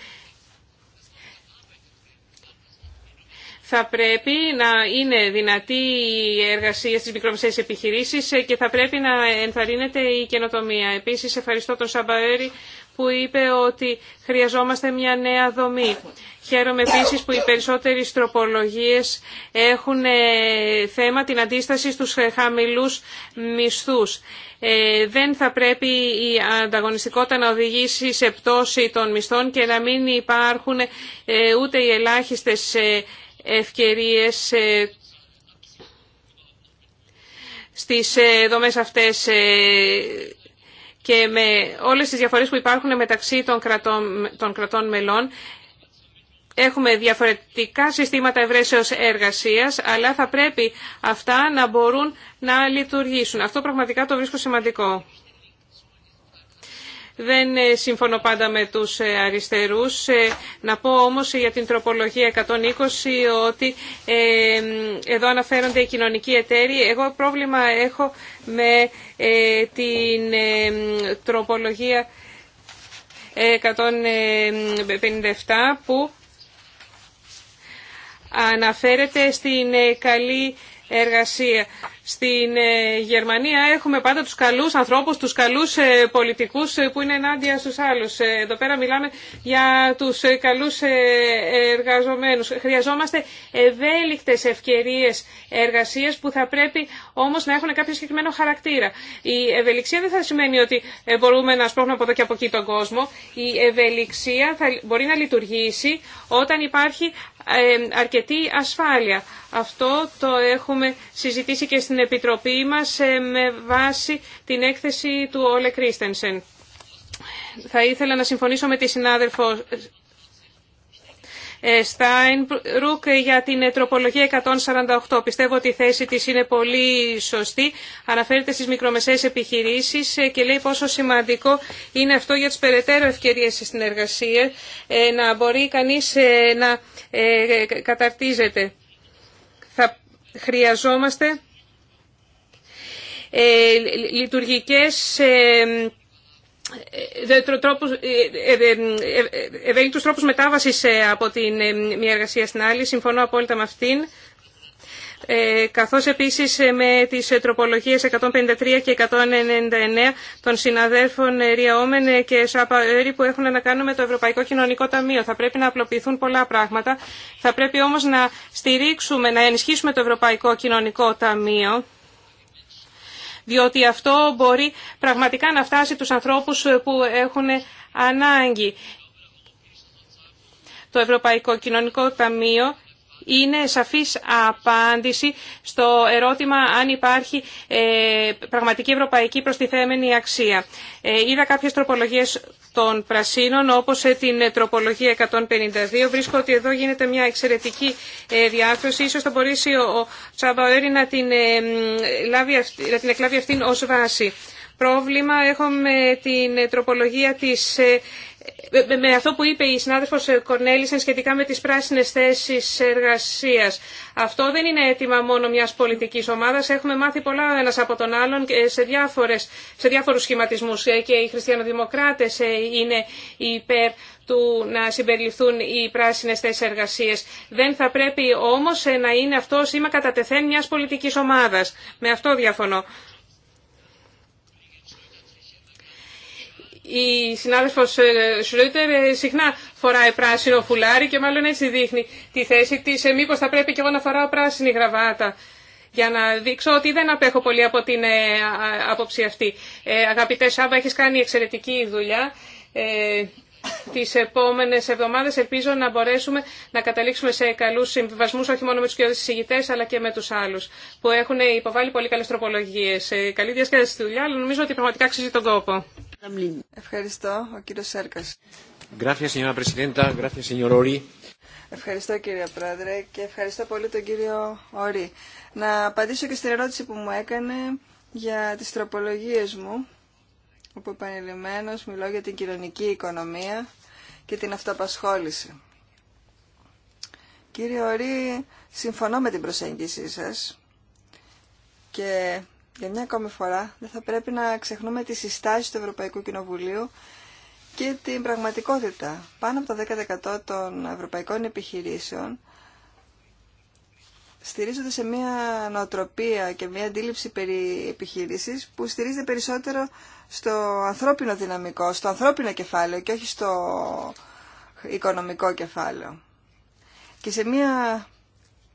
θα πρέπει να είναι δυνατή η εργασία στις μικρομεσαίες επιχειρήσεις ε, και θα πρέπει να ενθαρρύνεται η καινοτομία. Επίσης, ευχαριστώ τον Σαμπαέρη που είπε ότι χρειαζόμαστε μια νέα δομή. Χαίρομαι επίση που οι περισσότερες τροπολογίες έχουν ε, θέμα την αντίσταση στους χαμηλούς μισθούς. Ε, δεν θα πρέπει η ανταγωνιστικότητα να οδηγήσει σε πτώση των μισθών και να μην υπάρχουν ε, ούτε οι ελάχιστες ευκαιρίες στις δομές αυτές και με όλες τις διαφορές που υπάρχουν μεταξύ των κρατών, μελών έχουμε διαφορετικά συστήματα ευρέσεως εργασίας, αλλά θα πρέπει αυτά να μπορούν να λειτουργήσουν. Αυτό πραγματικά το βρίσκω σημαντικό. Δεν ε, συμφωνώ πάντα με τους ε, αριστερούς. Ε, να πω όμως για την τροπολογία 120 ότι εδώ αναφέρονται οι κοινωνικοί εταίροι. Εγώ πρόβλημα έχω με την τροπολογία 157 που αναφέρεται στην καλή εργασία. Στην ε, Γερμανία έχουμε πάντα τους καλούς ανθρώπους, τους καλούς ε, πολιτικούς ε, που είναι ενάντια στους άλλους. Εδώ πέρα μιλάμε για τους καλούς εργαζομένους. Χρειαζόμαστε ευέλικτες ευκαιρίες εργασίας που θα πρέπει όμως να έχουν κάποιο συγκεκριμένο χαρακτήρα. Η ευελιξία δεν θα σημαίνει ότι μπορούμε να σπρώχνουμε από εδώ και από εκεί τον κόσμο. Η ευελιξία μπορεί να λειτουργήσει όταν υπάρχει ε, αρκετή ασφάλεια. Αυτό το έχουμε συζητήσει και στην Επιτροπή μας ε, με βάση την έκθεση του Όλε Κρίστενσεν. Θα ήθελα να συμφωνήσω με τη συνάδελφο Στάινμπρουκ ε, για την ε, τροπολογία 148. Πιστεύω ότι η θέση της είναι πολύ σωστή. Αναφέρεται στις μικρομεσαίες επιχειρήσεις ε, και λέει πόσο σημαντικό είναι αυτό για τις περαιτέρω ευκαιρίες στην εργασία, να μπορεί κανείς να καταρτίζεται. Θα χρειαζόμαστε λειτουργικές ε, ε, ε, ευέλικτου τρόπου μετάβαση από την μία εργασία στην άλλη. Συμφωνώ απόλυτα με αυτήν. καθώς επίσης με τις τροπολογίες 153 και 199 των συναδέλφων Ρία και Σάπα Έρη που έχουν να κάνουν με το Ευρωπαϊκό Κοινωνικό Ταμείο. Θα πρέπει να απλοποιηθούν πολλά πράγματα. Θα πρέπει όμως να στηρίξουμε, να ενισχύσουμε το Ευρωπαϊκό Κοινωνικό Ταμείο διότι αυτό μπορεί πραγματικά να φτάσει τους ανθρώπους ε, που έχουν ανάγκη. Το Ευρωπαϊκό Κοινωνικό Ταμείο είναι σαφής απάντηση στο ερώτημα αν υπάρχει ε, πραγματική ευρωπαϊκή προστιθέμενη αξία. Ε, είδα κάποιες τροπολογίες των πρασίνων, όπως ε, την τροπολογία 152. Βρίσκω ότι εδώ γίνεται μια εξαιρετική διάρθρωση. Ίσως θα μπορέσει ο Τσαμπαοέρη να την, να την εκλάβει αυτήν ως βάση. Πρόβλημα έχω με την τροπολογία της με αυτό που είπε η συνάδελφο ε, Κορνέλησεν σχετικά με τις πράσινες θέσεις εργασία. Αυτό δεν είναι αίτημα μόνο μιας πολιτικής ομάδας. Έχουμε μάθει πολλά ένας από τον άλλον σε, διάφορες, σε διάφορους σχηματισμούς ε, και οι χριστιανοδημοκράτες ε, είναι υπέρ του να συμπεριληφθούν οι πράσινες θέσει εργασία Δεν θα πρέπει όμω να είναι αυτό σήμα κατατεθέν μια πολιτική ομάδα, Με αυτό διαφωνώ. η συνάδελφο Σρούτερ ε, συχνά φοράει πράσινο φουλάρι και μάλλον έτσι δείχνει τη θέση της. Ε, Μήπω θα πρέπει και εγώ να φοράω πράσινη γραβάτα για να δείξω ότι δεν απέχω πολύ από την ε, άποψη αυτή. Ε, αγαπητέ Σάμπα, έχει κάνει εξαιρετική δουλειά. Ε, τις επόμενες εβδομάδες ελπίζω να μπορέσουμε να καταλήξουμε σε καλού συμβιβασμού, όχι μόνο με του κοινωνικού συζητητές αλλά και με του άλλου, που έχουν υποβάλει πολύ καλές τροπολογίε. καλή διασκέδαση στη δουλειά αλλά νομίζω ότι πραγματικά αξίζει τον κόπο. Ευχαριστώ, ο κύριος Σέρκας. Ευχαριστώ κύριε Πρόεδρε και ευχαριστώ πολύ τον κύριο Όρι Να απαντήσω και στην ερώτηση που μου έκανε για τις τροπολογίες μου, όπου επανειλημμένως μιλώ για την κοινωνική οικονομία και την αυτοπασχόληση. Κύριε Όρι, συμφωνώ με την προσέγγιση σας και για μια ακόμη φορά δεν θα πρέπει να ξεχνούμε τις συστάσεις του Ευρωπαϊκού Κοινοβουλίου και την πραγματικότητα. Πάνω από το 10% των ευρωπαϊκών επιχειρήσεων στηρίζονται σε μια νοοτροπία και μια αντίληψη περί επιχείρησης που στηρίζεται περισσότερο στο ανθρώπινο δυναμικό, στο ανθρώπινο κεφάλαιο και όχι στο οικονομικό κεφάλαιο. Και σε μια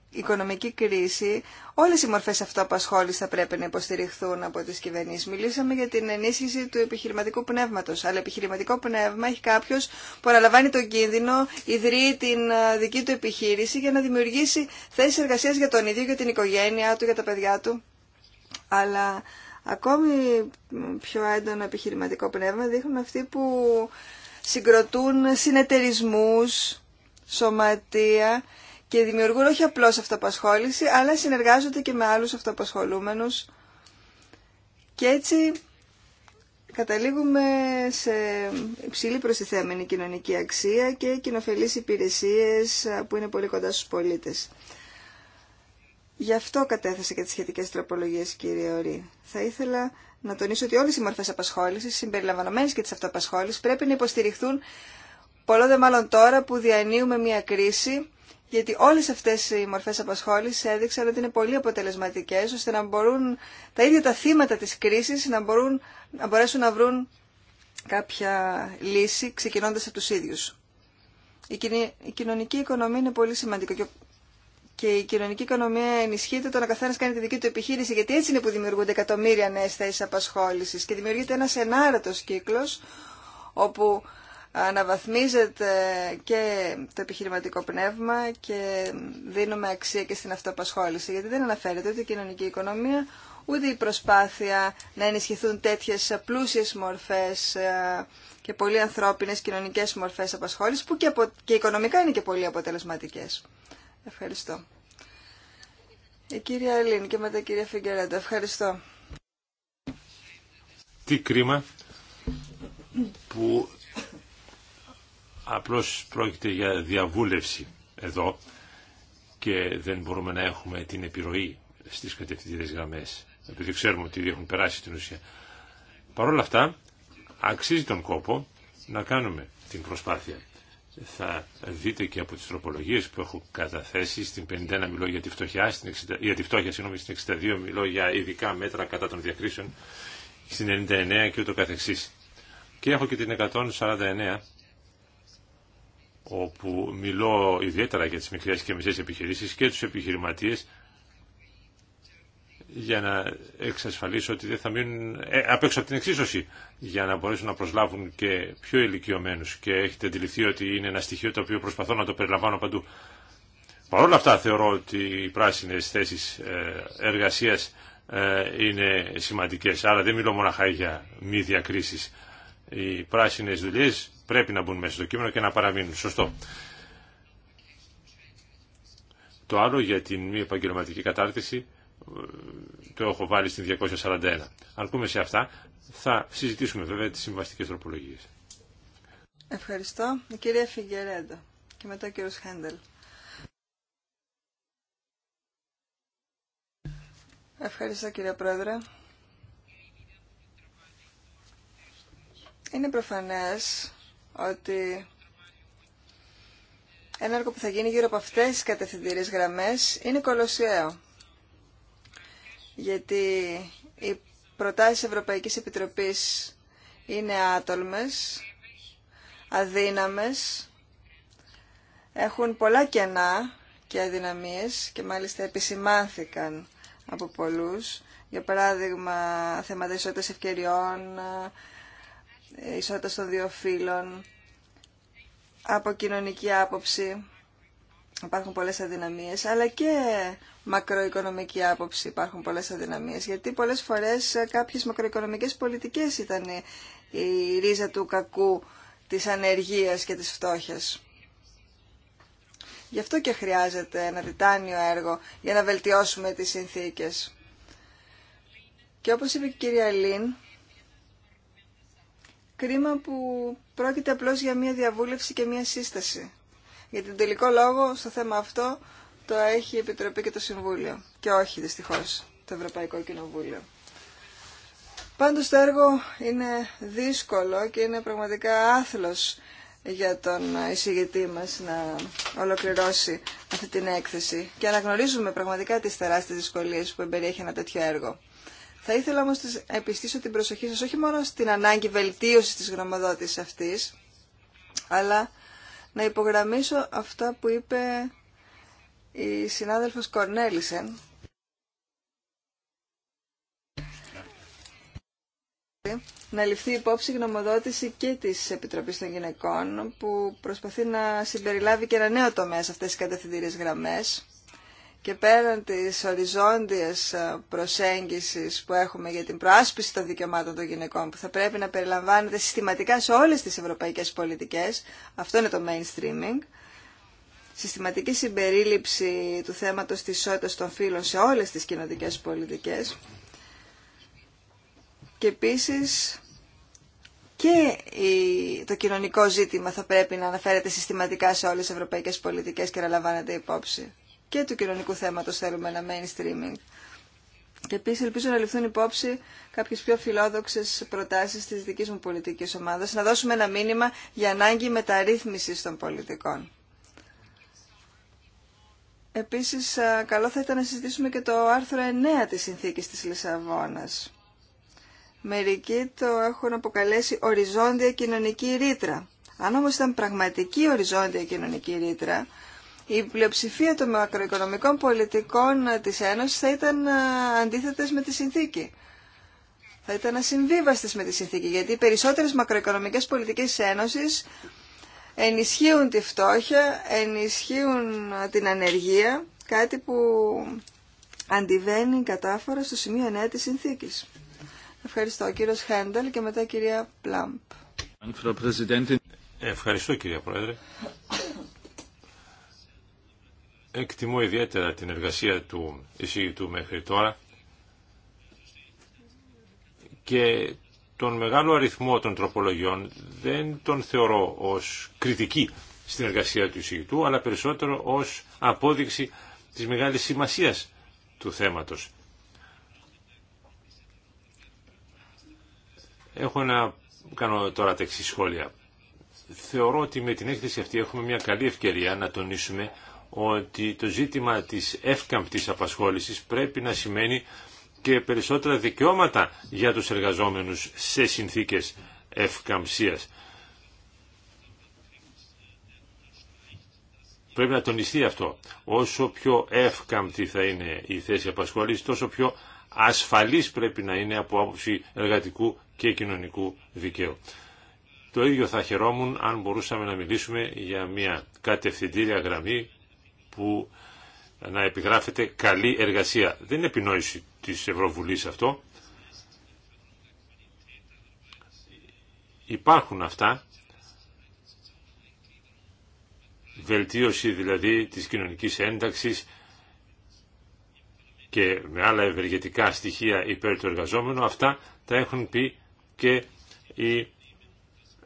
οικονομική κρίση, όλες οι μορφές αυτοαπασχόλησης θα πρέπει να υποστηριχθούν από τις κυβερνήσεις. Μιλήσαμε για την ενίσχυση του επιχειρηματικού πνεύματος, αλλά επιχειρηματικό πνεύμα έχει κάποιος που αναλαμβάνει τον κίνδυνο, ιδρύει την δική του επιχείρηση για να δημιουργήσει θέσεις εργασίας για τον ίδιο, για την οικογένειά του, για τα παιδιά του. Αλλά ακόμη πιο έντονο επιχειρηματικό πνεύμα δείχνουν αυτοί που συγκροτούν συνεταιρισμού, σωματεία και δημιουργούν όχι απλώς αυτοπασχόληση, αλλά συνεργάζονται και με άλλους αυτοπασχολούμενους και έτσι καταλήγουμε σε υψηλή προστιθέμενη κοινωνική αξία και κοινοφελείς υπηρεσίες που είναι πολύ κοντά στους πολίτες. Γι' αυτό κατέθεσα και τις σχετικές τροπολογίες, κύριε Ωρή. Θα ήθελα να τονίσω ότι όλες οι μορφές απασχόλησης, συμπεριλαμβανομένες και της αυτοπασχόλησης, πρέπει να υποστηριχθούν πολλό δε μάλλον τώρα που διανύουμε μια κρίση γιατί όλες αυτές οι μορφές απασχόλησης έδειξαν ότι είναι πολύ αποτελεσματικές, ώστε να μπορούν τα ίδια τα θύματα της κρίσης να, μπορούν, να μπορέσουν να βρουν κάποια λύση, ξεκινώντας από τους ίδιους. Η, η κοινωνική οικονομία είναι πολύ σημαντική και, και η κοινωνική οικονομία ενισχύεται το να καθένα κάνει τη δική του επιχείρηση, γιατί έτσι είναι που δημιουργούνται εκατομμύρια νέες θέσεις απασχόλησης και δημιουργείται ένας ενάρετο κύκλος όπου αναβαθμίζεται και το επιχειρηματικό πνεύμα και δίνουμε αξία και στην αυτοαπασχόληση. Γιατί δεν αναφέρεται ότι η κοινωνική οικονομία, ούτε η προσπάθεια να ενισχυθούν τέτοιες πλούσιες μορφές ε, και πολύ ανθρώπινες κοινωνικές μορφές απασχόλησης που και, απο... και οικονομικά είναι και πολύ αποτελεσματικές. Ευχαριστώ. Η κυρία Ελίν και μετά η κυρία Φιγκερέντα. Ευχαριστώ. Τι κρίμα που Απλώς πρόκειται για διαβούλευση εδώ και δεν μπορούμε να έχουμε την επιρροή στις κατευθυντήρες γραμμές επειδή ξέρουμε ότι έχουν περάσει την ουσία. Παρ' όλα αυτά αξίζει τον κόπο να κάνουμε την προσπάθεια. Θα δείτε και από τις τροπολογίες που έχω καταθέσει, στην 51 μιλώ για τη φτώχεια, στην 60, για τη φτώχεια, συγγνώμη, στην 62 μιλώ για ειδικά μέτρα κατά των διακρίσεων, στην 99 και ούτω καθεξής. Και έχω και την 149 όπου μιλώ ιδιαίτερα για τις μικρές και μεσές επιχειρήσεις και τους επιχειρηματίες για να εξασφαλίσω ότι δεν θα μείνουν ε, απ' έξω από την εξίσωση για να μπορέσουν να προσλάβουν και πιο ηλικιωμένους και έχετε αντιληφθεί ότι είναι ένα στοιχείο το οποίο προσπαθώ να το περιλαμβάνω παντού. Παρ' όλα αυτά θεωρώ ότι οι πράσινες θέσεις ε, εργασίας ε, είναι σημαντικές, άρα δεν μιλώ μοναχά για μη διακρίσεις οι πράσινες δουλειές πρέπει να μπουν μέσα στο κείμενο και να παραμείνουν. Σωστό. Το άλλο για την μη επαγγελματική κατάρτιση ε, το έχω βάλει στην 241. Αρκούμε σε αυτά, θα συζητήσουμε βέβαια τις συμβαστικές τροπολογίες. Ευχαριστώ. Η κυρία Φιγκερέντα και μετά ο κύριος Χέντελ. Ευχαριστώ κύριε Πρόεδρε. Είναι προφανές ότι ένα έργο που θα γίνει γύρω από αυτές τις κατευθυντήριες γραμμές είναι κολοσιαίο. Γιατί οι προτάσεις Ευρωπαϊκής Επιτροπής είναι άτολμες, αδύναμες, έχουν πολλά κενά και αδυναμίες και μάλιστα επισημάνθηκαν από πολλούς. Για παράδειγμα, θέματα ισότητας ευκαιριών, ισότητας των δύο φύλων, από κοινωνική άποψη υπάρχουν πολλές αδυναμίες, αλλά και μακροοικονομική άποψη υπάρχουν πολλές αδυναμίες, γιατί πολλές φορές κάποιες μακροοικονομικές πολιτικές ήταν η ρίζα του κακού της ανεργίας και της φτώχειας. Γι' αυτό και χρειάζεται ένα τιτάνιο έργο για να βελτιώσουμε τις συνθήκες. Και όπως είπε η κυρία Λίν, Κρίμα που πρόκειται απλώς για μια διαβούλευση και μια σύσταση. Γιατί τον τελικό λόγο στο θέμα αυτό το έχει η Επιτροπή και το Συμβούλιο. Και όχι δυστυχώς το Ευρωπαϊκό Κοινοβούλιο. Πάντως το έργο είναι δύσκολο και είναι πραγματικά άθλος για τον εισηγητή μας να ολοκληρώσει αυτή την έκθεση. Και αναγνωρίζουμε πραγματικά τις τεράστιες δυσκολίες που εμπεριέχει ένα τέτοιο έργο. Θα ήθελα όμως να επιστήσω την προσοχή σας όχι μόνο στην ανάγκη βελτίωσης της γνωμοδότησης αυτής, αλλά να υπογραμμίσω αυτά που είπε η συνάδελφος Κορνέλισεν. Να ληφθεί υπόψη γνωμοδότηση και της Επιτροπής των Γυναικών που προσπαθεί να συμπεριλάβει και ένα νέο τομέα σε αυτές τι κατευθυντήριε γραμμές και πέραν της οριζόντιας ε, προσέγγισης που έχουμε για την προάσπιση των δικαιωμάτων των γυναικών που θα πρέπει να περιλαμβάνεται συστηματικά σε όλες τις ευρωπαϊκές πολιτικές, αυτό είναι το mainstreaming, συστηματική συμπερίληψη του θέματος της ισότητας των φύλων σε όλες τις κοινωτικές πολιτικές και επίσης και το κοινωνικό ζήτημα θα πρέπει να αναφέρεται συστηματικά σε όλες τις ευρωπαϊκές πολιτικές και να λαμβάνεται υπόψη και του κοινωνικού θέματο θέλουμε ένα mainstreaming. Και επίση ελπίζω να ληφθούν υπόψη κάποιε πιο φιλόδοξες προτάσεις τη δική μου πολιτική ομάδα να δώσουμε ένα μήνυμα για ανάγκη μεταρρύθμιση των πολιτικών. Επίσης, καλό θα ήταν να συζητήσουμε και το άρθρο 9 της Συνθήκης της Λισαβόνα. Μερικοί το έχουν αποκαλέσει οριζόντια κοινωνική ρήτρα. Αν όμως ήταν πραγματική οριζόντια κοινωνική ρήτρα, η πλειοψηφία των μακροοικονομικών πολιτικών ε, της Ένωσης θα ήταν ε, αντίθετες με τη συνθήκη. Θα ήταν ασυμβίβαστες με τη συνθήκη, γιατί οι περισσότερες μακροοικονομικές πολιτικές της Ένωσης ενισχύουν τη φτώχεια, ενισχύουν ε, την ανεργία, κάτι που αντιβαίνει κατάφορα στο σημείο νέα της συνθήκης. Ευχαριστώ. Κύριος Χέντελ και μετά κυρία Πλάμπ. Ευχαριστώ κυρία Πρόεδρε. Εκτιμώ ιδιαίτερα την εργασία του εισηγητού μέχρι τώρα και τον μεγάλο αριθμό των τροπολογιών δεν τον θεωρώ ως κριτική στην εργασία του εισηγητού, αλλά περισσότερο ως απόδειξη της μεγάλης σημασίας του θέματος. Έχω να κάνω τώρα τα σχόλια. Θεωρώ ότι με την έκθεση αυτή έχουμε μια καλή ευκαιρία να τονίσουμε ότι το ζήτημα της εύκαμπτης απασχόλησης πρέπει να σημαίνει και περισσότερα δικαιώματα για τους εργαζόμενους σε συνθήκες ευκαμψίας. Πρέπει να τονιστεί αυτό. Όσο πιο εύκαμπτη θα είναι η θέση απασχόλησης, τόσο πιο ασφαλής πρέπει να είναι από άποψη εργατικού και κοινωνικού δικαίου. Το ίδιο θα χαιρόμουν αν μπορούσαμε να μιλήσουμε για μια κατευθυντήρια γραμμή που να επιγράφεται καλή εργασία. Δεν είναι επινόηση της Ευρωβουλής αυτό. Υπάρχουν αυτά, βελτίωση δηλαδή της κοινωνικής ένταξης και με άλλα ευεργετικά στοιχεία υπέρ του εργαζόμενου, αυτά τα έχουν πει και οι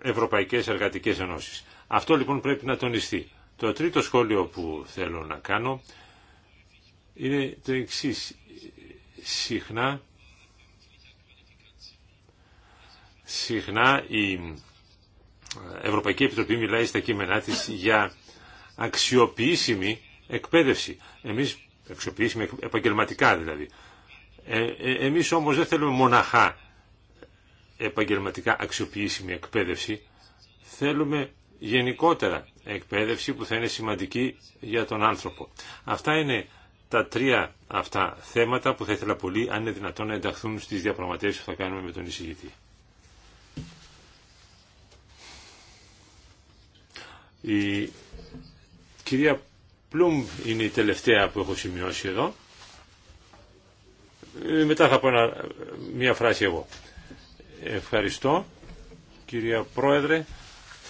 Ευρωπαϊκές Εργατικές Ενώσεις. Αυτό λοιπόν πρέπει να τονιστεί. Το τρίτο σχόλιο που θέλω να κάνω είναι το εξής. Συχνά, συχνά η Ευρωπαϊκή Επιτροπή μιλάει στα κείμενά της για αξιοποιήσιμη εκπαίδευση. Εμείς αξιοποιήσιμη επαγγελματικά δηλαδή. Ε, ε, εμείς όμως δεν θέλουμε μοναχά επαγγελματικά αξιοποιήσιμη εκπαίδευση. Θέλουμε γενικότερα εκπαίδευση που θα είναι σημαντική για τον άνθρωπο. Αυτά είναι τα τρία αυτά θέματα που θα ήθελα πολύ, αν είναι δυνατόν, να ενταχθούν στις διαπραγματεύσεις που θα κάνουμε με τον εισηγητή. Η κυρία Πλούμ είναι η τελευταία που έχω σημειώσει εδώ. Ε, μετά θα πω μια φράση εγώ. Ευχαριστώ, κυρία Πρόεδρε.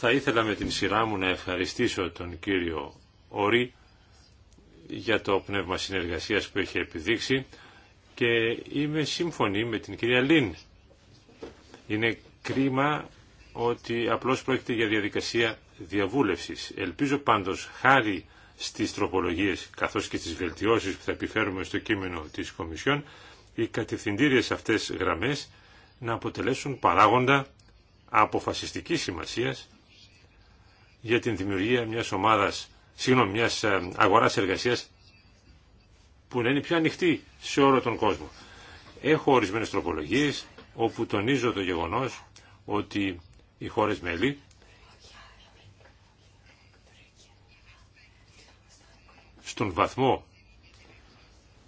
Θα ήθελα με την σειρά μου να ευχαριστήσω τον κύριο Όρη για το πνεύμα συνεργασίας που έχει επιδείξει και είμαι σύμφωνη με την κυρία Λίν. Είναι κρίμα ότι απλώς πρόκειται για διαδικασία διαβούλευσης. Ελπίζω πάντως χάρη στις τροπολογίες καθώς και στις βελτιώσεις που θα επιφέρουμε στο κείμενο της Κομισιόν οι κατευθυντήριες αυτές γραμμές να αποτελέσουν παράγοντα αποφασιστικής σημασίας για την δημιουργία μιας ομάδας, συγγνώμη, μιας ε, αγοράς εργασίας που να είναι πιο ανοιχτή σε όλο τον κόσμο. Έχω ορισμένες τροπολογίες όπου τονίζω το γεγονός ότι οι χώρες μέλη στον βαθμό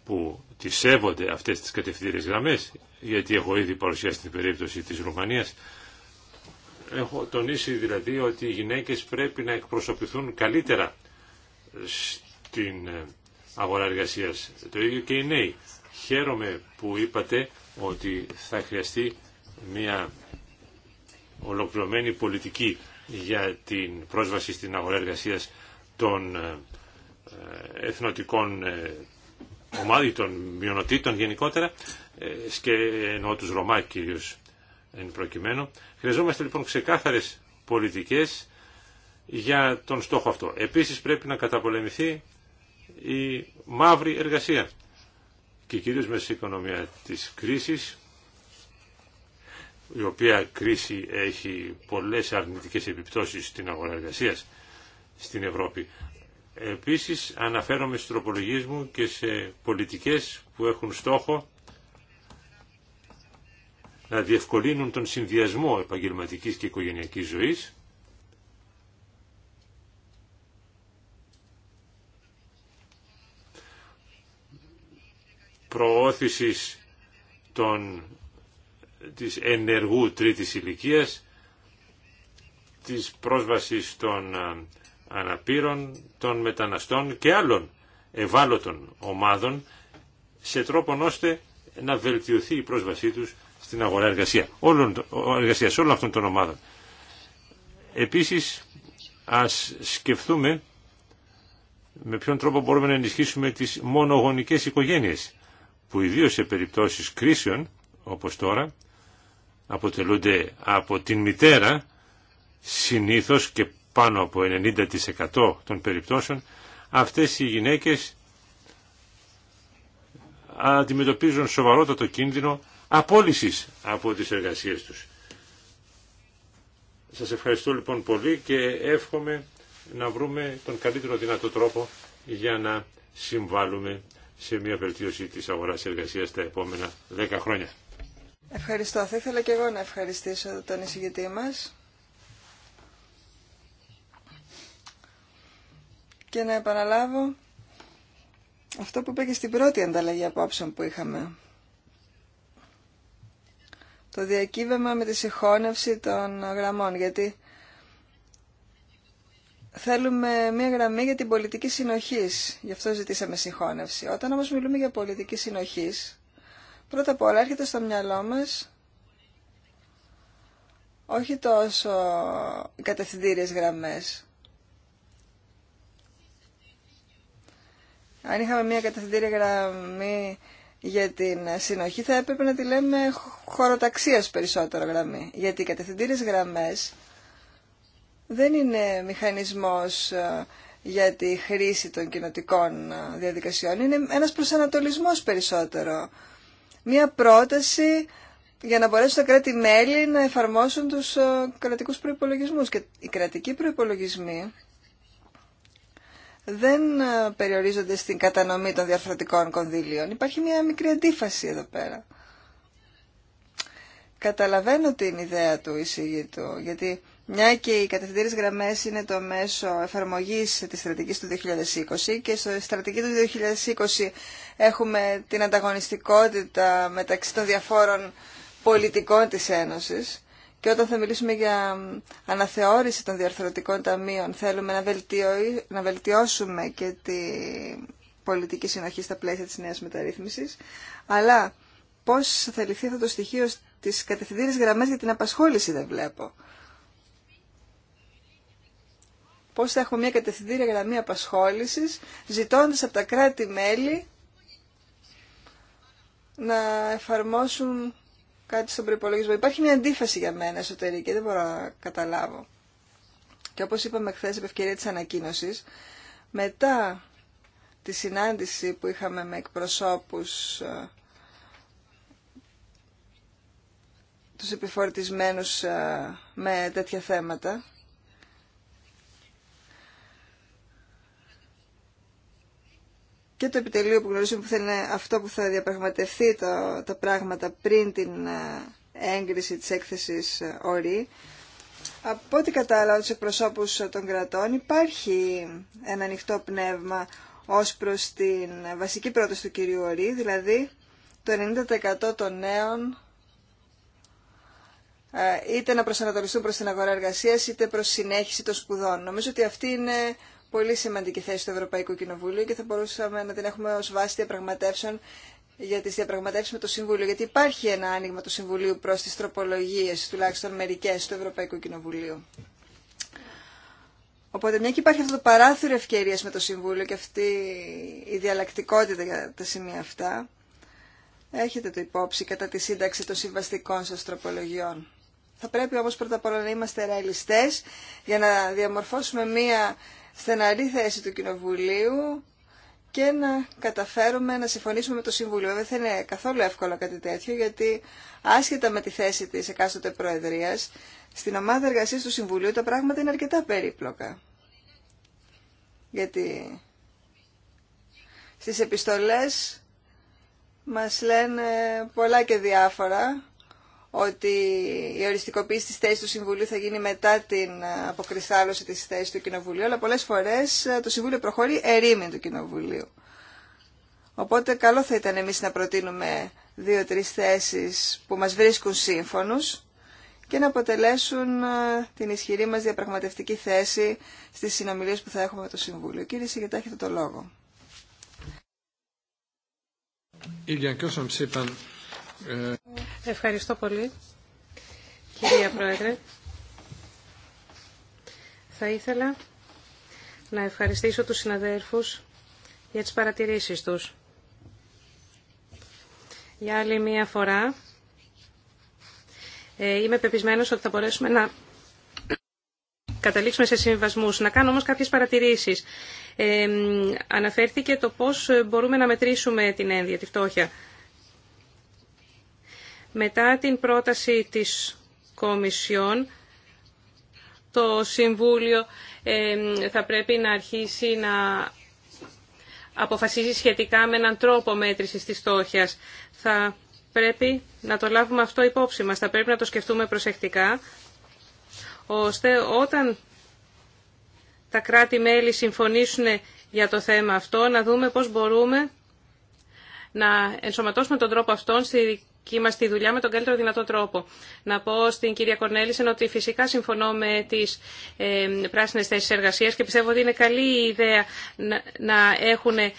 που τι σέβονται αυτές τις κατευθυντήριες γραμμές, γιατί έχω ήδη παρουσιάσει την περίπτωση της Ρουμανίας, Έχω τονίσει δηλαδή ότι οι γυναίκες πρέπει να εκπροσωπηθούν καλύτερα στην αγορά εργασίας. Το ίδιο και οι νέοι. Χαίρομαι που είπατε ότι θα χρειαστεί μια ολοκληρωμένη πολιτική για την πρόσβαση στην αγορά εργασίας των ε, εθνοτικών ε, ομάδων, των μειονοτήτων γενικότερα ε, και εννοώ τους Ρωμά κυρίως εν προκειμένου. Χρειαζόμαστε λοιπόν ξεκάθαρες πολιτικές για τον στόχο αυτό. Επίσης πρέπει να καταπολεμηθεί η μαύρη εργασία και κυρίως μέσα στην οικονομία της κρίσης η οποία κρίση έχει πολλές αρνητικές επιπτώσεις στην αγορά εργασίας στην Ευρώπη. Επίσης αναφέρομαι στους τροπολογίες μου και σε πολιτικές που έχουν στόχο να διευκολύνουν τον συνδυασμό επαγγελματικής και οικογενειακής ζωής, προώθησης των, της ενεργού τρίτης ηλικίας, της πρόσβασης των ε, αναπήρων, των μεταναστών και άλλων ευάλωτων ομάδων, σε τρόπον ώστε να βελτιωθεί η πρόσβασή τους στην αγορά εργασία όλων, εργασίας όλων αυτών των ομάδων. Επίσης, ας σκεφτούμε με ποιον τρόπο μπορούμε να ενισχύσουμε τις μονογονικές οικογένειες, που ιδίως σε περιπτώσεις κρίσεων, όπως τώρα, αποτελούνται από την μητέρα, συνήθως και πάνω από 90% των περιπτώσεων, αυτές οι γυναίκες αντιμετωπίζουν σοβαρότατο κίνδυνο απόλυσης από τις εργασίες τους. Σας ευχαριστώ λοιπόν πολύ και εύχομαι να βρούμε τον καλύτερο δυνατό τρόπο για να συμβάλλουμε σε μια βελτίωση της αγοράς εργασίας τα επόμενα 10 χρόνια. Ευχαριστώ. Θα ήθελα και εγώ να ευχαριστήσω τον εισηγητή μας και να επαναλάβω αυτό που είπε και στην πρώτη ανταλλαγή απόψεων που είχαμε το διακύβευμα με τη συγχώνευση των γραμμών, γιατί θέλουμε μια γραμμή για την πολιτική συνοχής. Γι' αυτό ζητήσαμε συγχώνευση. Όταν όμως μιλούμε για πολιτική συνοχής, πρώτα απ' όλα έρχεται στο μυαλό μας όχι τόσο οι κατευθυντήριες γραμμές. Αν είχαμε μια κατευθυντήρια γραμμή για την συνοχή θα έπρεπε να τη λέμε χωροταξίας περισσότερο γραμμή. Γιατί οι κατευθυντήρες γραμμές δεν είναι μηχανισμός ε, για τη χρήση των κοινοτικών ε, διαδικασιών. Είναι ένας προσανατολισμός περισσότερο. Μία πρόταση για να μπορέσουν τα κράτη-μέλη να εφαρμόσουν τους ε, κρατικούς προϋπολογισμούς. Και οι κρατικοί προϋπολογισμοί δεν ε, περιορίζονται στην κατανομή των διαφορετικών κονδύλιων. Υπάρχει μια μικρή αντίφαση εδώ πέρα. Καταλαβαίνω την ιδέα του εισηγητού, γιατί μια και οι κατευθυντήρες γραμμές είναι το μέσο εφαρμογής της στρατηγικής του 2020 και στο στρατηγική του 2020 έχουμε την ανταγωνιστικότητα μεταξύ των διαφόρων πολιτικών της Ένωσης και όταν θα μιλήσουμε για αναθεώρηση των διαρθρωτικών ταμείων, θέλουμε να, να βελτιώσουμε και τη πολιτική συνοχή στα πλαίσια της νέας μεταρρύθμισης, αλλά πώς θα ληφθεί αυτό το στοιχείο στις κατευθυντήρες γραμμές για την απασχόληση δεν βλέπω. Πώς θα έχουμε μια κατευθυντήρια γραμμή απασχόλησης, ζητώντας από τα κράτη-μέλη να εφαρμόσουν κάτι στον προπολογισμό. Υπάρχει μια αντίφαση για μένα εσωτερική, δεν μπορώ να καταλάβω. Και όπως είπαμε χθε επ' ευκαιρία της ανακοίνωσης, μετά τη συνάντηση που είχαμε με εκπροσώπους ε, τους επιφορτισμένους ε, με τέτοια θέματα, και το επιτελείο που γνωρίζουμε που θα είναι αυτό που θα διαπραγματευτεί τα τα πράγματα πριν την ε, έγκριση της έκθεσης ε, ορί. Από ό,τι κατάλαβα τους εκπροσώπους των κρατών υπάρχει ένα ανοιχτό πνεύμα ως προς την βασική πρόταση του κυρίου Ορή, δηλαδή το 90% των νέων ε, είτε να προσανατολιστούν προς την αγορά εργασίας είτε προς συνέχιση των σπουδών. Νομίζω ότι αυτή είναι πολύ σημαντική θέση του Ευρωπαϊκού Κοινοβούλιο και θα μπορούσαμε να την έχουμε ως βάση διαπραγματεύσεων για τις διαπραγματεύσεις με το Συμβούλιο, γιατί υπάρχει ένα άνοιγμα του Συμβουλίου προς τις τροπολογίες, τουλάχιστον μερικές, του Ευρωπαϊκού Κοινοβουλίου. Οπότε μια και υπάρχει αυτό το παράθυρο ευκαιρίας με το Συμβούλιο και αυτή η διαλλακτικότητα για τα σημεία αυτά, έχετε το υπόψη κατά τη σύνταξη των συμβαστικών σας τροπολογιών. Θα πρέπει όμως πρώτα απ' όλα να είμαστε ρεαλιστές για να διαμορφώσουμε μία στεναρή θέση του Κοινοβουλίου και να καταφέρουμε να συμφωνήσουμε με το Συμβούλιο. Δεν θα είναι καθόλου εύκολο κάτι τέτοιο, γιατί άσχετα με τη θέση της εκάστοτε Προεδρίας, στην ομάδα εργασίας του Συμβουλίου τα πράγματα είναι αρκετά περίπλοκα. Γιατί στις επιστολές μας λένε πολλά και διάφορα ότι η οριστικοποίηση της θέσης του Συμβουλίου θα γίνει μετά την αποκριστάλωση της θέσης του Κοινοβουλίου, αλλά πολλές φορές ε, το Συμβούλιο προχωρεί ερήμην του Κοινοβουλίου. Οπότε καλό θα ήταν εμείς να προτείνουμε δύο-τρεις θέσεις που μας βρίσκουν σύμφωνους και να αποτελέσουν ε, την ισχυρή μας διαπραγματευτική θέση στις συνομιλίες που θα έχουμε με το Συμβούλιο. Κύριε Σιγητά, έχετε το λόγο. Ευχαριστώ πολύ, κυρία Πρόεδρε. Θα ήθελα να ευχαριστήσω τους συναδέρφους για τις παρατηρήσεις τους. Για άλλη μία φορά, ε, είμαι πεπισμένος ότι θα μπορέσουμε να καταλήξουμε σε συμβασμούς. Να κάνω όμως κάποιες παρατηρήσεις. Ε, αναφέρθηκε το πώς μπορούμε να μετρήσουμε την ένδια, τη φτώχεια. Μετά την πρόταση της Κομισιόν, το Συμβούλιο θα πρέπει να αρχίσει να αποφασίζει σχετικά με έναν τρόπο μέτρησης της στόχιας. Θα πρέπει να το λάβουμε αυτό υπόψη μας, θα πρέπει να το σκεφτούμε προσεκτικά, ώστε όταν τα κράτη-μέλη συμφωνήσουν για το θέμα αυτό, να δούμε πώς μπορούμε να ενσωματώσουμε τον τρόπο αυτόν στη και είμαστε τη δουλειά με τον καλύτερο δυνατό τρόπο. Να πω στην κυρία Κορνέλησεν ότι φυσικά συμφωνώ με τις ε, πράσινες θέσεις εργασίας και πιστεύω ότι είναι καλή η ιδέα να, να έχουν ε,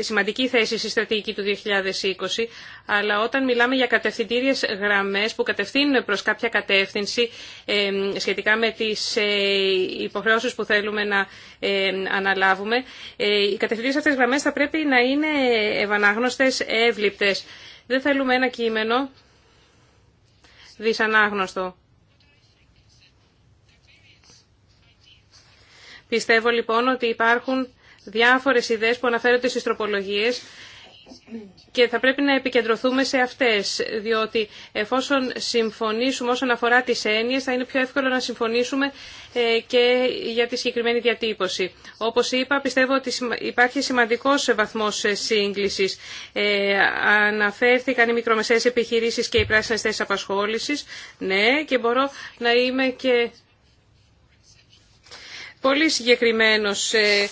σημαντική θέση στη στρατηγική του 2020, αλλά όταν μιλάμε για κατευθυντήριε γραμμέ που κατευθύνουν προ κάποια κατεύθυνση ε, σχετικά με τι ε, που θέλουμε να ε, αναλάβουμε, ε, οι κατευθυντήριε αυτέ γραμμέ θα πρέπει να είναι ευανάγνωστε, εύληπτε. Δεν θέλουμε ένα κείμενο δυσανάγνωστο. Πιστεύω λοιπόν ότι υπάρχουν διάφορες ιδέες που αναφέρονται στις τροπολογίες και θα πρέπει να επικεντρωθούμε σε αυτές, διότι εφόσον συμφωνήσουμε όσον αφορά τις έννοιες, θα είναι πιο εύκολο να συμφωνήσουμε ε, και για τη συγκεκριμένη διατύπωση. Όπως είπα, πιστεύω ότι υπάρχει σημαντικός βαθμός ε, σύγκλησης. Ε, αναφέρθηκαν οι μικρομεσαίες επιχειρήσεις και οι πράσινες θέσεις απασχόλησης. Ναι, και μπορώ να είμαι και πολύ συγκεκριμένος. Ε,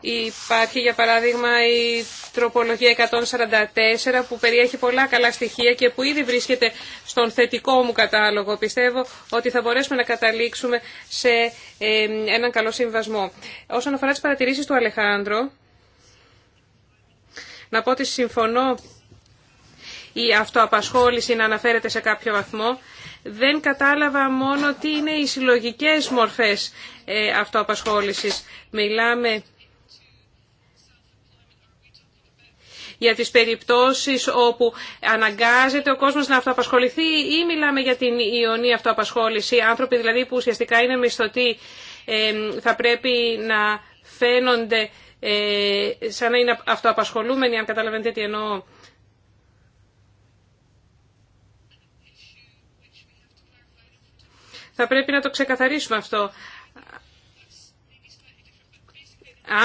υπάρχει, για παράδειγμα, η τροπολογία 144 που περιέχει πολλά καλά στοιχεία και που ήδη βρίσκεται στον θετικό μου κατάλογο. Πιστεύω ότι θα μπορέσουμε να καταλήξουμε σε ε, έναν καλό συμβασμό. Όσον αφορά τις παρατηρήσεις του Αλεχάνδρο, να πω ότι συμφωνώ η αυτοαπασχόληση να αναφέρεται σε κάποιο βαθμό δεν κατάλαβα μόνο τι είναι οι συλλογικές μορφές ε, αυτοαπασχόλησης. Μιλάμε για τις περιπτώσεις όπου αναγκάζεται ο κόσμος να αυτοαπασχοληθεί ή μιλάμε για την ιονή αυτοαπασχόληση. Άνθρωποι δηλαδή που ουσιαστικά είναι μισθωτοί ε, θα πρέπει να φαίνονται ε, σαν να είναι αυτοαπασχολούμενοι, αν καταλαβαίνετε τι εννοώ. Θα πρέπει να το ξεκαθαρίσουμε αυτό.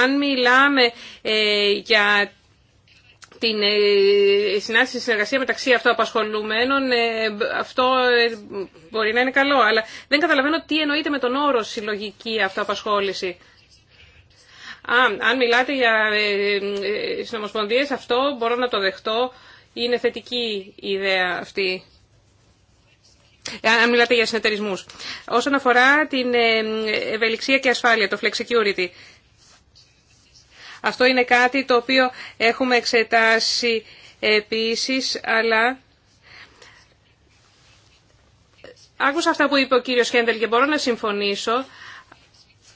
Αν μιλάμε ε, για την ε, συνάντηση συνεργασία μεταξύ αυτοαπασχολουμένων, ε, αυτό ε, μπορεί να είναι καλό. Αλλά δεν καταλαβαίνω τι εννοείται με τον όρο συλλογική αυτοαπασχόληση. Α, αν μιλάτε για ε, συνομοσπονδίες, αυτό μπορώ να το δεχτώ. Είναι θετική η ιδέα αυτή. Ε, αν μιλάτε για συνεταιρισμού. Όσον αφορά την ε, ευελιξία και ασφάλεια, το flexicurity. Αυτό είναι κάτι το οποίο έχουμε εξετάσει επίσης, αλλά... Άκουσα αυτά που είπε ο κύριος Χέντελ και μπορώ να συμφωνήσω,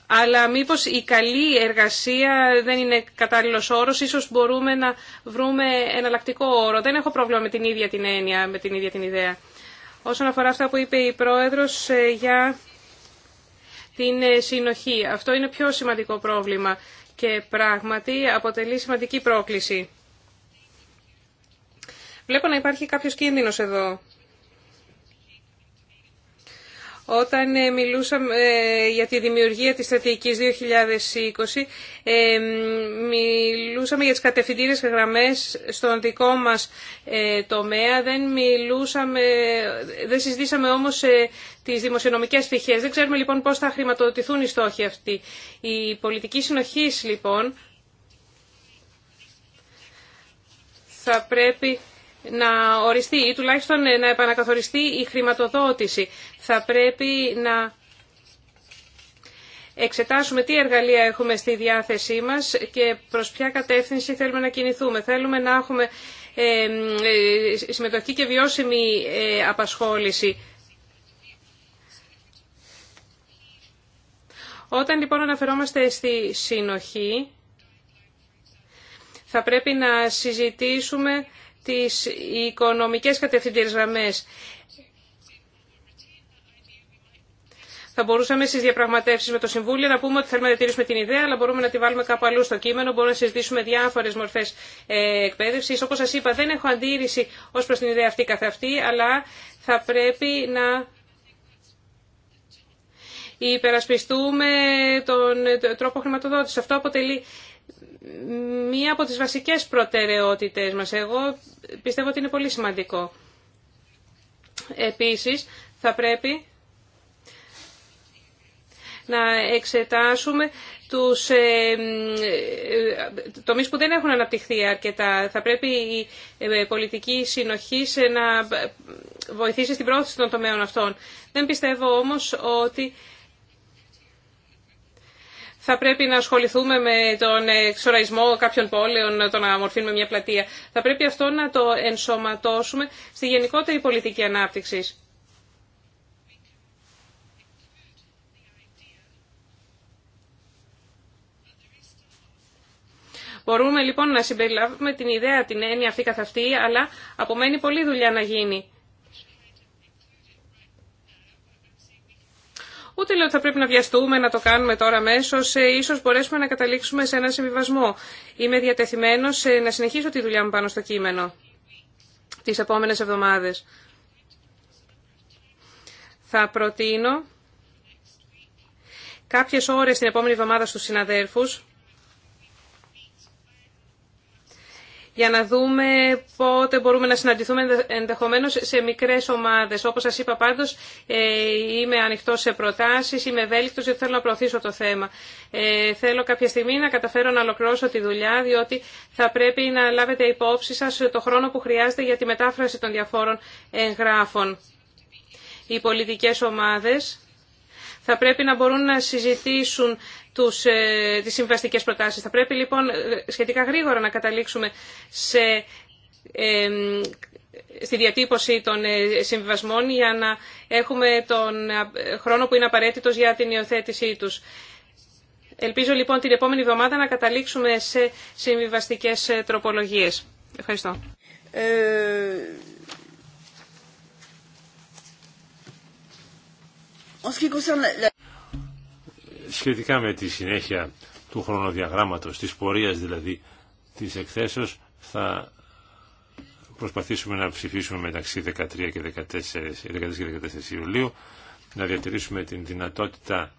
αλλά μήπως η καλή εργασία δεν είναι κατάλληλος όρος, ίσως μπορούμε να βρούμε εναλλακτικό όρο. Δεν έχω πρόβλημα με την ίδια την έννοια, με την ίδια την ιδέα όσον αφορά αυτά που είπε η Πρόεδρος ε, για την ε, συνοχή. Αυτό είναι πιο σημαντικό πρόβλημα και πράγματι αποτελεί σημαντική πρόκληση. Βλέπω να υπάρχει κάποιος κίνδυνος εδώ. Όταν ε, μιλούσαμε ε, για τη δημιουργία της στρατηγικής 2020, ε, μιλούσαμε για τις κατευθυντήρες γραμμές στον δικό μας τομέα. Δεν, μιλούσαμε, δεν συζητήσαμε όμως τις δημοσιονομικές στοιχείες. Δεν ξέρουμε λοιπόν πώς θα χρηματοδοτηθούν οι στόχοι αυτοί. Η πολιτική συνοχής λοιπόν θα πρέπει να οριστεί ή τουλάχιστον ε, να επανακαθοριστεί η χρηματοδότηση. Θα πρέπει να εξετάσουμε τι εργαλεία έχουμε στη διάθεσή μας και προς ποια κατεύθυνση θέλουμε να κινηθούμε. Θέλουμε να έχουμε ε, ε, συμμετοχή και βιώσιμη απασχόληση. Όταν λοιπόν αναφερόμαστε στη συνοχή, θα πρέπει να συζητήσουμε τις οικονομικές κατευθυντήρες γραμμές. Θα μπορούσαμε στι διαπραγματεύσει με το Συμβούλιο να πούμε ότι θέλουμε να διατηρήσουμε την ιδέα, αλλά μπορούμε να τη βάλουμε κάπου αλλού στο κείμενο. Μπορούμε να συζητήσουμε διάφορε μορφέ ε, εκπαίδευση. Όπω σα είπα, δεν έχω αντίρρηση ω προ την ιδέα αυτή καθ' αυτή, αλλά θα πρέπει να υπερασπιστούμε τον τρόπο χρηματοδότηση. Αυτό αποτελεί μία από τις βασικές προτεραιότητες μας. Εγώ πιστεύω ότι είναι πολύ σημαντικό. Επίσης, θα πρέπει να εξετάσουμε τους ε, ε, τομείς που δεν έχουν αναπτυχθεί αρκετά. Θα πρέπει η ε, πολιτική συνοχή να βοηθήσει στην πρόθεση των τομέων αυτών. Δεν πιστεύω όμως ότι θα πρέπει να ασχοληθούμε με τον εξοραϊσμό κάποιων πόλεων, το να μορφύνουμε μια πλατεία. Θα πρέπει αυτό να το ενσωματώσουμε στη γενικότερη πολιτική ανάπτυξη. Μπορούμε λοιπόν να συμπεριλάβουμε την ιδέα, την έννοια αυτή καθ' αυτή, αλλά απομένει πολλή δουλειά να γίνει. Ούτε λέω ότι θα πρέπει να βιαστούμε να το κάνουμε τώρα αμέσω. Ε, ίσως μπορέσουμε να καταλήξουμε σε ένα συμβιβασμό. Είμαι διατεθειμένος ε, να συνεχίσω τη δουλειά μου πάνω στο κείμενο τις επόμενες εβδομάδες. Θα προτείνω κάποιες ώρες την επόμενη εβδομάδα στους συναδέλφους... για να δούμε πότε μπορούμε να συναντηθούμε ενδεχομένω σε μικρές ομάδες. Όπως σα είπα ε, είμαι ανοιχτός σε προτάσεις, είμαι ευέλικτο γιατί θέλω να προωθήσω το θέμα. Ε, θέλω κάποια στιγμή να καταφέρω να ολοκληρώσω τη δουλειά, διότι θα πρέπει να λάβετε υπόψη σας το χρόνο που χρειάζεται για τη μετάφραση των διαφόρων εγγράφων. Οι πολιτικέ ομάδε, θα πρέπει να μπορούν να συζητήσουν τους, ε, τις συμβαστικές προτάσεις. Θα πρέπει λοιπόν ε, σχετικά γρήγορα να καταλήξουμε σε, ε, στη διατύπωση των συμβασμών για να έχουμε τον χρόνο που είναι απαραίτητος για την υιοθέτησή τους. Ελπίζω λοιπόν την επόμενη εβδομάδα να καταλήξουμε σε συμβιβαστικές τροπολογίες. Ευχαριστώ. Ε σχετικά με τη συνέχεια του χρονοδιαγράμματος, της πορείας δηλαδή της εκθέσεως, θα προσπαθήσουμε να ψηφίσουμε μεταξύ 13 και 14, 14 και 14 Ιουλίου, να διατηρήσουμε την δυνατότητα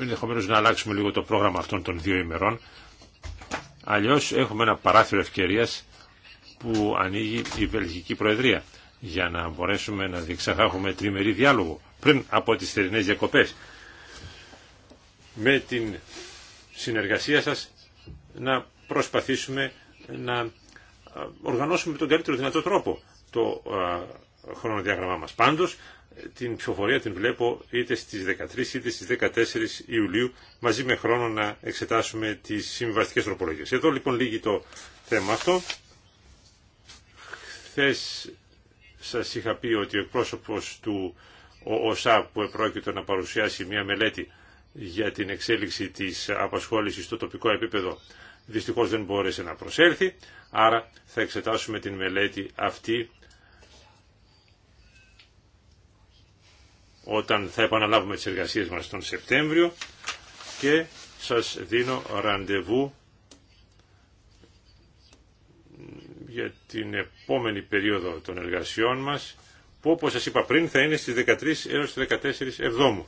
ενδεχομένω να αλλάξουμε λίγο το πρόγραμμα αυτών των δύο ημερών. Αλλιώς έχουμε ένα παράθυρο ευκαιρίας που ανοίγει η Βελγική Προεδρία για να μπορέσουμε να διεξαγάγουμε τριμερή διάλογο πριν από τις θερινές διακοπές με την συνεργασία σας να προσπαθήσουμε να οργανώσουμε με τον καλύτερο δυνατό τρόπο το χρονοδιάγραμμά μας. Πάντως, την ψηφοφορία την βλέπω είτε στις 13 είτε στις 14 Ιουλίου μαζί με χρόνο να εξετάσουμε τις συμβαστικές τροπολογίες. Εδώ λοιπόν λύγει το θέμα αυτό. Χθες σας είχα πει ότι ο εκπρόσωπος του ο ΟΣΑ που επρόκειτο να παρουσιάσει μια μελέτη για την εξέλιξη της απασχόλησης στο τοπικό επίπεδο δυστυχώς δεν μπόρεσε να προσέλθει, άρα θα εξετάσουμε την μελέτη αυτή όταν θα επαναλάβουμε τις εργασίες μας τον Σεπτέμβριο και σας δίνω ραντεβού για την επόμενη περίοδο των εργασιών μας που όπως σας είπα πριν θα είναι στις 13 έως 14 Εβδόμου.